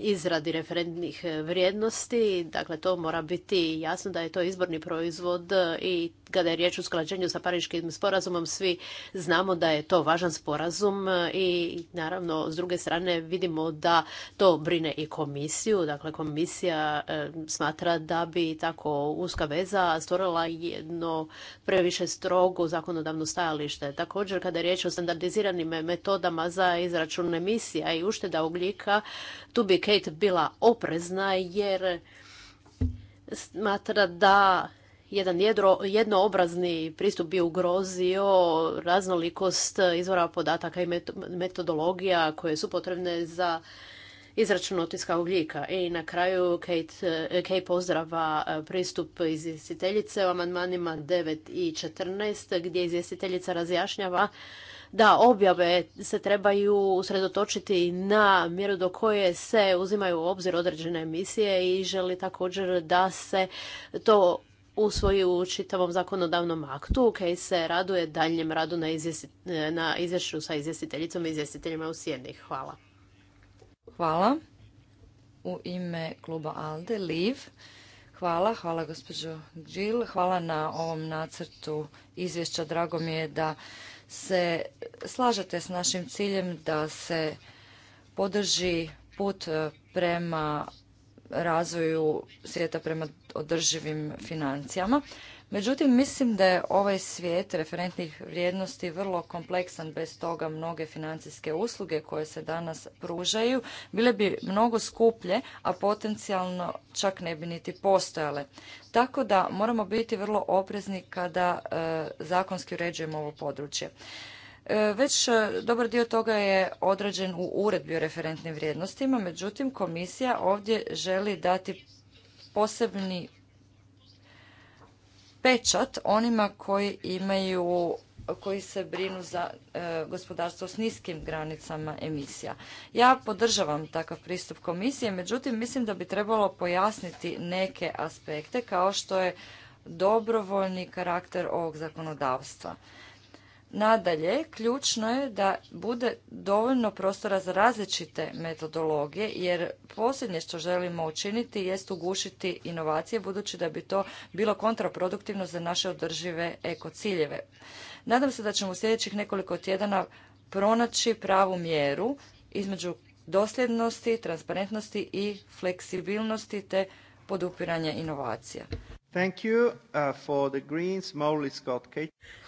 izradi referentnih e, vrijednosti. Dakle, to mora biti jasno da je to izborni proizvod i kada je riječ o sklađenju sa Pariškim sporazumom, svi znamo da je to važan sporazum i naravno, s druge strane, vidimo da to brine i komisiju. Dakle, komisija e, smatra da bi tako uska veza stvorila jedno previše strogo zakonodavno stajalište. Također, kada je riječ o standardiziranim metodama za izračun emisija i ušteda ugljika, tu bi Kate bila oprezna jer smatra da jedan jedro, jednoobrazni pristup bi ugrozio raznolikost izvora podataka i metodologija koje su potrebne za izračun otiska ugljika. I na kraju Kate, Kate pozdrava e, pristup izvjestiteljice u amandmanima 9 i 14 gdje izvjestiteljica razjašnjava da objave se trebaju usredotočiti na mjeru do koje se uzimaju u obzir određene emisije i želi također da se to usvoji u čitavom zakonodavnom aktu koji se raduje daljnjem radu na, na izvješću sa izvjestiteljicom i izvjestiteljima u Sjeni. Hvala. Hvala. U ime kluba ALDE, LIV. Hvala, hvala gospođo Đil. Hvala na ovom nacrtu izvješća. Drago mi je da se slažete s našim ciljem da se podrži put e, prema razvoju svijeta prema održivim financijama. Međutim, mislim da je ovaj svijet referentnih vrijednosti vrlo kompleksan. Bez toga mnoge financijske usluge koje se danas pružaju bile bi mnogo skuplje, a potencijalno čak ne bi niti postojale. Tako da moramo biti vrlo oprezni kada e, zakonski uređujemo ovo područje. E, već e, dobar dio toga je određen u uredbi o referentnim vrijednostima, međutim komisija ovdje želi dati posebni pečat onima koji imaju koji se brinu za e, gospodarstvo s niskim granicama emisija. Ja podržavam takav pristup komisije, međutim mislim da bi trebalo pojasniti neke aspekte kao što je dobrovoljni karakter ovog zakonodavstva. Nadalje, ključno je da bude dovoljno prostora za različite metodologije, jer posljednje što želimo učiniti jest ugušiti inovacije, budući da bi to bilo kontraproduktivno za naše održive ekociljeve. Nadam se da ćemo u sljedećih nekoliko tjedana pronaći pravu mjeru između dosljednosti, transparentnosti i fleksibilnosti te podupiranja inovacija. Thank you uh, for the Greens,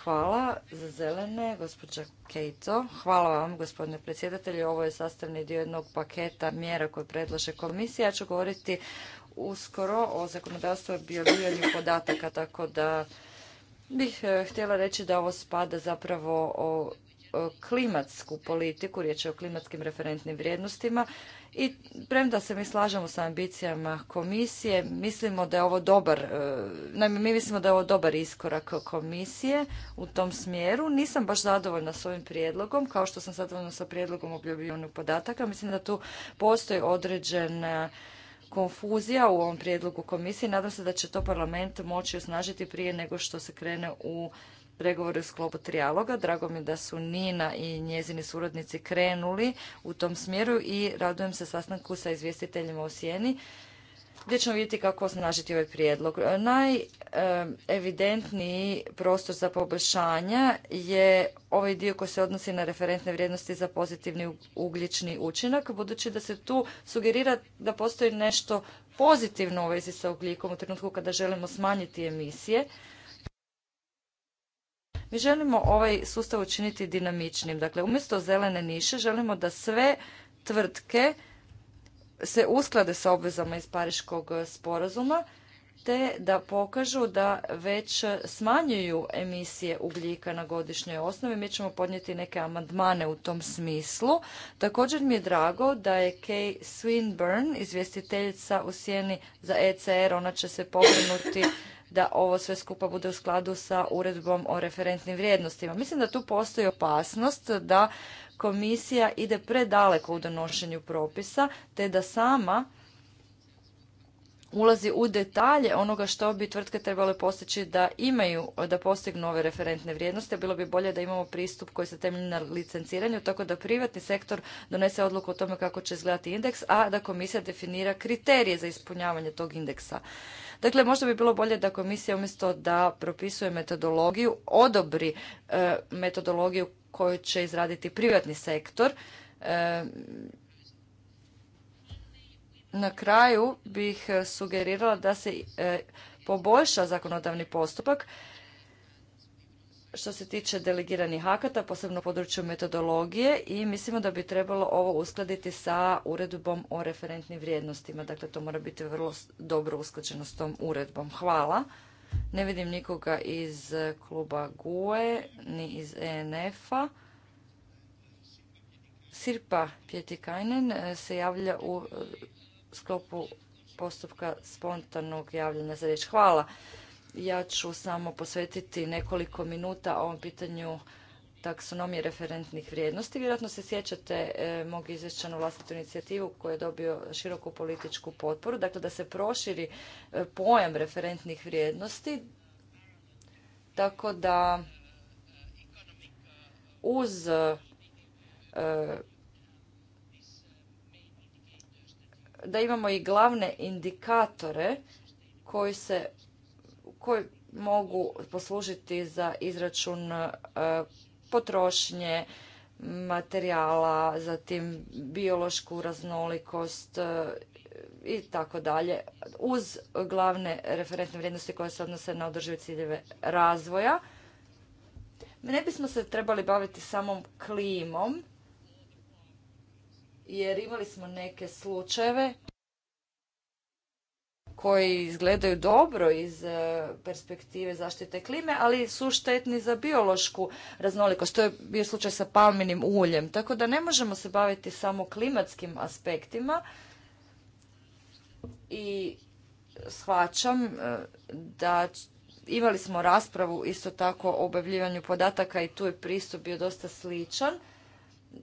Hvala za zelene, gospođa Kejto. Hvala vam, gospodine predsjedatelju. Ovo je sastavni dio jednog paketa mjera koje predlaže komisija. Ja ću govoriti uskoro o zakonodavstvu objavljivanju podataka, tako da bih e, htjela reći da ovo spada zapravo o klimatsku politiku, riječ je o klimatskim referentnim vrijednostima i premda se mi slažemo sa ambicijama komisije, mislimo da je ovo dobar, e, naime mi mislimo da je ovo dobar iskorak komisije u tom smjeru. Nisam baš zadovoljna s ovim prijedlogom, kao što sam zadovoljna sa prijedlogom objavljivanju podataka. Mislim da tu postoji određena konfuzija u ovom prijedlogu komisije. Nadam se da će to parlament moći osnažiti prije nego što se krene u pregovore u sklopu trijaloga. Drago mi da su Nina i njezini suradnici krenuli u tom smjeru i radujem se sastanku sa izvjestiteljima u Sjeni gdje ćemo vidjeti kako osnažiti ovaj prijedlog. Najevidentniji prostor za poboljšanja je ovaj dio koji se odnosi na referentne vrijednosti za pozitivni ugljični učinak, budući da se tu sugerira da postoji nešto pozitivno u vezi sa ugljikom u trenutku kada želimo smanjiti emisije mi želimo ovaj sustav učiniti dinamičnim. Dakle, umjesto zelene niše želimo da sve tvrtke se usklade sa obvezama iz Pariškog sporazuma te da pokažu da već smanjuju emisije ugljika na godišnjoj osnovi. Mi ćemo podnijeti neke amandmane u tom smislu. Također mi je drago da je Kay Swinburne, izvjestiteljica u sjeni za ECR, ona će se pokrinuti da ovo sve skupa bude u skladu sa uredbom o referentnim vrijednostima. Mislim da tu postoji opasnost da komisija ide predaleko u donošenju propisa te da sama ulazi u detalje onoga što bi tvrtke trebale postići da imaju, da postignu ove referentne vrijednosti. Bilo bi bolje da imamo pristup koji se temelji na licenciranju, tako da privatni sektor donese odluku o tome kako će izgledati indeks, a da komisija definira kriterije za ispunjavanje tog indeksa. Dakle, možda bi bilo bolje da komisija umjesto da propisuje metodologiju, odobri e, metodologiju koju će izraditi privatni sektor. E, na kraju bih sugerirala da se e, poboljša zakonodavni postupak što se tiče delegiranih akata, posebno u području metodologije i mislimo da bi trebalo ovo uskladiti sa uredbom o referentnim vrijednostima. Dakle, to mora biti vrlo dobro usklađeno s tom uredbom. Hvala. Ne vidim nikoga iz kluba GUE, ni iz ENF-a. Sirpa Pjetikajnen e, se javlja u e, sklopu postupka spontanog javljanja za riječ. Hvala. Ja ću samo posvetiti nekoliko minuta ovom pitanju taksonomije referentnih vrijednosti. Vjerojatno se sjećate e, mog izvješća na vlastitu inicijativu koja je dobio široku političku potporu, dakle da se proširi e, pojam referentnih vrijednosti, tako da uz e, da imamo i glavne indikatore koji se koji mogu poslužiti za izračun e, potrošnje materijala, zatim biološku raznolikost e, i tako dalje, uz glavne referentne vrijednosti koje se odnose na održive ciljeve razvoja. Ne bismo se trebali baviti samom klimom, jer imali smo neke slučajeve koji izgledaju dobro iz e, perspektive zaštite klime, ali su štetni za biološku raznolikost. To je bio slučaj sa palminim uljem. Tako da ne možemo se baviti samo klimatskim aspektima i shvaćam e, da imali smo raspravu isto tako o objavljivanju podataka i tu je pristup bio dosta sličan.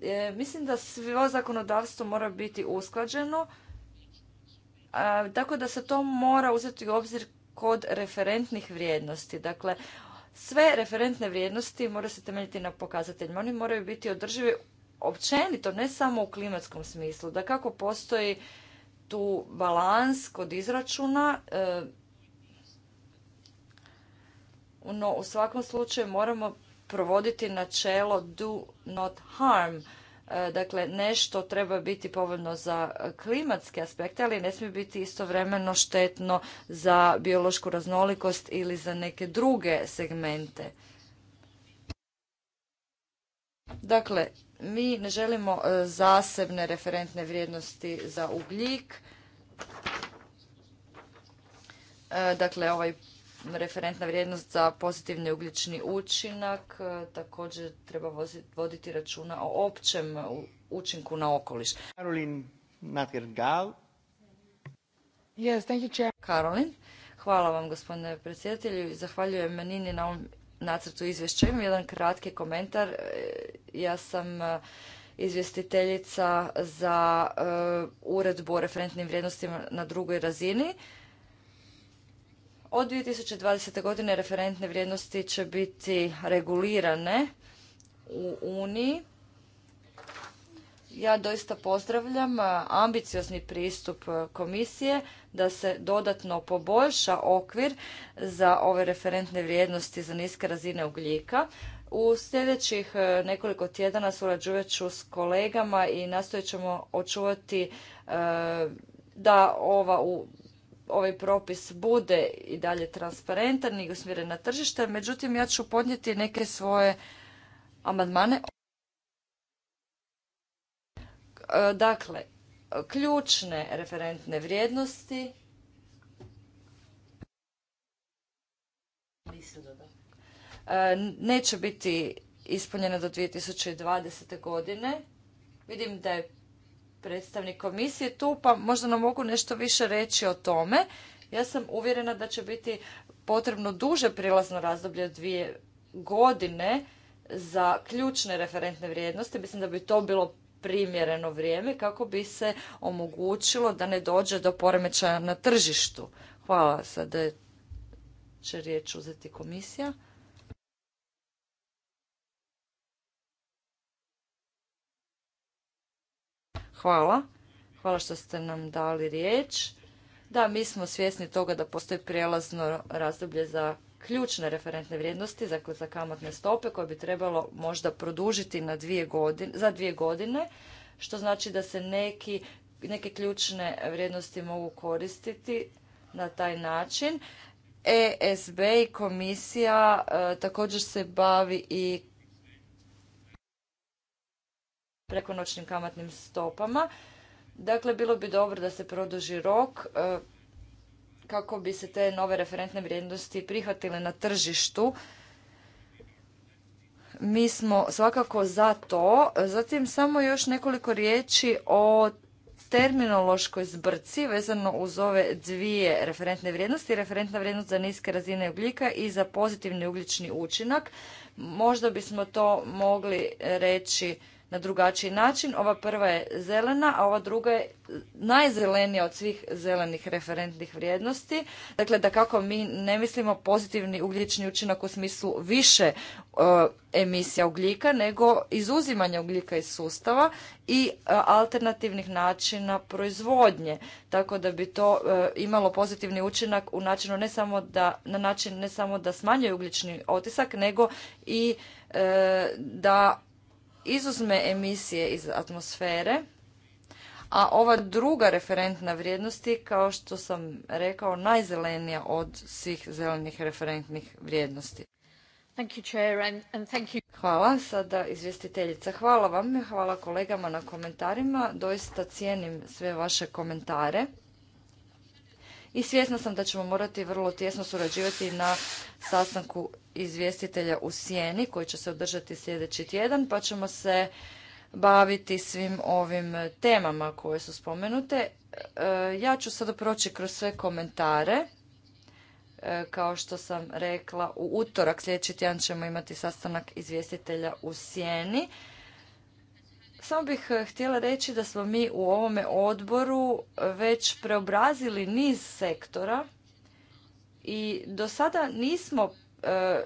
E, mislim da svo zakonodavstvo mora biti usklađeno tako da se to mora uzeti u obzir kod referentnih vrijednosti. Dakle, sve referentne vrijednosti mora se temeljiti na pokazateljima. Oni moraju biti održivi općenito, ne samo u klimatskom smislu. Da kako postoji tu balans kod izračuna, e, no u svakom slučaju moramo provoditi načelo do not harm E, dakle, nešto treba biti povoljno za klimatske aspekte, ali ne smije biti istovremeno štetno za biološku raznolikost ili za neke druge segmente. Dakle, mi ne želimo e, zasebne referentne vrijednosti za ugljik. E, dakle, ovaj referentna vrijednost za pozitivni ugljični učinak. E, također treba voditi računa o općem učinku na okoliš. Karolin Yes, thank you, hvala vam gospodine predsjedatelju i zahvaljujem Nini na ovom nacrtu izvješća. Imam jedan kratki komentar. E, ja sam e, izvjestiteljica za uredbu o referentnim vrijednostima na drugoj razini od 2020. godine referentne vrijednosti će biti regulirane u Uniji. Ja doista pozdravljam ambiciozni pristup komisije da se dodatno poboljša okvir za ove referentne vrijednosti za niske razine ugljika. U sljedećih nekoliko tjedana surađujet ću s kolegama i nastojat ćemo očuvati da ova u ovaj propis bude i dalje transparentan i usmjeren na tržište, međutim ja ću podnijeti neke svoje amandmane. E, dakle, ključne referentne vrijednosti. E, neće biti ispunjene do 2020. godine. Vidim da je predstavnik komisije tu, pa možda nam mogu nešto više reći o tome. Ja sam uvjerena da će biti potrebno duže prilazno razdoblje od dvije godine za ključne referentne vrijednosti. Mislim da bi to bilo primjereno vrijeme kako bi se omogućilo da ne dođe do poremećaja na tržištu. Hvala. Sada će riječ uzeti komisija. Hvala. Hvala što ste nam dali riječ. Da, mi smo svjesni toga da postoji prijelazno razdoblje za ključne referentne vrijednosti, dakle za kamatne stope koje bi trebalo možda produžiti na dvije godine, za dvije godine, što znači da se neki, neke ključne vrijednosti mogu koristiti na taj način. ESB i komisija e, također se bavi i prekonoćnim kamatnim stopama. Dakle, bilo bi dobro da se produži rok e, kako bi se te nove referentne vrijednosti prihvatile na tržištu. Mi smo svakako za to. Zatim samo još nekoliko riječi o terminološkoj zbrci vezano uz ove dvije referentne vrijednosti. Referentna vrijednost za niske razine ugljika i za pozitivni ugljični učinak. Možda bismo to mogli reći na drugačiji način. Ova prva je zelena, a ova druga je najzelenija od svih zelenih referentnih vrijednosti. Dakle, da kako mi ne mislimo pozitivni ugljični učinak u smislu više e, emisija ugljika, nego izuzimanja ugljika iz sustava i e, alternativnih načina proizvodnje. Tako da bi to e, imalo pozitivni učinak u načinu ne samo da, na način ne samo da smanjuje ugljični otisak, nego i da izuzme emisije iz atmosfere, a ova druga referentna vrijednost je, kao što sam rekao, najzelenija od svih zelenih referentnih vrijednosti. Hvala, sada izvjestiteljica. Hvala vam, hvala kolegama na komentarima. Doista cijenim sve vaše komentare i svjesna sam da ćemo morati vrlo tjesno surađivati na sastanku izvjestitelja u Sijeni koji će se održati sljedeći tjedan pa ćemo se baviti svim ovim temama koje su spomenute. E, ja ću sada proći kroz sve komentare. E, kao što sam rekla, u utorak sljedeći tjedan ćemo imati sastanak izvjestitelja u Sjeni. Samo bih eh, htjela reći da smo mi u ovome odboru eh, već preobrazili niz sektora i do sada nismo eh,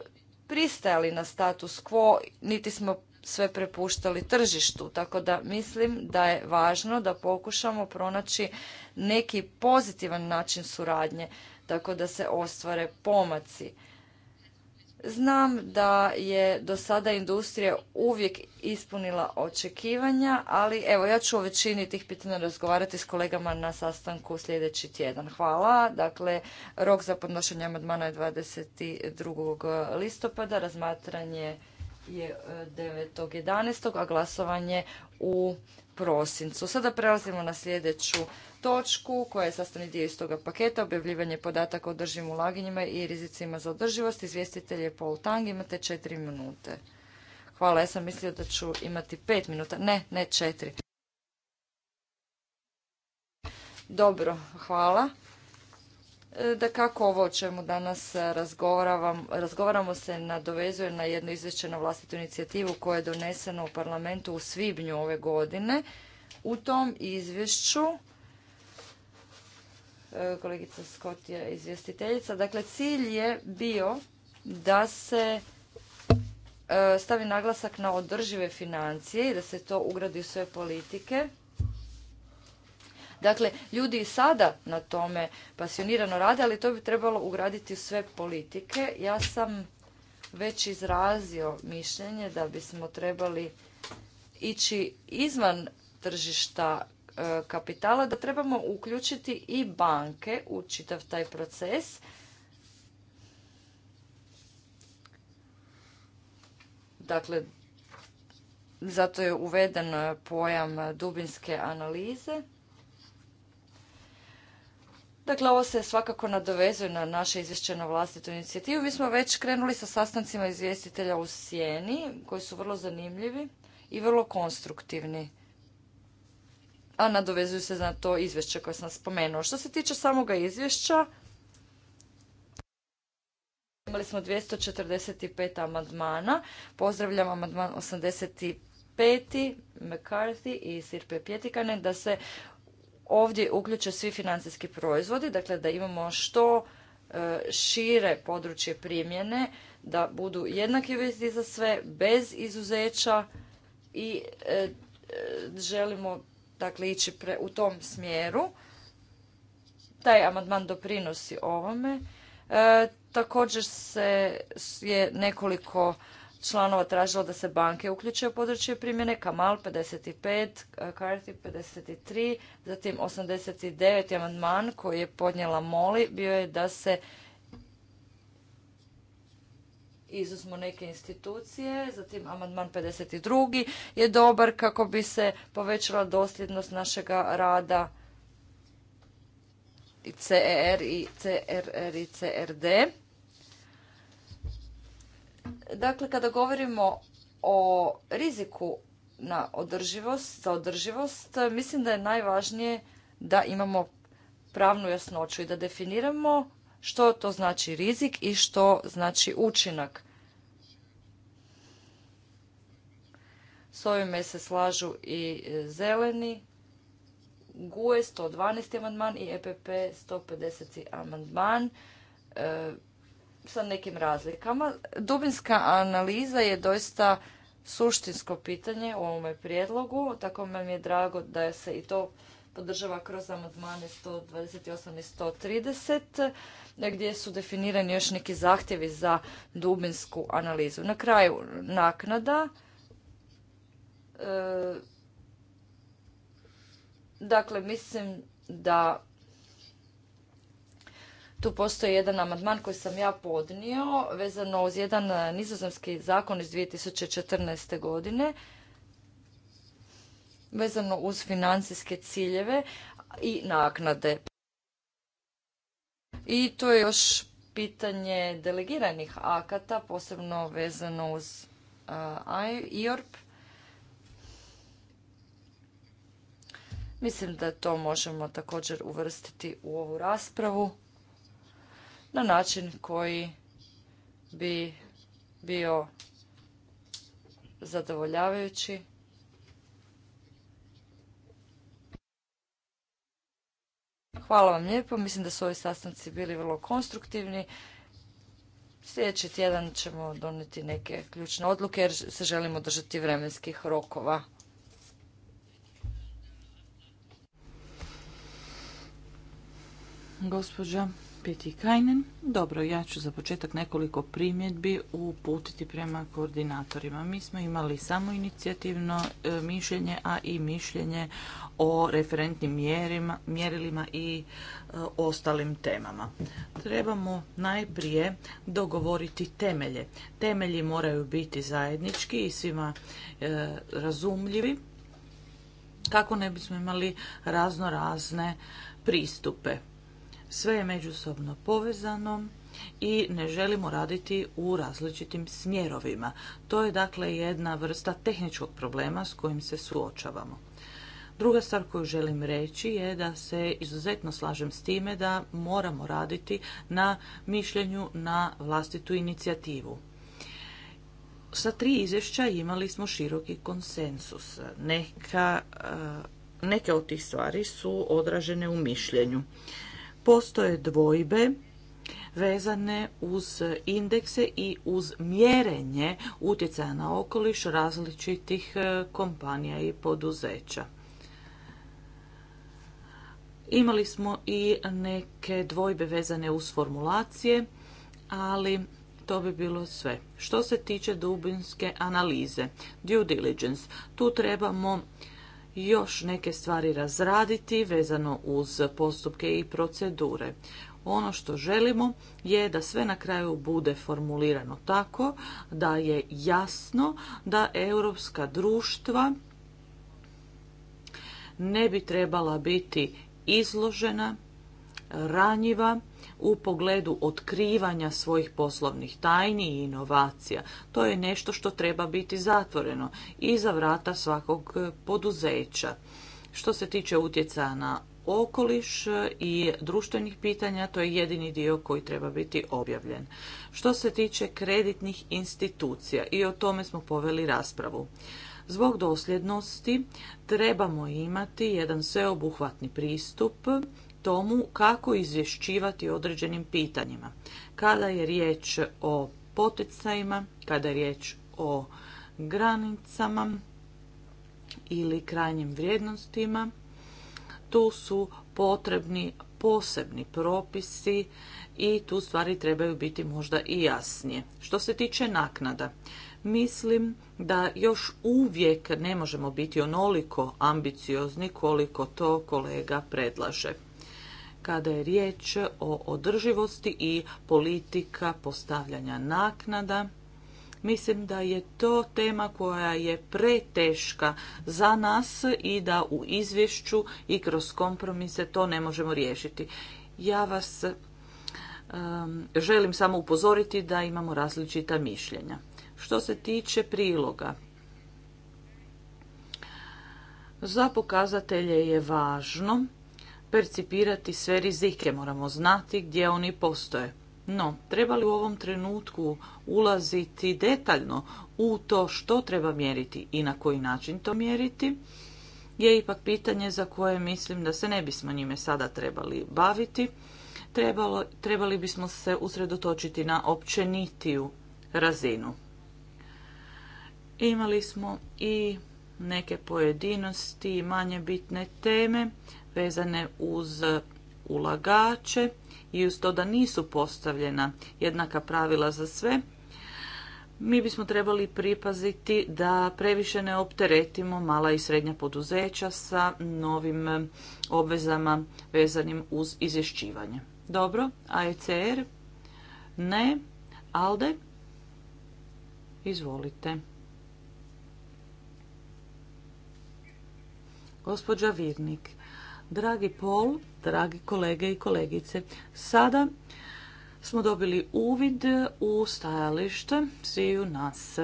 pristajali na status quo, niti smo sve prepuštali tržištu, tako da mislim da je važno da pokušamo pronaći neki pozitivan način suradnje, tako da se ostvare pomaci. Znam da je do sada industrija uvijek ispunila očekivanja, ali evo ja ću o većini tih pitanja razgovarati s kolegama na sastanku sljedeći tjedan. Hvala. Dakle, rok za podnošenje amandmana je 22. listopada, razmatranje je 9.11. E, a glasovanje u prosincu. Sada prelazimo na sljedeću točku koja je sastavni dio iz toga paketa, objavljivanje podataka o održivim ulaganjima i rizicima za održivost. Izvjestitelj je Paul Tang, imate četiri minute. Hvala, ja sam mislio da ću imati pet minuta. Ne, ne četiri. Dobro, hvala da kako ovo o čemu danas razgovaramo se nadovezuje na jedno izvješće na vlastitu inicijativu koje je doneseno u parlamentu u svibnju ove godine. U tom izvješću e, kolegica Scott je izvjestiteljica, dakle cilj je bio da se e, stavi naglasak na održive financije i da se to ugradi u sve politike Dakle, ljudi i sada na tome pasionirano rade, ali to bi trebalo ugraditi u sve politike. Ja sam već izrazio mišljenje da bismo trebali ići izvan tržišta e, kapitala, da trebamo uključiti i banke u čitav taj proces. Dakle, zato je uveden pojam dubinske analize. Dakle, ovo se svakako nadovezuje na naše izvješće na vlastitu inicijativu. Mi smo već krenuli sa sastancima izvjestitelja u Sjeni, koji su vrlo zanimljivi i vrlo konstruktivni. A nadovezuju se na to izvješće koje sam spomenuo. Što se tiče samoga izvješća, imali smo 245 amandmana. Pozdravljam amandman 85. McCarthy i Sirpe Pjetikanen da se ovdje uključe svi financijski proizvodi, dakle da imamo što e, šire područje primjene, da budu jednaki uvjeti za sve, bez izuzeća i e, e, želimo dakle, ići u tom smjeru. Taj amandman doprinosi ovome. također se je nekoliko članova tražilo da se banke uključe u područje primjene, Kamal 55, Karti 53, zatim 89. amandman koji je podnijela Moli bio je da se izuzmu neke institucije, zatim amandman 52. je dobar kako bi se povećala dosljednost našega rada i CER i CRR i CRD. Dakle, kada govorimo o riziku na održivost, za održivost, mislim da je najvažnije da imamo pravnu jasnoću i da definiramo što to znači rizik i što znači učinak. S ovime se slažu i zeleni, GUE 112. amandman i EPP 150. amandman. E, sa nekim razlikama. Dubinska analiza je doista suštinsko pitanje u ovome prijedlogu, tako mi je drago da se i to podržava kroz amandmane 128 i 130, gdje su definirani još neki zahtjevi za dubinsku analizu. Na kraju naknada, e, dakle mislim da tu postoji jedan amandman koji sam ja podnio vezano uz jedan e, nizozemski zakon iz 2014. godine vezano uz financijske ciljeve i naknade. I to je još pitanje delegiranih akata, posebno vezano uz e, IORP. Mislim da to možemo također uvrstiti u ovu raspravu na način koji bi bio zadovoljavajući. Hvala vam lijepo. Mislim da su ovi sastanci bili vrlo konstruktivni. Sljedeći tjedan ćemo doneti neke ključne odluke jer se želimo držati vremenskih rokova. Gospođa Peti Kajnen. Dobro, ja ću za početak nekoliko primjedbi uputiti prema koordinatorima. Mi smo imali samo inicijativno e, mišljenje, a i mišljenje o referentnim mjerilima i e, ostalim temama. Trebamo najprije dogovoriti temelje. Temelji moraju biti zajednički i svima e, razumljivi kako ne bismo imali razno razne pristupe sve je međusobno povezano i ne želimo raditi u različitim smjerovima. To je dakle jedna vrsta tehničkog problema s kojim se suočavamo. Druga stvar koju želim reći je da se izuzetno slažem s time da moramo raditi na mišljenju na vlastitu inicijativu. Sa tri izvješća imali smo široki konsensus. Neka, eh, neke od tih stvari su odražene u mišljenju postoje dvojbe vezane uz indekse i uz mjerenje utjecaja na okoliš različitih e, kompanija i poduzeća. Imali smo i neke dvojbe vezane uz formulacije, ali to bi bilo sve. Što se tiče dubinske analize, due diligence, tu trebamo još neke stvari razraditi vezano uz postupke i procedure. Ono što želimo je da sve na kraju bude formulirano tako da je jasno da europska društva ne bi trebala biti izložena, ranjiva u pogledu otkrivanja svojih poslovnih tajni i inovacija. To je nešto što treba biti zatvoreno iza vrata svakog e, poduzeća. Što se tiče utjecaja na okoliš e, i društvenih pitanja, to je jedini dio koji treba biti objavljen. Što se tiče kreditnih institucija, i o tome smo poveli raspravu. Zbog dosljednosti trebamo imati jedan sveobuhvatni pristup tomu kako izvješćivati određenim pitanjima. Kada je riječ o poticajima, kada je riječ o granicama ili krajnjim vrijednostima, tu su potrebni posebni propisi i tu stvari trebaju biti možda i jasnije. Što se tiče naknada, mislim da još uvijek ne možemo biti onoliko ambiciozni koliko to kolega predlaže kada je riječ o održivosti i politika postavljanja naknada. Mislim da je to tema koja je preteška za nas i da u izvješću i kroz kompromise to ne možemo riješiti. Ja vas želim samo upozoriti da imamo različita mišljenja. Što se tiče priloga, za pokazatelje je važno percipirati sve rizike, moramo znati gdje oni postoje. No, treba li u ovom trenutku ulaziti detaljno u to što treba mjeriti i na koji način to mjeriti, je ipak pitanje za koje mislim da se ne bismo njime sada trebali baviti. Trebalo, trebali bismo se usredotočiti na općenitiju razinu. Imali smo i neke pojedinosti i manje bitne teme vezane uz ulagače i uz to da nisu postavljena jednaka pravila za sve, mi bismo trebali pripaziti da previše ne opteretimo mala i srednja poduzeća sa novim obvezama vezanim uz izvješćivanje. Dobro, AECR? Ne. Alde? Izvolite. Gospođa Virnik. Dragi Pol, dragi kolege i kolegice, sada smo dobili uvid u stajalište sviju nas.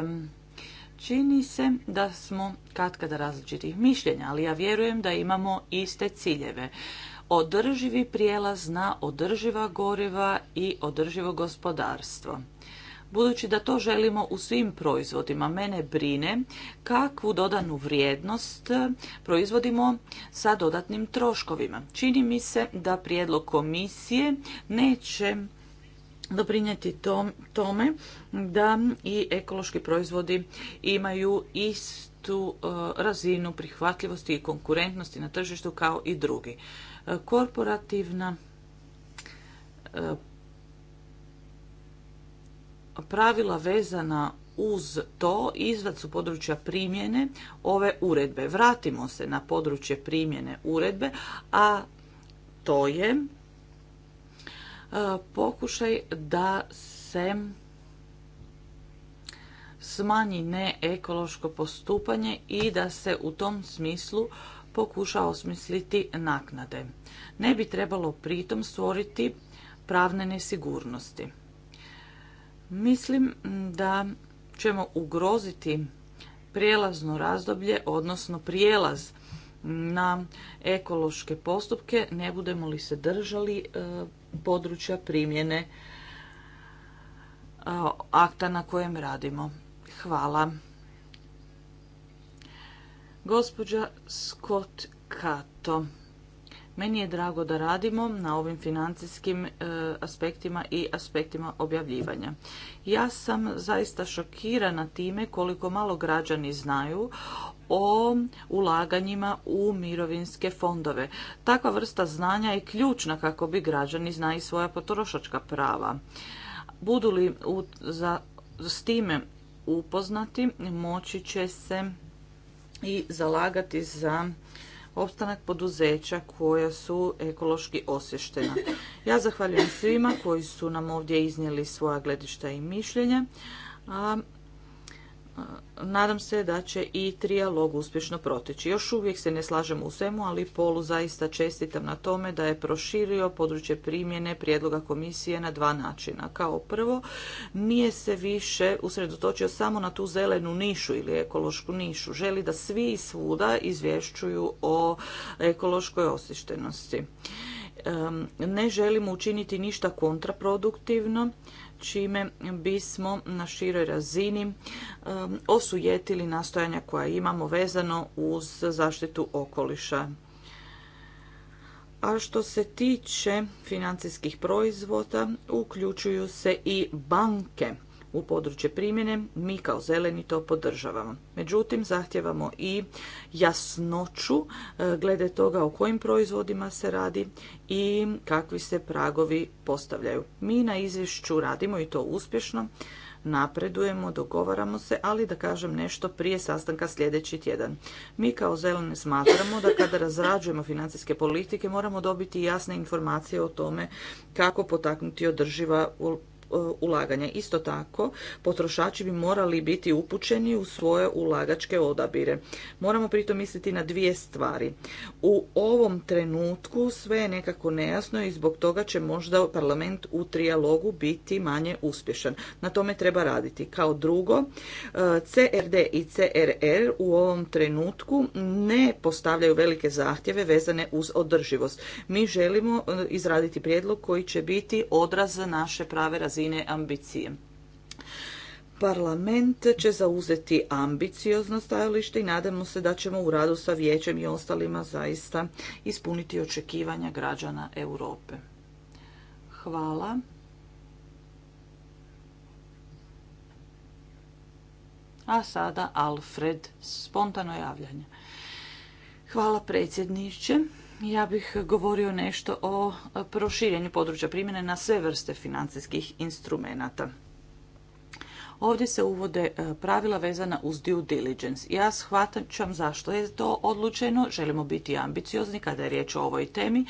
Čini se da smo kada različitih mišljenja, ali ja vjerujem da imamo iste ciljeve. Održivi prijelaz na održiva goriva i održivo gospodarstvo budući da to želimo u svim proizvodima. Mene brine kakvu dodanu vrijednost proizvodimo sa dodatnim troškovima. Čini mi se da prijedlog komisije neće doprinijeti tome da i ekološki proizvodi imaju istu e, razinu prihvatljivosti i konkurentnosti na tržištu kao i drugi. E, korporativna e, pravila vezana uz to izvad su područja primjene ove uredbe. Vratimo se na područje primjene uredbe, a to je e, pokušaj da se smanji neekološko postupanje i da se u tom smislu pokuša osmisliti naknade. Ne bi trebalo pritom stvoriti pravne nesigurnosti. Mislim da ćemo ugroziti prijelazno razdoblje, odnosno prijelaz na ekološke postupke, ne budemo li se držali e, područja primjene e, akta na kojem radimo. Hvala. Gospođa Scott Kato. Meni je drago da radimo na ovim financijskim e, aspektima i aspektima objavljivanja. Ja sam zaista šokirana time koliko malo građani znaju o ulaganjima u mirovinske fondove. Takva vrsta znanja je ključna kako bi građani znali svoja potrošačka prava. Budu li za, s time upoznati, moći će se i zalagati za opstanak poduzeća koja su ekološki osještena. Ja zahvaljujem svima koji su nam ovdje iznijeli svoja gledišta i mišljenja. A nadam se da će i trijalog uspješno proteći. Još uvijek se ne slažemo u svemu, ali Polu zaista čestitam na tome da je proširio područje primjene prijedloga komisije na dva načina. Kao prvo, nije se više usredotočio samo na tu zelenu nišu ili ekološku nišu. Želi da svi svuda izvješćuju o ekološkoj osještenosti. Ne želimo učiniti ništa kontraproduktivno, čime bismo na široj razini um, osujetili nastojanja koja imamo vezano uz zaštitu okoliša. A što se tiče financijskih proizvoda, uključuju se i banke u područje primjene, mi kao zeleni to podržavamo. Međutim, zahtjevamo i jasnoću e, glede toga o kojim proizvodima se radi i kakvi se pragovi postavljaju. Mi na izvješću radimo i to uspješno napredujemo, dogovaramo se, ali da kažem nešto prije sastanka sljedeći tjedan. Mi kao zeleni smatramo da kada razrađujemo financijske politike moramo dobiti jasne informacije o tome kako potaknuti održiva E, ulaganja. Isto tako, potrošači bi morali biti upućeni u svoje ulagačke odabire. Moramo pritom misliti na dvije stvari. U ovom trenutku sve je nekako nejasno i zbog toga će možda parlament u trijalogu biti manje uspješan. Na tome treba raditi. Kao drugo, e, CRD i CRR u ovom trenutku ne postavljaju velike zahtjeve vezane uz održivost. Mi želimo e, izraditi prijedlog koji će biti odraz naše prave razine razine ambicije. Parlament će zauzeti ambiciozno stajalište i nadamo se da ćemo u radu sa vijećem i ostalima zaista ispuniti očekivanja građana Europe. Hvala. A sada Alfred, spontano javljanje. Hvala predsjedniče ja bih govorio nešto o proširenju područja primjene na sve vrste financijskih instrumenata. Ovdje se uvode e, pravila vezana uz due diligence. Ja shvatam zašto je to odlučeno, želimo biti ambiciozni kada je riječ o ovoj temi.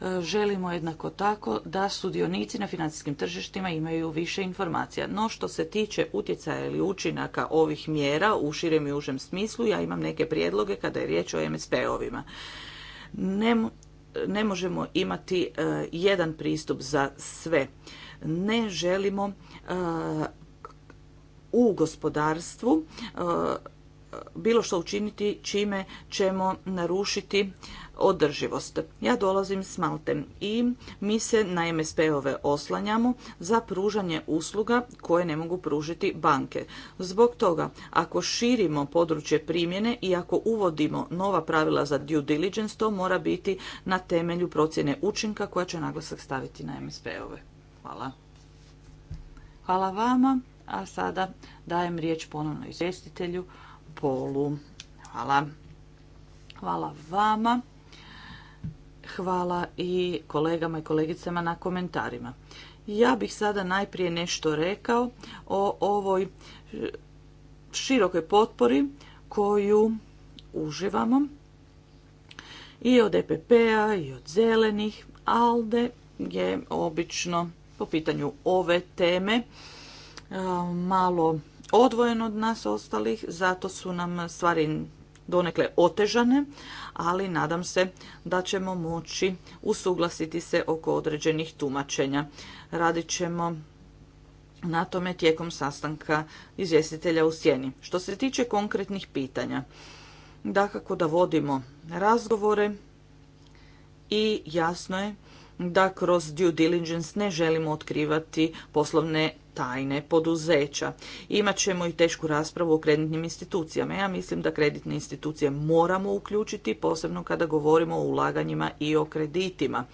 E, želimo jednako tako da sudionici na financijskim tržištima imaju više informacija. No što se tiče utjecaja ili učinaka ovih mjera u širem i užem smislu, ja imam neke prijedloge kada je riječ o MSP-ovima. Ne, ne možemo imati e, jedan pristup za sve. Ne želimo e, u gospodarstvu e, bilo što učiniti čime ćemo narušiti održivost. Ja dolazim s Malte i mi se na MSP-ove oslanjamo za pružanje usluga koje ne mogu pružiti banke. Zbog toga, ako širimo područje primjene i ako uvodimo nova pravila za due diligence, to mora biti na temelju procjene učinka koja će naglasak staviti na MSP-ove. Hvala. Hvala vama, a sada dajem riječ ponovno izvjestitelju polu Hvala. Hvala vama. Hvala i kolegama i kolegicama na komentarima. Ja bih sada najprije nešto rekao o ovoj e, širokoj potpori koju uživamo i od EPP-a i od zelenih. ALDE je obično po pitanju ove teme e, malo odvojen od nas ostalih, zato su nam stvari donekle otežane, ali nadam se da ćemo moći usuglasiti se oko određenih tumačenja. Radit ćemo na tome tijekom sastanka izvjestitelja u sjeni. Što se tiče konkretnih pitanja, dakako da vodimo razgovore i jasno je da kroz due diligence ne želimo otkrivati poslovne tajne poduzeća. ćemo i tešku raspravu o kreditnim institucijama. Ja mislim da kreditne institucije moramo uključiti, posebno kada govorimo o ulaganjima i o kreditima.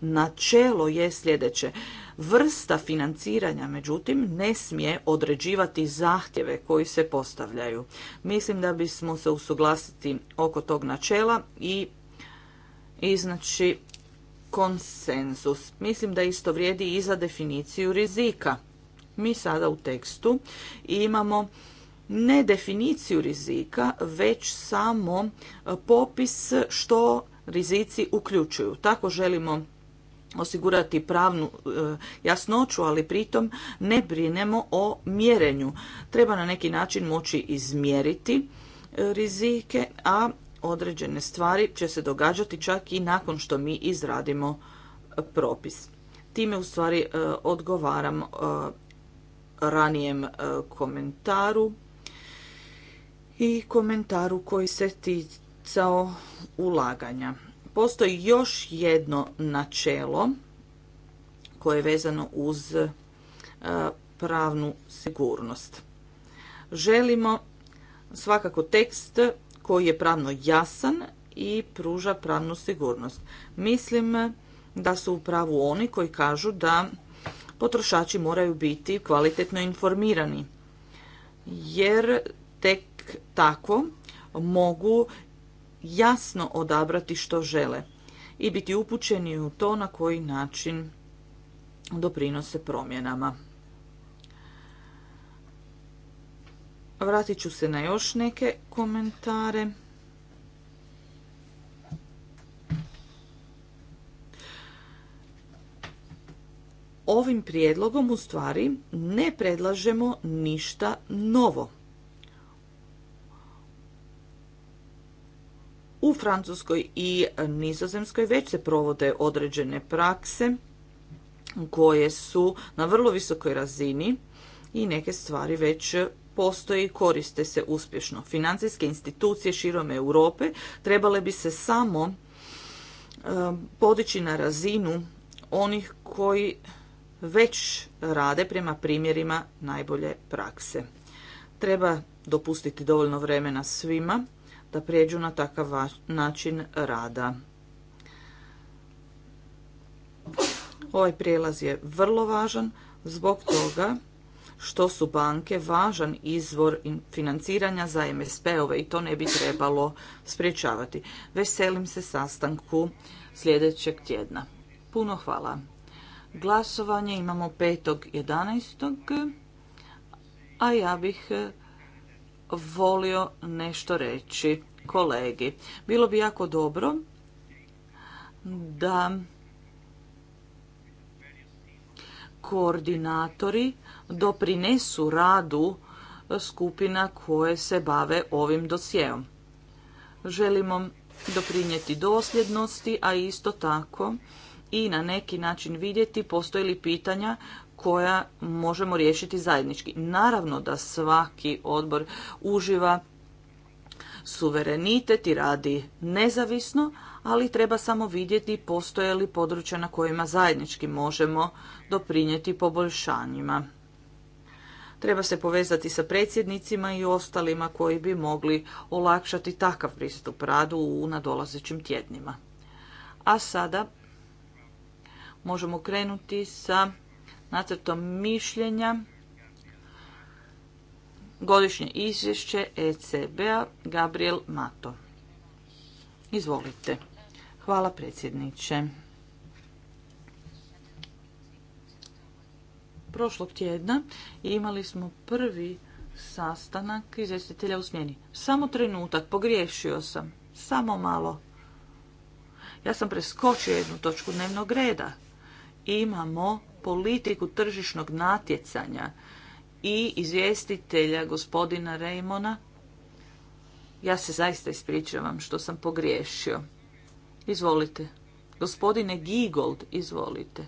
Načelo je sljedeće. Vrsta financiranja, međutim, ne smije određivati zahtjeve koji se postavljaju. Mislim da bismo se usuglasiti oko tog načela i iznači konsenzus. Mislim da isto vrijedi i za definiciju rizika mi sada u tekstu imamo ne definiciju rizika, već samo e, popis što rizici uključuju. Tako želimo osigurati pravnu e, jasnoću, ali pritom ne brinemo o mjerenju. Treba na neki način moći izmjeriti e, rizike, a određene stvari će se događati čak i nakon što mi izradimo propis. Time u stvari odgovaram ranijem e, komentaru i komentaru koji se ticao ulaganja. Postoji još jedno načelo koje je vezano uz e, pravnu sigurnost. Želimo svakako tekst koji je pravno jasan i pruža pravnu sigurnost. Mislim da su u pravu oni koji kažu da potrošači moraju biti kvalitetno informirani. Jer tek tako mogu jasno odabrati što žele i biti upućeni u to na koji način doprinose promjenama. Vratit ću se na još neke komentare. ovim prijedlogom u stvari ne predlažemo ništa novo. U Francuskoj i Nizozemskoj već se provode određene prakse koje su na vrlo visokoj razini i neke stvari već postoje i koriste se uspješno. Financijske institucije širom Europe trebale bi se samo eh, podići na razinu onih koji već rade prema primjerima najbolje prakse. Treba dopustiti dovoljno vremena svima da prijeđu na takav način rada. Ovaj prijelaz je vrlo važan zbog toga što su banke važan izvor financiranja za MSP-ove i to ne bi trebalo spriječavati. Veselim se sastanku sljedećeg tjedna. Puno hvala. Glasovanje imamo 5.11. A ja bih e, volio nešto reći kolegi. Bilo bi jako dobro da koordinatori doprinesu radu skupina koje se bave ovim dosjeom. Želimo doprinijeti dosljednosti, a isto tako i na neki način vidjeti postoje li pitanja koja možemo riješiti zajednički. Naravno da svaki odbor uživa suverenitet i radi nezavisno, ali treba samo vidjeti postoje li područja na kojima zajednički možemo doprinijeti poboljšanjima. Treba se povezati sa predsjednicima i ostalima koji bi mogli olakšati takav pristup radu u nadolazećim tjednima. A sada možemo krenuti sa nacrtom mišljenja godišnje izvješće ECB-a Gabriel Mato. Izvolite. Hvala predsjedniče. Prošlog tjedna imali smo prvi sastanak izvjestitelja u smjeni. Samo trenutak, pogriješio sam. Samo malo. Ja sam preskočio jednu točku dnevnog reda imamo politiku tržišnog natjecanja i izvjestitelja gospodina Raymona. Ja se zaista ispričavam što sam pogriješio. Izvolite. Gospodine Gigold, izvolite.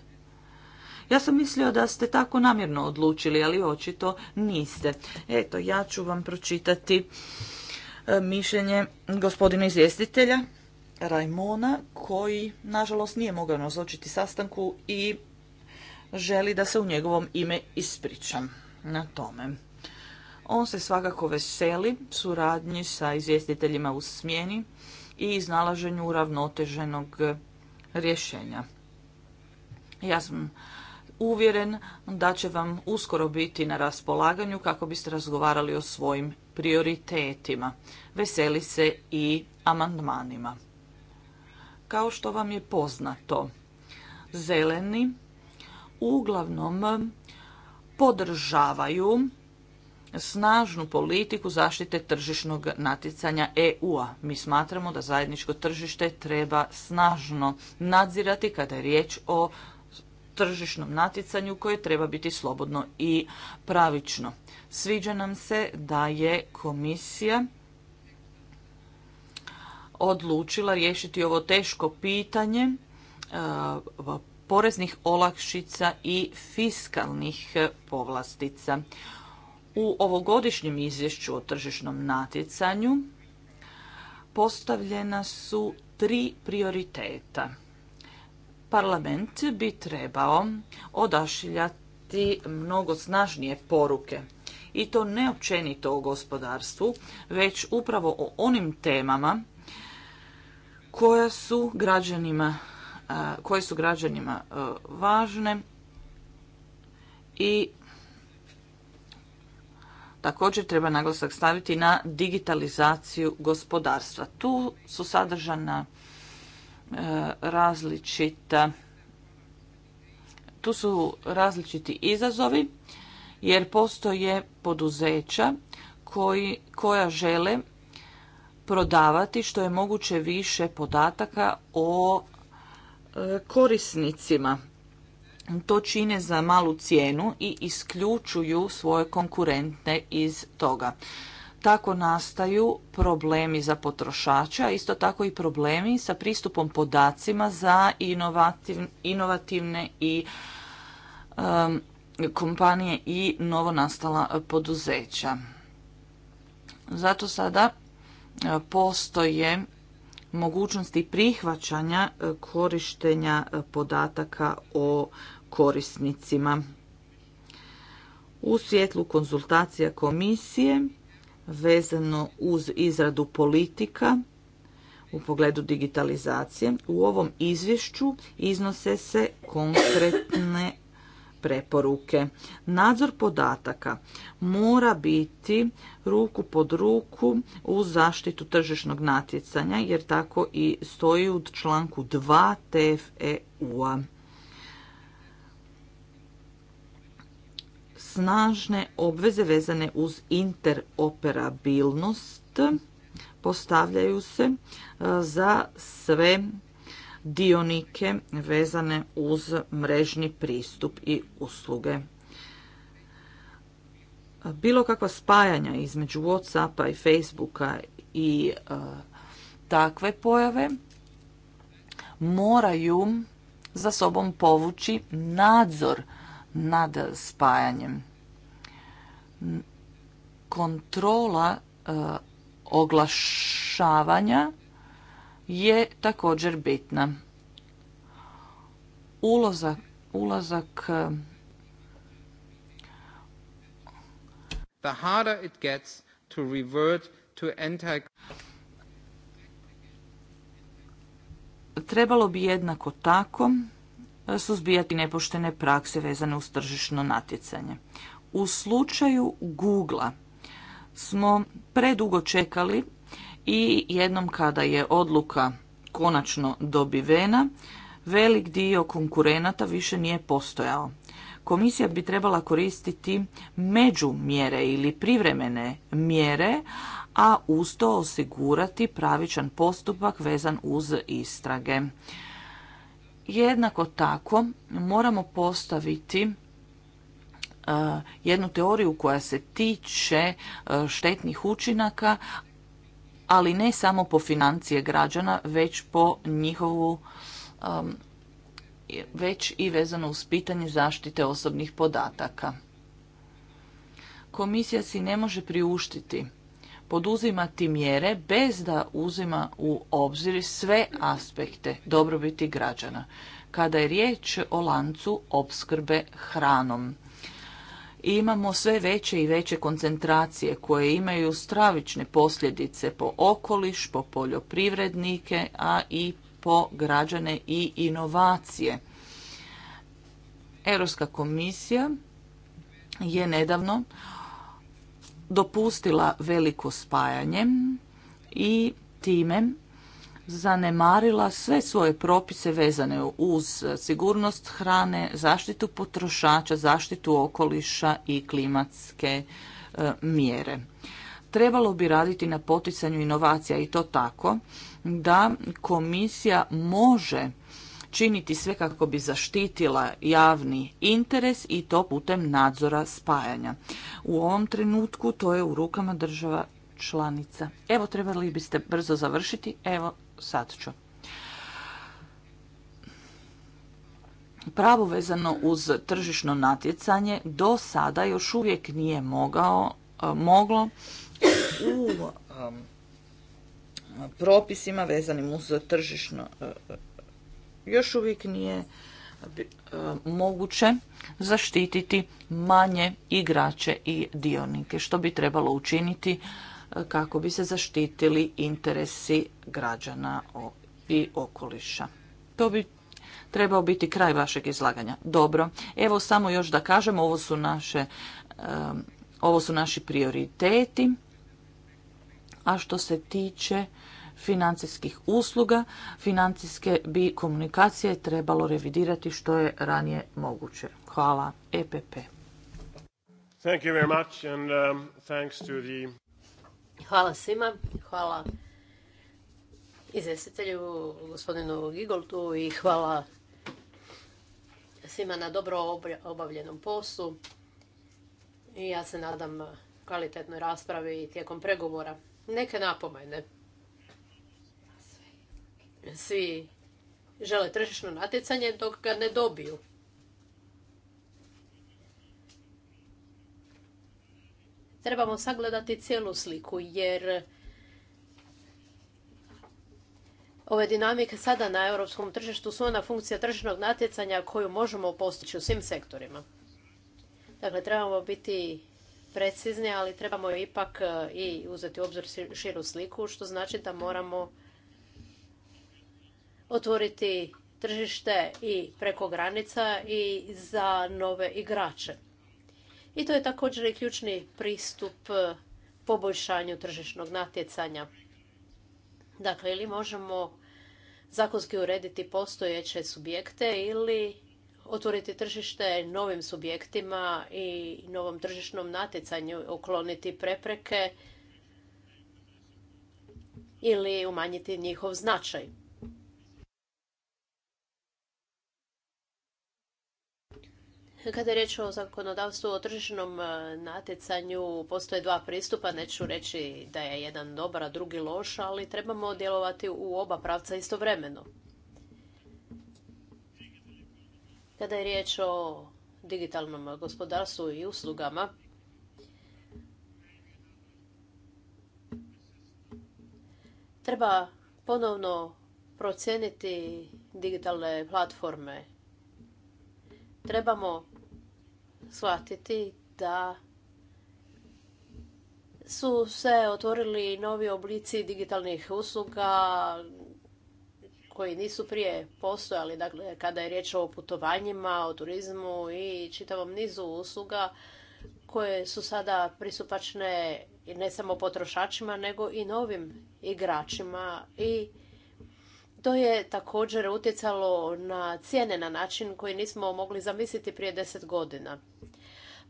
Ja sam mislio da ste tako namjerno odlučili, ali očito niste. Eto, ja ću vam pročitati e, mišljenje gospodina izvjestitelja. Rajmona koji nažalost nije mogao nazočiti sastanku i želi da se u njegovom ime ispričam na tome. On se svakako veseli suradnji sa izvjestiteljima u smjeni i iznalaženju uravnoteženog rješenja. Ja sam uvjeren da će vam uskoro biti na raspolaganju kako biste razgovarali o svojim prioritetima. Veseli se i amandmanima. Kao što vam je poznato, zeleni uglavnom podržavaju snažnu politiku zaštite tržišnog natjecanja EU-a. Mi smatramo da zajedničko tržište treba snažno nadzirati kada je riječ o tržišnom natjecanju koje treba biti slobodno i pravično. Sviđa nam se da je komisija odlučila riješiti ovo teško pitanje e, poreznih olakšica i fiskalnih e, povlastica. U ovogodišnjem izvješću o tržišnom natjecanju postavljena su tri prioriteta. Parlament bi trebao odašiljati mnogo snažnije poruke i to ne općenito o gospodarstvu, već upravo o onim temama koja su građanima, koje su građanima važne i također treba naglasak staviti na digitalizaciju gospodarstva. Tu su sadržana različita tu su različiti izazovi jer postoje poduzeća koja žele prodavati što je moguće više podataka o e, korisnicima. To čine za malu cijenu i isključuju svoje konkurentne iz toga. Tako nastaju problemi za potrošača, isto tako i problemi sa pristupom podacima za inovativne i kompanije i novonastala poduzeća. Zato sada E, postoje mogućnosti prihvaćanja e, korištenja e, podataka o korisnicima. U svjetlu konzultacija komisije vezano uz izradu politika u pogledu digitalizacije, u ovom izvješću iznose se konkretne preporuke. Nadzor podataka mora biti ruku pod ruku u zaštitu tržišnog natjecanja jer tako i stoji u članku 2 TFEU-a. Snažne obveze vezane uz interoperabilnost postavljaju se e, za sve dionike vezane uz mrežni pristup i usluge. Bilo kakva spajanja između Whatsappa i Facebooka i e, takve pojave moraju za sobom povući nadzor nad spajanjem. Kontrola e, oglašavanja je također bitna. ulazak The harder it gets to revert to Trebalo bi jednako tako e, suzbijati nepoštene prakse vezane uz tržišno natjecanje. U slučaju Google smo predugo čekali i jednom kada je odluka konačno dobivena, velik dio konkurenata više nije postojao. Komisija bi trebala koristiti međumjere ili privremene mjere, a uz to osigurati pravičan postupak vezan uz istrage. Jednako tako moramo postaviti eh, jednu teoriju koja se tiče eh, štetnih učinaka, ali ne samo po financije građana, već po njihovu um, već i vezano uz pitanje zaštite osobnih podataka. Komisija si ne može priuštiti poduzimati mjere bez da uzima u obzir sve aspekte dobrobiti građana. Kada je riječ o lancu opskrbe hranom, imamo sve veće i veće koncentracije koje imaju stravične posljedice po okoliš, po poljoprivrednike, a i po građane i inovacije. Europska komisija je nedavno dopustila veliko spajanje i time zanemarila sve svoje propise vezane uz sigurnost hrane, zaštitu potrošača, zaštitu okoliša i klimatske e, mjere. Trebalo bi raditi na poticanju inovacija i to tako da komisija može činiti sve kako bi zaštitila javni interes i to putem nadzora spajanja. U ovom trenutku to je u rukama država članica. Evo, trebali biste brzo završiti. Evo, sad ću. Pravo vezano uz tržišno natjecanje do sada još uvijek nije mogao, e, moglo u propisima vezanim uz tržišno e, još uvijek nije e, moguće zaštititi manje igrače i dionike, što bi trebalo učiniti kako bi se zaštitili interesi građana i okoliša. To bi trebao biti kraj vašeg izlaganja. Dobro, evo samo još da kažem, ovo su, naše, ovo su naši prioriteti. A što se tiče financijskih usluga, financijske bi komunikacije trebalo revidirati što je ranije moguće. Hvala, EPP. Thank you very much and um, thanks to the Hvala svima, hvala izvjestitelju gospodinu Gigoltu i hvala svima na dobro obavljenom poslu. I ja se nadam kvalitetnoj raspravi tijekom pregovora. Neke napomene. Svi žele tržišno natjecanje dok ga ne dobiju. trebamo sagledati cijelu sliku jer ove dinamike sada na europskom tržištu su ona funkcija tržišnog natjecanja koju možemo postići u svim sektorima. Dakle, trebamo biti precizni, ali trebamo ipak e, i uzeti u obzir širu sliku, što znači da moramo otvoriti tržište i preko granica i za nove igrače. I to je također i ključni pristup e, poboljšanju tržišnog natjecanja. Dakle, ili možemo zakonski urediti postojeće subjekte ili otvoriti tržište novim subjektima i novom tržišnom natjecanju, ukloniti prepreke ili umanjiti njihov značaj. Kada je riječ o zakonodavstvu o tržišnom e, natjecanju, postoje dva pristupa. Neću reći da je jedan dobar, a drugi loš, ali trebamo djelovati u oba pravca istovremeno. Kada je riječ o digitalnom gospodarstvu i uslugama, treba ponovno procijeniti digitalne platforme trebamo shvatiti da su se otvorili novi oblici digitalnih usluga koji nisu prije postojali, dakle kada je riječ o putovanjima, o turizmu i čitavom nizu usluga koje su sada pristupačne ne samo potrošačima nego i novim igračima i to je također utjecalo na cijene na način koji nismo mogli zamisliti prije deset godina.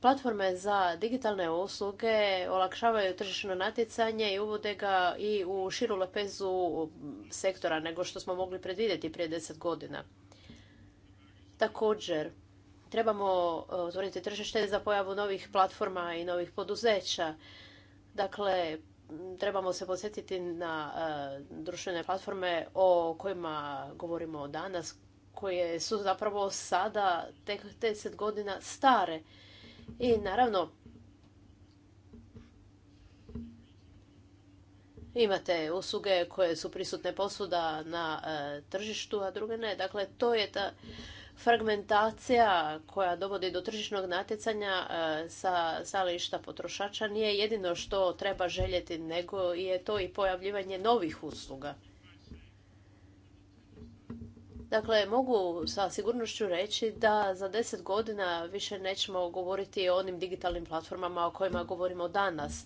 Platforme za digitalne usluge olakšavaju tržišno natjecanje i uvode ga i u širu lepezu sektora nego što smo mogli predvidjeti prije deset godina. Također, trebamo e, otvoriti tržište za pojavu novih platforma i novih poduzeća. Dakle, trebamo se posjetiti na e, društvene platforme o kojima govorimo danas, koje su zapravo sada tek 10 godina stare. I naravno, imate usluge koje su prisutne posuda na e, tržištu, a druge ne. Dakle, to je ta fragmentacija koja dovodi do tržišnog natjecanja e, sa stajališta potrošača nije jedino što treba željeti, nego je to i pojavljivanje novih usluga. Dakle, mogu sa sigurnošću reći da za deset godina više nećemo govoriti o onim digitalnim platformama o kojima govorimo danas.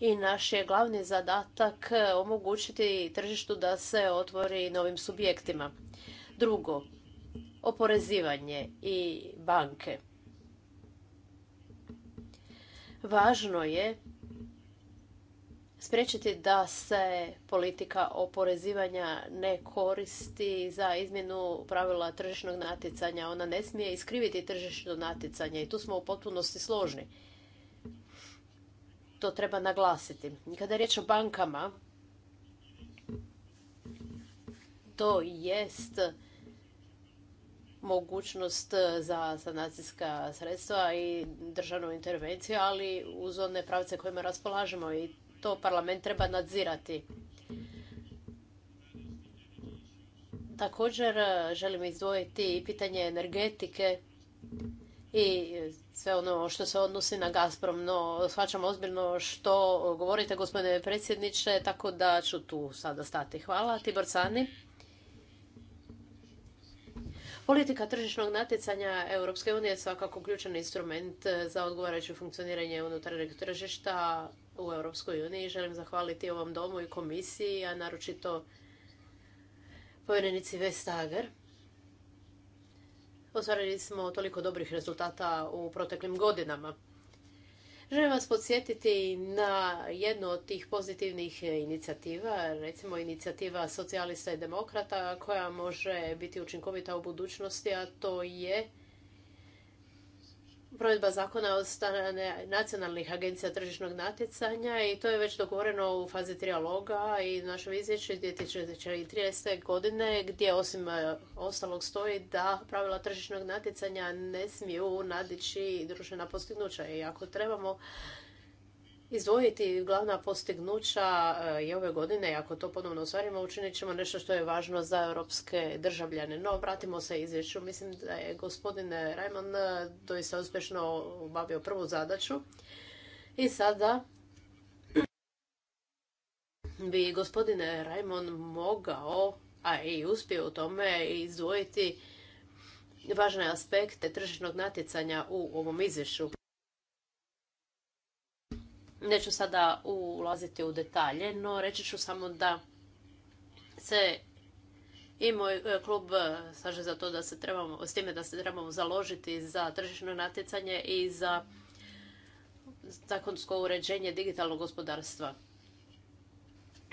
I naš je glavni zadatak e, omogućiti tržištu da se otvori novim subjektima. Drugo, oporezivanje i banke. Važno je spriječiti da se politika oporezivanja ne koristi za izmjenu pravila tržišnog natjecanja. Ona ne smije iskriviti tržišno natjecanje i tu smo u potpunosti složni. To treba naglasiti. Kada je riječ o bankama, to jest mogućnost e, za sanacijska sredstva i državnu intervenciju, ali uz one pravce kojima raspolažemo i to parlament treba nadzirati. Također e, želim izdvojiti i pitanje energetike i sve ono što se odnosi na Gazprom, no shvaćam ozbiljno što govorite gospodine predsjedniče, tako da ću tu sada stati. Hvala. Tibor Cani. Politika tržišnog natjecanja Europske unije je svakako ključan instrument eh, za odgovarajuće funkcioniranje unutarnjeg tržišta u Europskoj uniji. Želim zahvaliti ovom domu i komisiji, a naročito povjerenici Vestager. Ostvarili smo toliko dobrih rezultata u proteklim godinama. Želim vas podsjetiti na jednu od tih pozitivnih inicijativa, recimo inicijativa socijalista i demokrata koja može biti učinkovita u budućnosti, a to je provedba zakona od strane nacionalnih agencija tržišnog natjecanja i to je već dogovoreno u fazi trijaloga i našem izvješću iz 2013. godine gdje osim e, ostalog stoji da pravila tržišnog natjecanja ne smiju nadići društvena postignuća i ako trebamo izdvojiti glavna postignuća e, i ove godine, ako to ponovno ostvarimo, učinit ćemo nešto što je važno za europske državljane. No, vratimo se izvješću. Mislim da je gospodin Rajman e, doista uspješno obavio prvu zadaću. I sada bi gospodine Rajmon mogao, a i uspio u tome, izdvojiti važne aspekte tržišnog natjecanja u ovom izvješću. Neću sada ulaziti u detalje, no reći ću samo da se i moj e, klub e, slaže za to da se trebamo, s time da se trebamo založiti za tržišno natjecanje i za zakonsko uređenje digitalnog gospodarstva.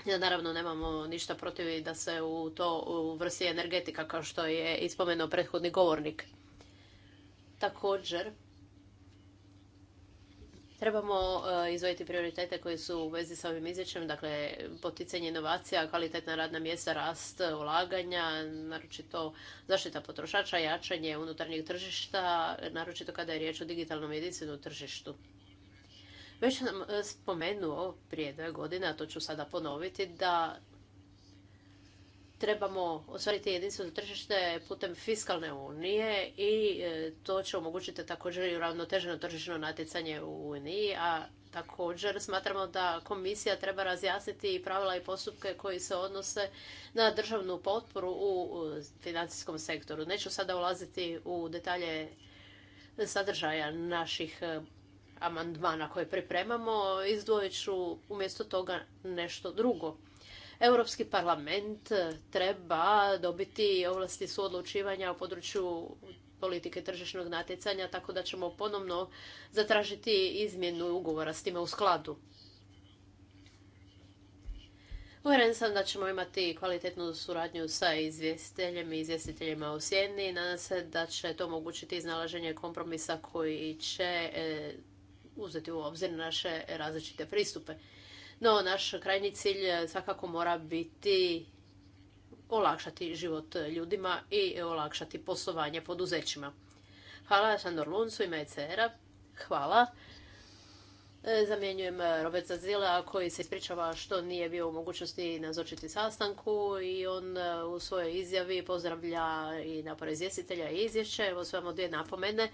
Ja, naravno, nemamo ništa protiv da se u to uvrsti energetika, kao što je ispomenuo prethodni govornik. Također, Trebamo eh, izvojiti prioritete koji su u vezi sa ovim izvješćem, dakle poticanje inovacija, kvalitetna radna mjesta, rast, eh, ulaganja, naročito zaštita potrošača, jačanje unutarnjeg tržišta, naročito kada je riječ o digitalnom jedinstvenom tržištu. Već sam eh, spomenuo prije dve godine, a to ću sada ponoviti, da trebamo ostvariti jedinstveno tržište putem fiskalne unije i e, to će omogućiti također i uravnoteženo tržišno natjecanje u uniji, a također smatramo da komisija treba razjasniti i pravila i postupke koji se odnose na državnu potporu u financijskom sektoru. Neću sada ulaziti u detalje sadržaja naših e, amandmana koje pripremamo, izdvojit ću umjesto toga nešto drugo. Europski parlament eh, treba dobiti ovlasti suodlučivanja u području politike tržišnog natjecanja, tako da ćemo ponovno zatražiti izmjenu ugovora s time u skladu. Uvjeren sam da ćemo imati kvalitetnu suradnju sa izvjestiteljem i izvjestiteljima u Sjeni. Nadam se da će to omogućiti iznalaženje kompromisa koji će eh, uzeti u obzir naše različite pristupe. No, naš krajnji cilj e, svakako mora biti olakšati život e, ljudima i olakšati poslovanje poduzećima. Hvala Sandor Luncu, ime je Hvala. E, zamjenjujem Roberta Zila koji se ispričava što nije bio u mogućnosti nazočiti sastanku i on u svojoj izjavi pozdravlja i napore izvjestitelja i izvješće. Evo samo dvije napomene.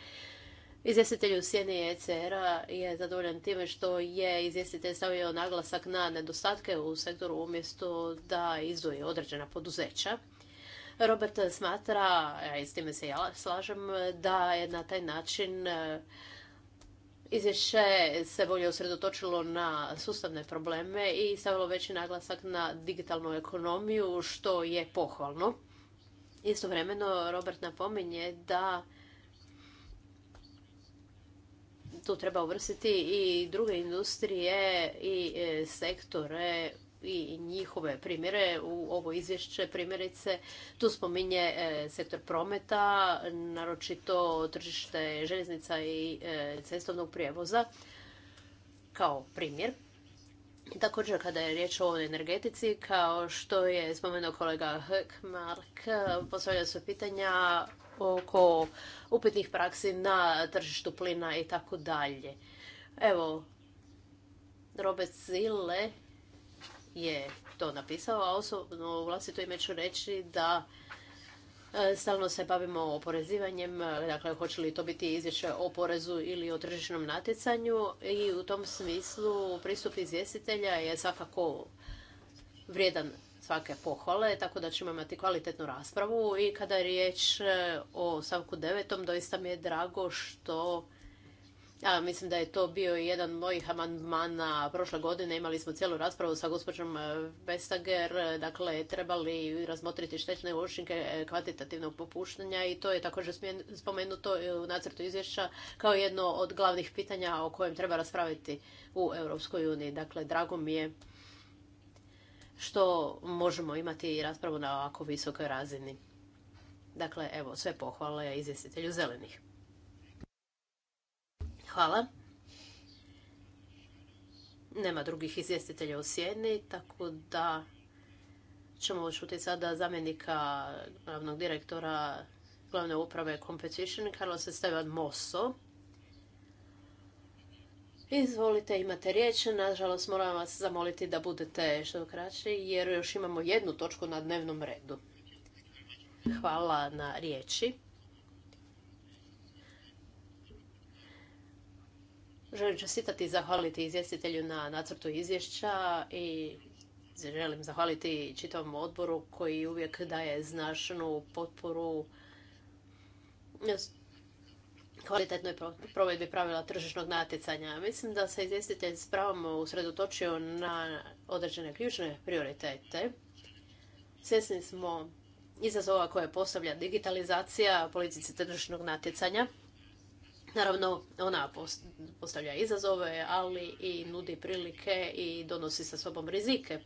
Izvjestitelj u sjeni ECR-a je zadovoljan time što je izvjestitelj stavio naglasak na nedostatke u sektoru umjesto da izduje određena poduzeća. Robert smatra, a i s time se ja slažem, da je na taj način e, izvješće se bolje usredotočilo na sustavne probleme i stavilo veći naglasak na digitalnu ekonomiju, što je pohvalno. Istovremeno, Robert napominje da tu treba uvrstiti i druge industrije i e, sektore i njihove primjere u ovo izvješće primjerice tu spominje e, sektor prometa, naročito tržište željeznica i e, cestovnog prijevoza kao primjer. Također kada je riječ o energetici, kao što je spomenuo kolega Hökmark, postavljaju se pitanja oko upitnih praksi na tržištu plina i tako dalje. Evo, Robert Zille je to napisao, a osobno u vlastito ime ću reći da e, stalno se bavimo oporezivanjem, dakle hoće li to biti izvješće o porezu ili o tržišnom natjecanju i u tom smislu pristup izvjestitelja je svakako vrijedan svake pohvale, tako da ćemo imati kvalitetnu raspravu i kada je riječ e, o stavku devetom, doista mi je drago što a, mislim da je to bio jedan od mojih amandmana prošle godine. Imali smo cijelu raspravu sa gospođom e, Vestager, e, dakle trebali razmotriti štetne učinke kvantitativnog popuštanja i to je također spomenuto u nacrtu izvješća kao jedno od glavnih pitanja o kojem treba raspraviti u Europskoj uniji. Dakle, drago mi je što možemo imati i raspravu na ovako visokoj razini. Dakle, evo, sve pohvale izvjestitelju zelenih. Hvala. Nema drugih izvjestitelja u sjeni, tako da ćemo čuti sada zamjenika glavnog direktora glavne uprave Competition, Carlos Esteban Mosso. Izvolite, imate riječ. Nažalost, moram vas zamoliti da budete što kraći, jer još imamo jednu točku na dnevnom redu. Hvala na riječi. Želim čestitati i zahvaliti izvjestitelju na nacrtu izvješća i želim zahvaliti čitavom odboru koji uvijek daje značnu potporu kvalitetnoj provedbi pravila tržišnog natjecanja. Mislim da se izvjestitelj s pravom usredotočio na određene ključne prioritete. Svjesni smo izazova koje postavlja digitalizacija politici tržišnog natjecanja. Naravno, ona postavlja izazove, ali i nudi prilike i donosi sa sobom rizike.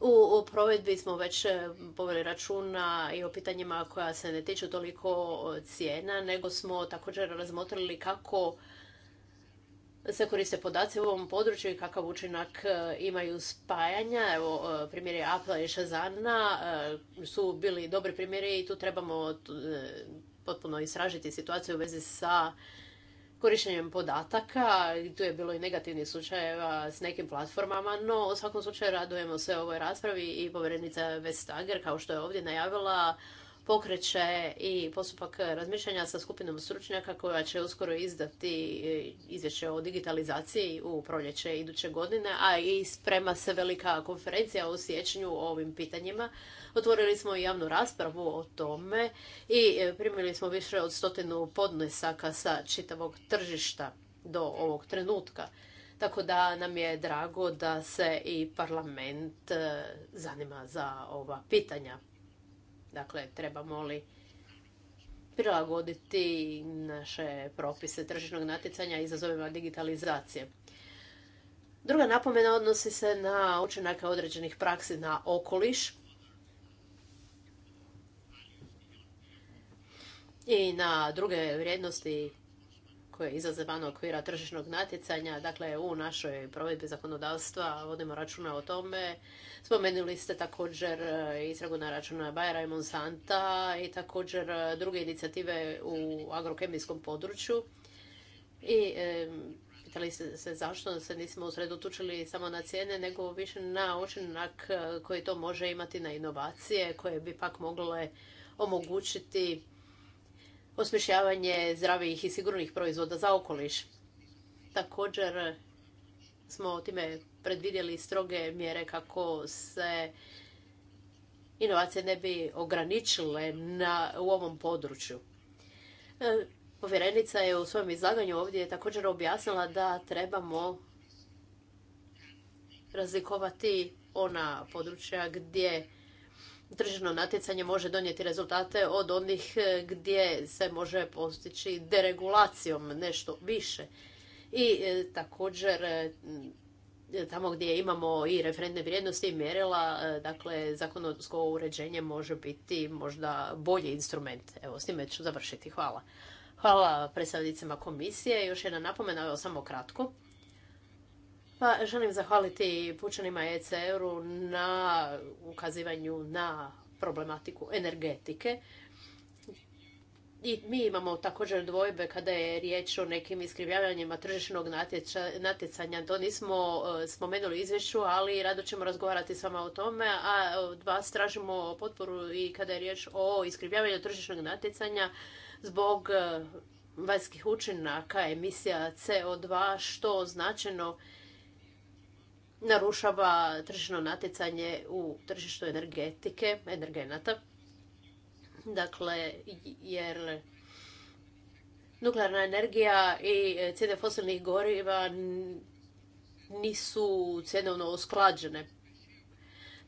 U provedbi smo već e, poveli računa i o pitanjima koja se ne tiču toliko cijena, nego smo također razmotrili kako se koriste podaci u ovom području i kakav učinak e, imaju spajanja. Evo, e, primjeri Apple i Shazana su bili dobri primjeri i tu trebamo potpuno istražiti situaciju u vezi sa korištenjem podataka. Tu je bilo i negativnih slučajeva s nekim platformama, no u svakom slučaju radujemo se ovoj raspravi i povjerenica Vestager, kao što je ovdje najavila, pokreće i postupak razmišljanja sa skupinom stručnjaka koja će uskoro izdati e, izvješće o digitalizaciji u proljeće iduće godine, a i sprema se velika konferencija u siječnju o ovim pitanjima. Otvorili smo i javnu raspravu o tome i e, primili smo više od stotinu podnesaka sa čitavog tržišta do ovog trenutka. Tako da nam je drago da se i parlament e, zanima za ova pitanja. Dakle, trebamo li prilagoditi naše propise tržišnog natjecanja izazovima digitalizacije. Druga napomena odnosi se na učinaka određenih praksi na okoliš. i na druge vrijednosti koje izlaze okvira tržišnog natjecanja. Dakle, u našoj provedbi zakonodavstva vodimo računa o tome. Spomenuli ste također e, izragu na računa Bajera i Monsanta i također e, druge inicijative u agrokemijskom području. I e, pitali ste se zašto se nismo usredotočili samo na cijene, nego više na učinak koji to može imati na inovacije koje bi pak mogle omogućiti osmišljavanje zdravijih i sigurnih proizvoda za okoliš. Također smo time predvidjeli stroge mjere kako se inovacije ne bi ograničile na, u ovom području. E, povjerenica je u svojem izlaganju ovdje također objasnila da trebamo razlikovati ona područja gdje tržišno natjecanje može donijeti rezultate od onih e, gdje se može postići deregulacijom nešto više. I e, također e, tamo gdje imamo i referentne vrijednosti i mjerila, dakle zakonodavsko uređenje može biti možda bolji instrument. Evo, s time ću završiti. Hvala. Hvala predstavnicima komisije. Još jedna napomena, evo samo kratko. Pa želim zahvaliti pučanima ECR-u na ukazivanju na problematiku energetike. I mi imamo također dvojbe kada je riječ o nekim iskrivljavanjima tržišnog natjecanja. To nismo e, spomenuli u izvješću, ali rado ćemo razgovarati s vama o tome. A od vas tražimo potporu i kada je riječ o iskrivljavanju tržišnog natjecanja zbog e, vanjskih učinaka emisija CO2, što značajno narušava tržišno natjecanje u tržištu energetike, energenata. Dakle, jer nuklearna energija i cijene fosilnih goriva nisu cjenovno usklađene.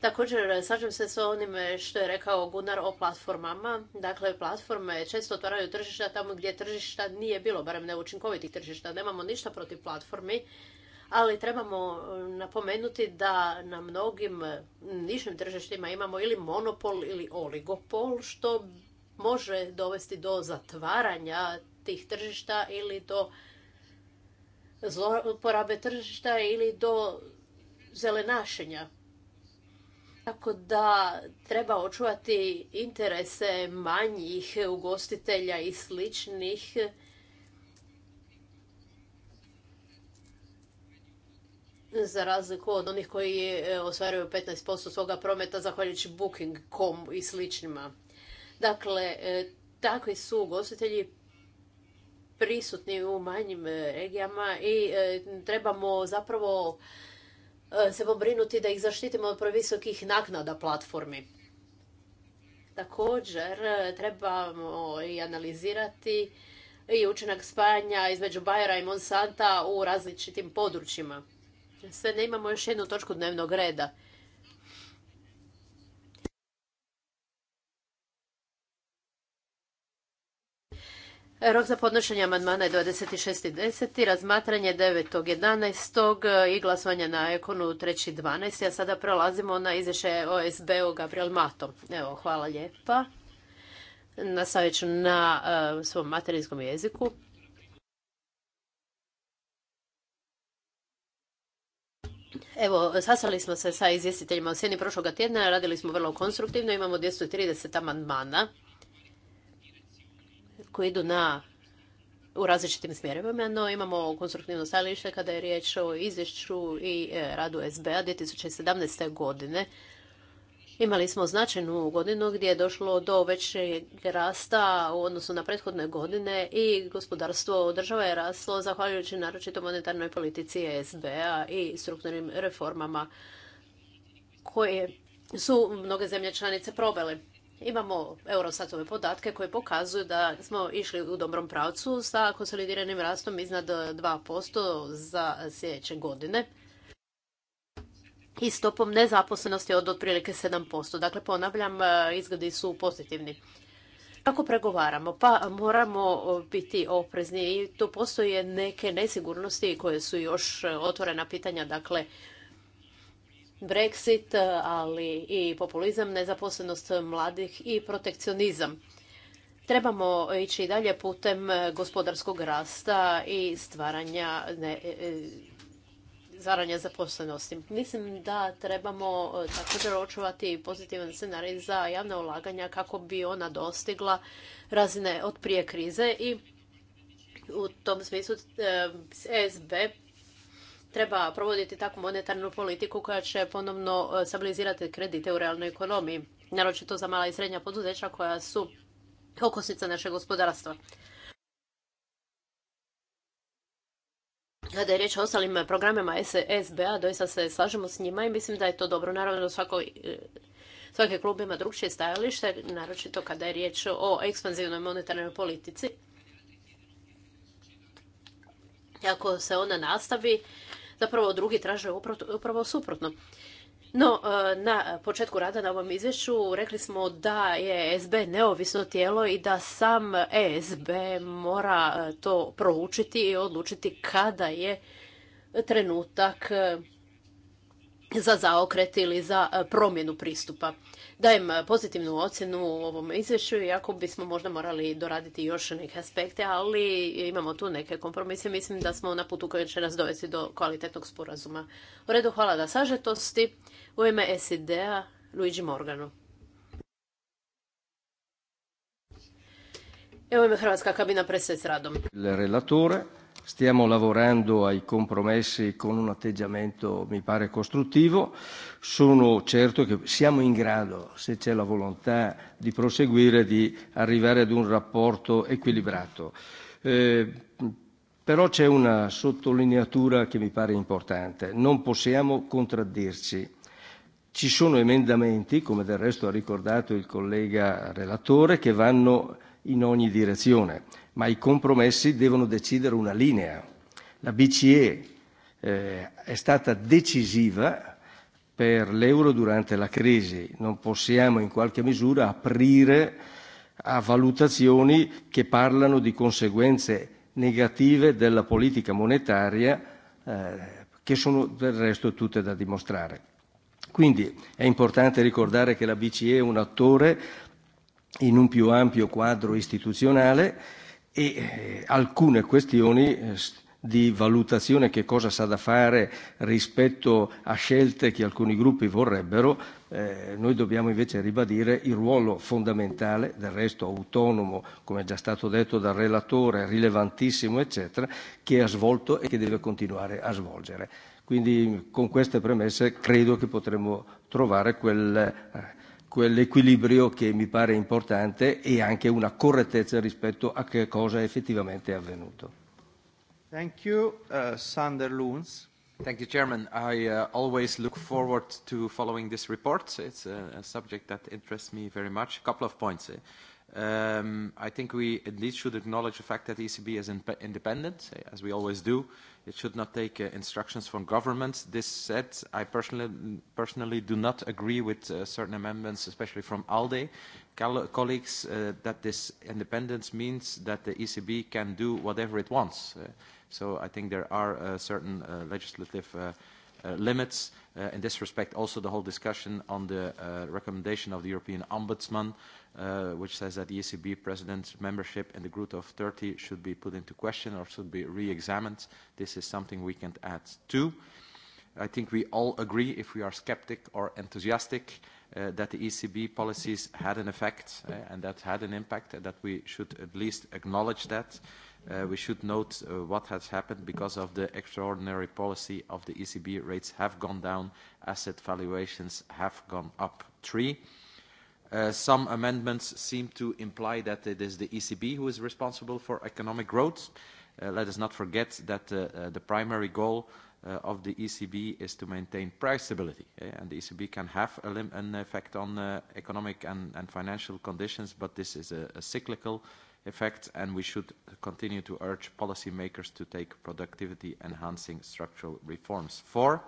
Također, slažem se s onim što je rekao Gunnar o platformama. Dakle, platforme često otvaraju tržišta tamo gdje tržišta nije bilo, barem neučinkovitih tržišta. Nemamo ništa protiv platformi, ali trebamo eh, napomenuti da na mnogim eh, nišnim tržištima imamo ili monopol ili oligopol, što može dovesti do zatvaranja tih tržišta ili do zloporabe tržišta ili do zelenašenja. Tako da treba očuvati interese manjih ugostitelja i sličnih za razliku od onih koji e, ostvaruju 15% svoga prometa zahvaljujući Booking.com i sličnima. Dakle, e, takvi su ugostitelji prisutni u manjim e, regijama i trebamo zapravo se pobrinuti da ih zaštitimo od previsokih naknada platformi. Također trebamo i analizirati i učinak spajanja između Bajera i Monsanta u različitim područjima. Sve ne imamo još jednu točku dnevnog reda. Rok za podnošenje amandmana je 26.10. Razmatranje 9.11. i glasovanje na ekonu 3.12. A sada prelazimo na izvješće OSB-u Gabriel Mato. Evo, hvala lijepa. Nastavit ću na eh, svom materijskom jeziku. Evo, sastali smo se sa izvjestiteljima u sjeni prošloga tjedna, radili smo vrlo konstruktivno, imamo 230 amandmana koji idu na u različitim smjerovima, no imamo konstruktivno stajalište kada je riječ o izvješću i e, radu SBA 2017. godine. Imali smo značajnu godinu gdje je došlo do većeg rasta u odnosu na prethodne godine i gospodarstvo država je raslo zahvaljujući naročito monetarnoj politici SBA i strukturnim reformama koje su mnoge zemlje članice probele. Imamo Eurostatove podatke koje pokazuju da smo išli u dobrom pravcu sa konsolidiranim rastom iznad 2% za sljedeće godine i stopom nezaposlenosti od otprilike 7%. Dakle, ponavljam, e, izgledi su pozitivni. Kako pregovaramo? Pa moramo biti oprezni i tu postoje neke nesigurnosti koje su još e, otvorena pitanja, dakle, Brexit, e, ali i populizam, nezaposlenost mladih i protekcionizam. Trebamo ići dalje putem gospodarskog rasta i stvaranja zaranje zaposlenosti. Mislim da trebamo e, također očuvati pozitivan scenarij za javna ulaganja kako bi ona dostigla razine od prije krize i u tom smislu e, SB treba provoditi takvu monetarnu politiku koja će ponovno e, stabilizirati kredite u realnoj ekonomiji, naročito za mala i srednja poduzeća koja su okosnica našeg gospodarstva. Kada je riječ o ostalim eh, programima SBA, doista se slažemo s njima i mislim da je to dobro. Naravno, svako, eh, svaki klub ima drugčije stajalište, naročito kada je riječ o ekspanzivnoj monetarnoj politici. Ako se ona nastavi, zapravo drugi traže upravo, upravo suprotno. No, e, na početku rada na ovom izvješću rekli smo da je SB neovisno tijelo i da sam e SB mora e, to proučiti i odlučiti kada je trenutak za zaokret ili za e, promjenu pristupa. Dajem e, pozitivnu ocjenu u ovom izvješću, iako bismo možda morali doraditi još neke aspekte, ali imamo tu neke kompromise. Mislim da smo na putu koji će nas dovesti do kvalitetnog sporazuma. U redu, hvala na sažetosti. U ime SID-a, Luigi Morgano. Evo ime Hrvatska kabina presve s radom. Relatore, stiamo lavorando ai compromessi con un atteggiamento, mi pare, costruttivo. Sono certo che siamo in grado, se c'è la volontà di proseguire, di arrivare ad un rapporto equilibrato. Eh, però c'è una sottolineatura che mi pare importante. Non possiamo contraddirci. Ci sono emendamenti, come del resto ha ricordato il collega relatore, che vanno in ogni direzione ma i compromessi devono decidere una linea. La BCE eh, è stata decisiva per l'euro durante la crisi, non possiamo in qualche misura aprire a valutazioni che parlano di conseguenze negative della politica monetaria eh, che sono del resto tutte da dimostrare. Quindi è importante ricordare che la BCE è un attore in un più ampio quadro istituzionale e eh, alcune questioni eh, di valutazione che cosa sa da fare rispetto a scelte che alcuni gruppi vorrebbero, eh, noi dobbiamo invece ribadire il ruolo fondamentale, del resto autonomo, come è già stato detto dal relatore, rilevantissimo, eccetera, che ha svolto e che deve continuare a svolgere. Quindi con queste premesse credo che potremo trovare quel eh, quell'equilibrio che mi pare importante e anche una correttezza rispetto a che cosa è effettivamente avvenuto. Thank you. Uh, Sander Loons. Thank you, Chairman. I uh, always look forward to following this report. It's a, a subject that interests me very much. A couple of points. Eh? Um, I think we at least should acknowledge the fact that ECB e is independent, eh, as we always do. It should not take uh, instructions from governments. This said, I personally, personally do not agree with uh, certain amendments, especially from ALDE colleagues, uh, that this independence means that the ECB can do whatever it wants. Eh. so I think there are uh, certain uh, legislative uh, Uh, limits. Uh, in this respect, also the whole discussion on the uh, recommendation of the European Ombudsman uh, which says that the ECB president's membership in the group of 30 should be put into question or should be re-examined. This is something we can add to. I think we all agree, if we are skeptic or enthusiastic, uh, that the ECB policies had an effect uh, and that had an impact, and that we should at least acknowledge that. Uh, we should note uh, what has happened because of the extraordinary policy of the ECB. Rates have gone down, asset valuations have gone up. Three, Uh, some amendments seem to imply that it is the ECB who is responsible for economic growth. Uh, let us not forget that uh, the primary goal of the ECB is to maintain price stability. Eh, and the ECB can have an effect on economic and, financial conditions, but this is a, cyclical effect, and we should continue to urge policymakers to take productivity-enhancing structural reforms. Four,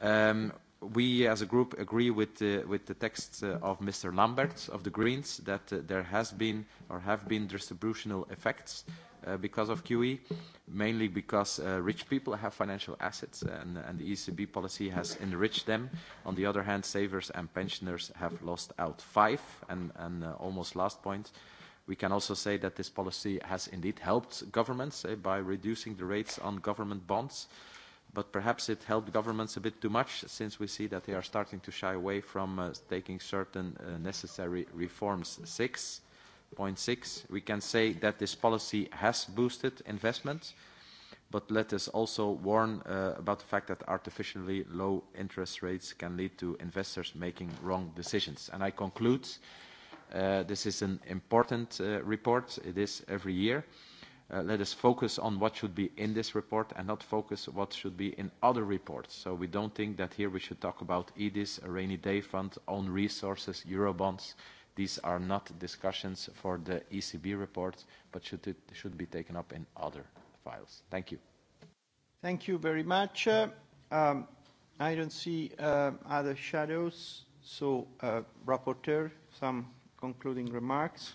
um, we as a group agree with, uh, with the text uh, of Mr. Lambert of the Greens that uh, there has been or have been distributional effects uh, because of QE, mainly because uh, rich people have financial assets and, and the ECB policy has enriched them. On the other hand, savers and pensioners have lost out. Five, and, and uh, almost last point, we can also say that this policy has indeed helped governments uh, by reducing the rates on government bonds but perhaps it helped governments a bit too much since we see that they are starting to shy away from uh, taking certain uh, necessary reforms. Six, point six, we can say that this policy has boosted investment, but let us also warn uh, about the fact that artificially low interest rates can lead to investors making wrong decisions. And I conclude, uh, this is an important uh, report. It is every year. Uh, let us focus on what should be in this report and not focus on what should be in other reports. So we don't think that here we should talk about EDIS, a rainy day fund, own resources, Eurobonds. These are not discussions for the ECB reports, but should, it, should be taken up in other files. Thank you. Thank you very much. Uh, um, I don't see uh, other shadows, so uh, rapporteur, some concluding remarks.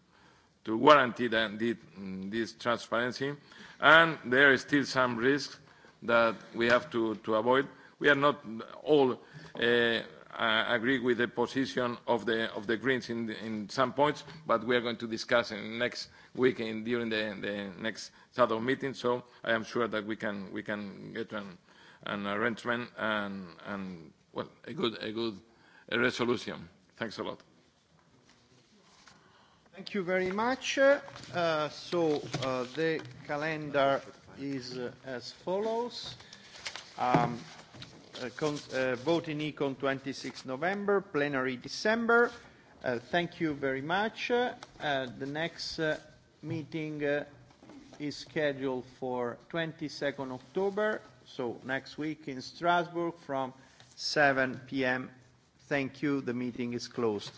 to guarantee that this transparency, and there is still some risks that we have to, to avoid. We are not all uh, uh, agree with the position of the, of the Greens in, in some points, but we are going to discuss in next week in, during the, the next shadow meeting. So I am sure that we can, we can get an, an arrangement and, and well, a good, a good resolution. Thanks a lot. Thank you very much. Uh, so uh, the calendar is uh, as follows. Um, uh, vote in Econ 26 November, plenary December. Uh, thank you very much. Uh, the next uh, meeting is scheduled for 22nd October, so next week in Strasbourg from 7 p.m. Thank you. The meeting is closed.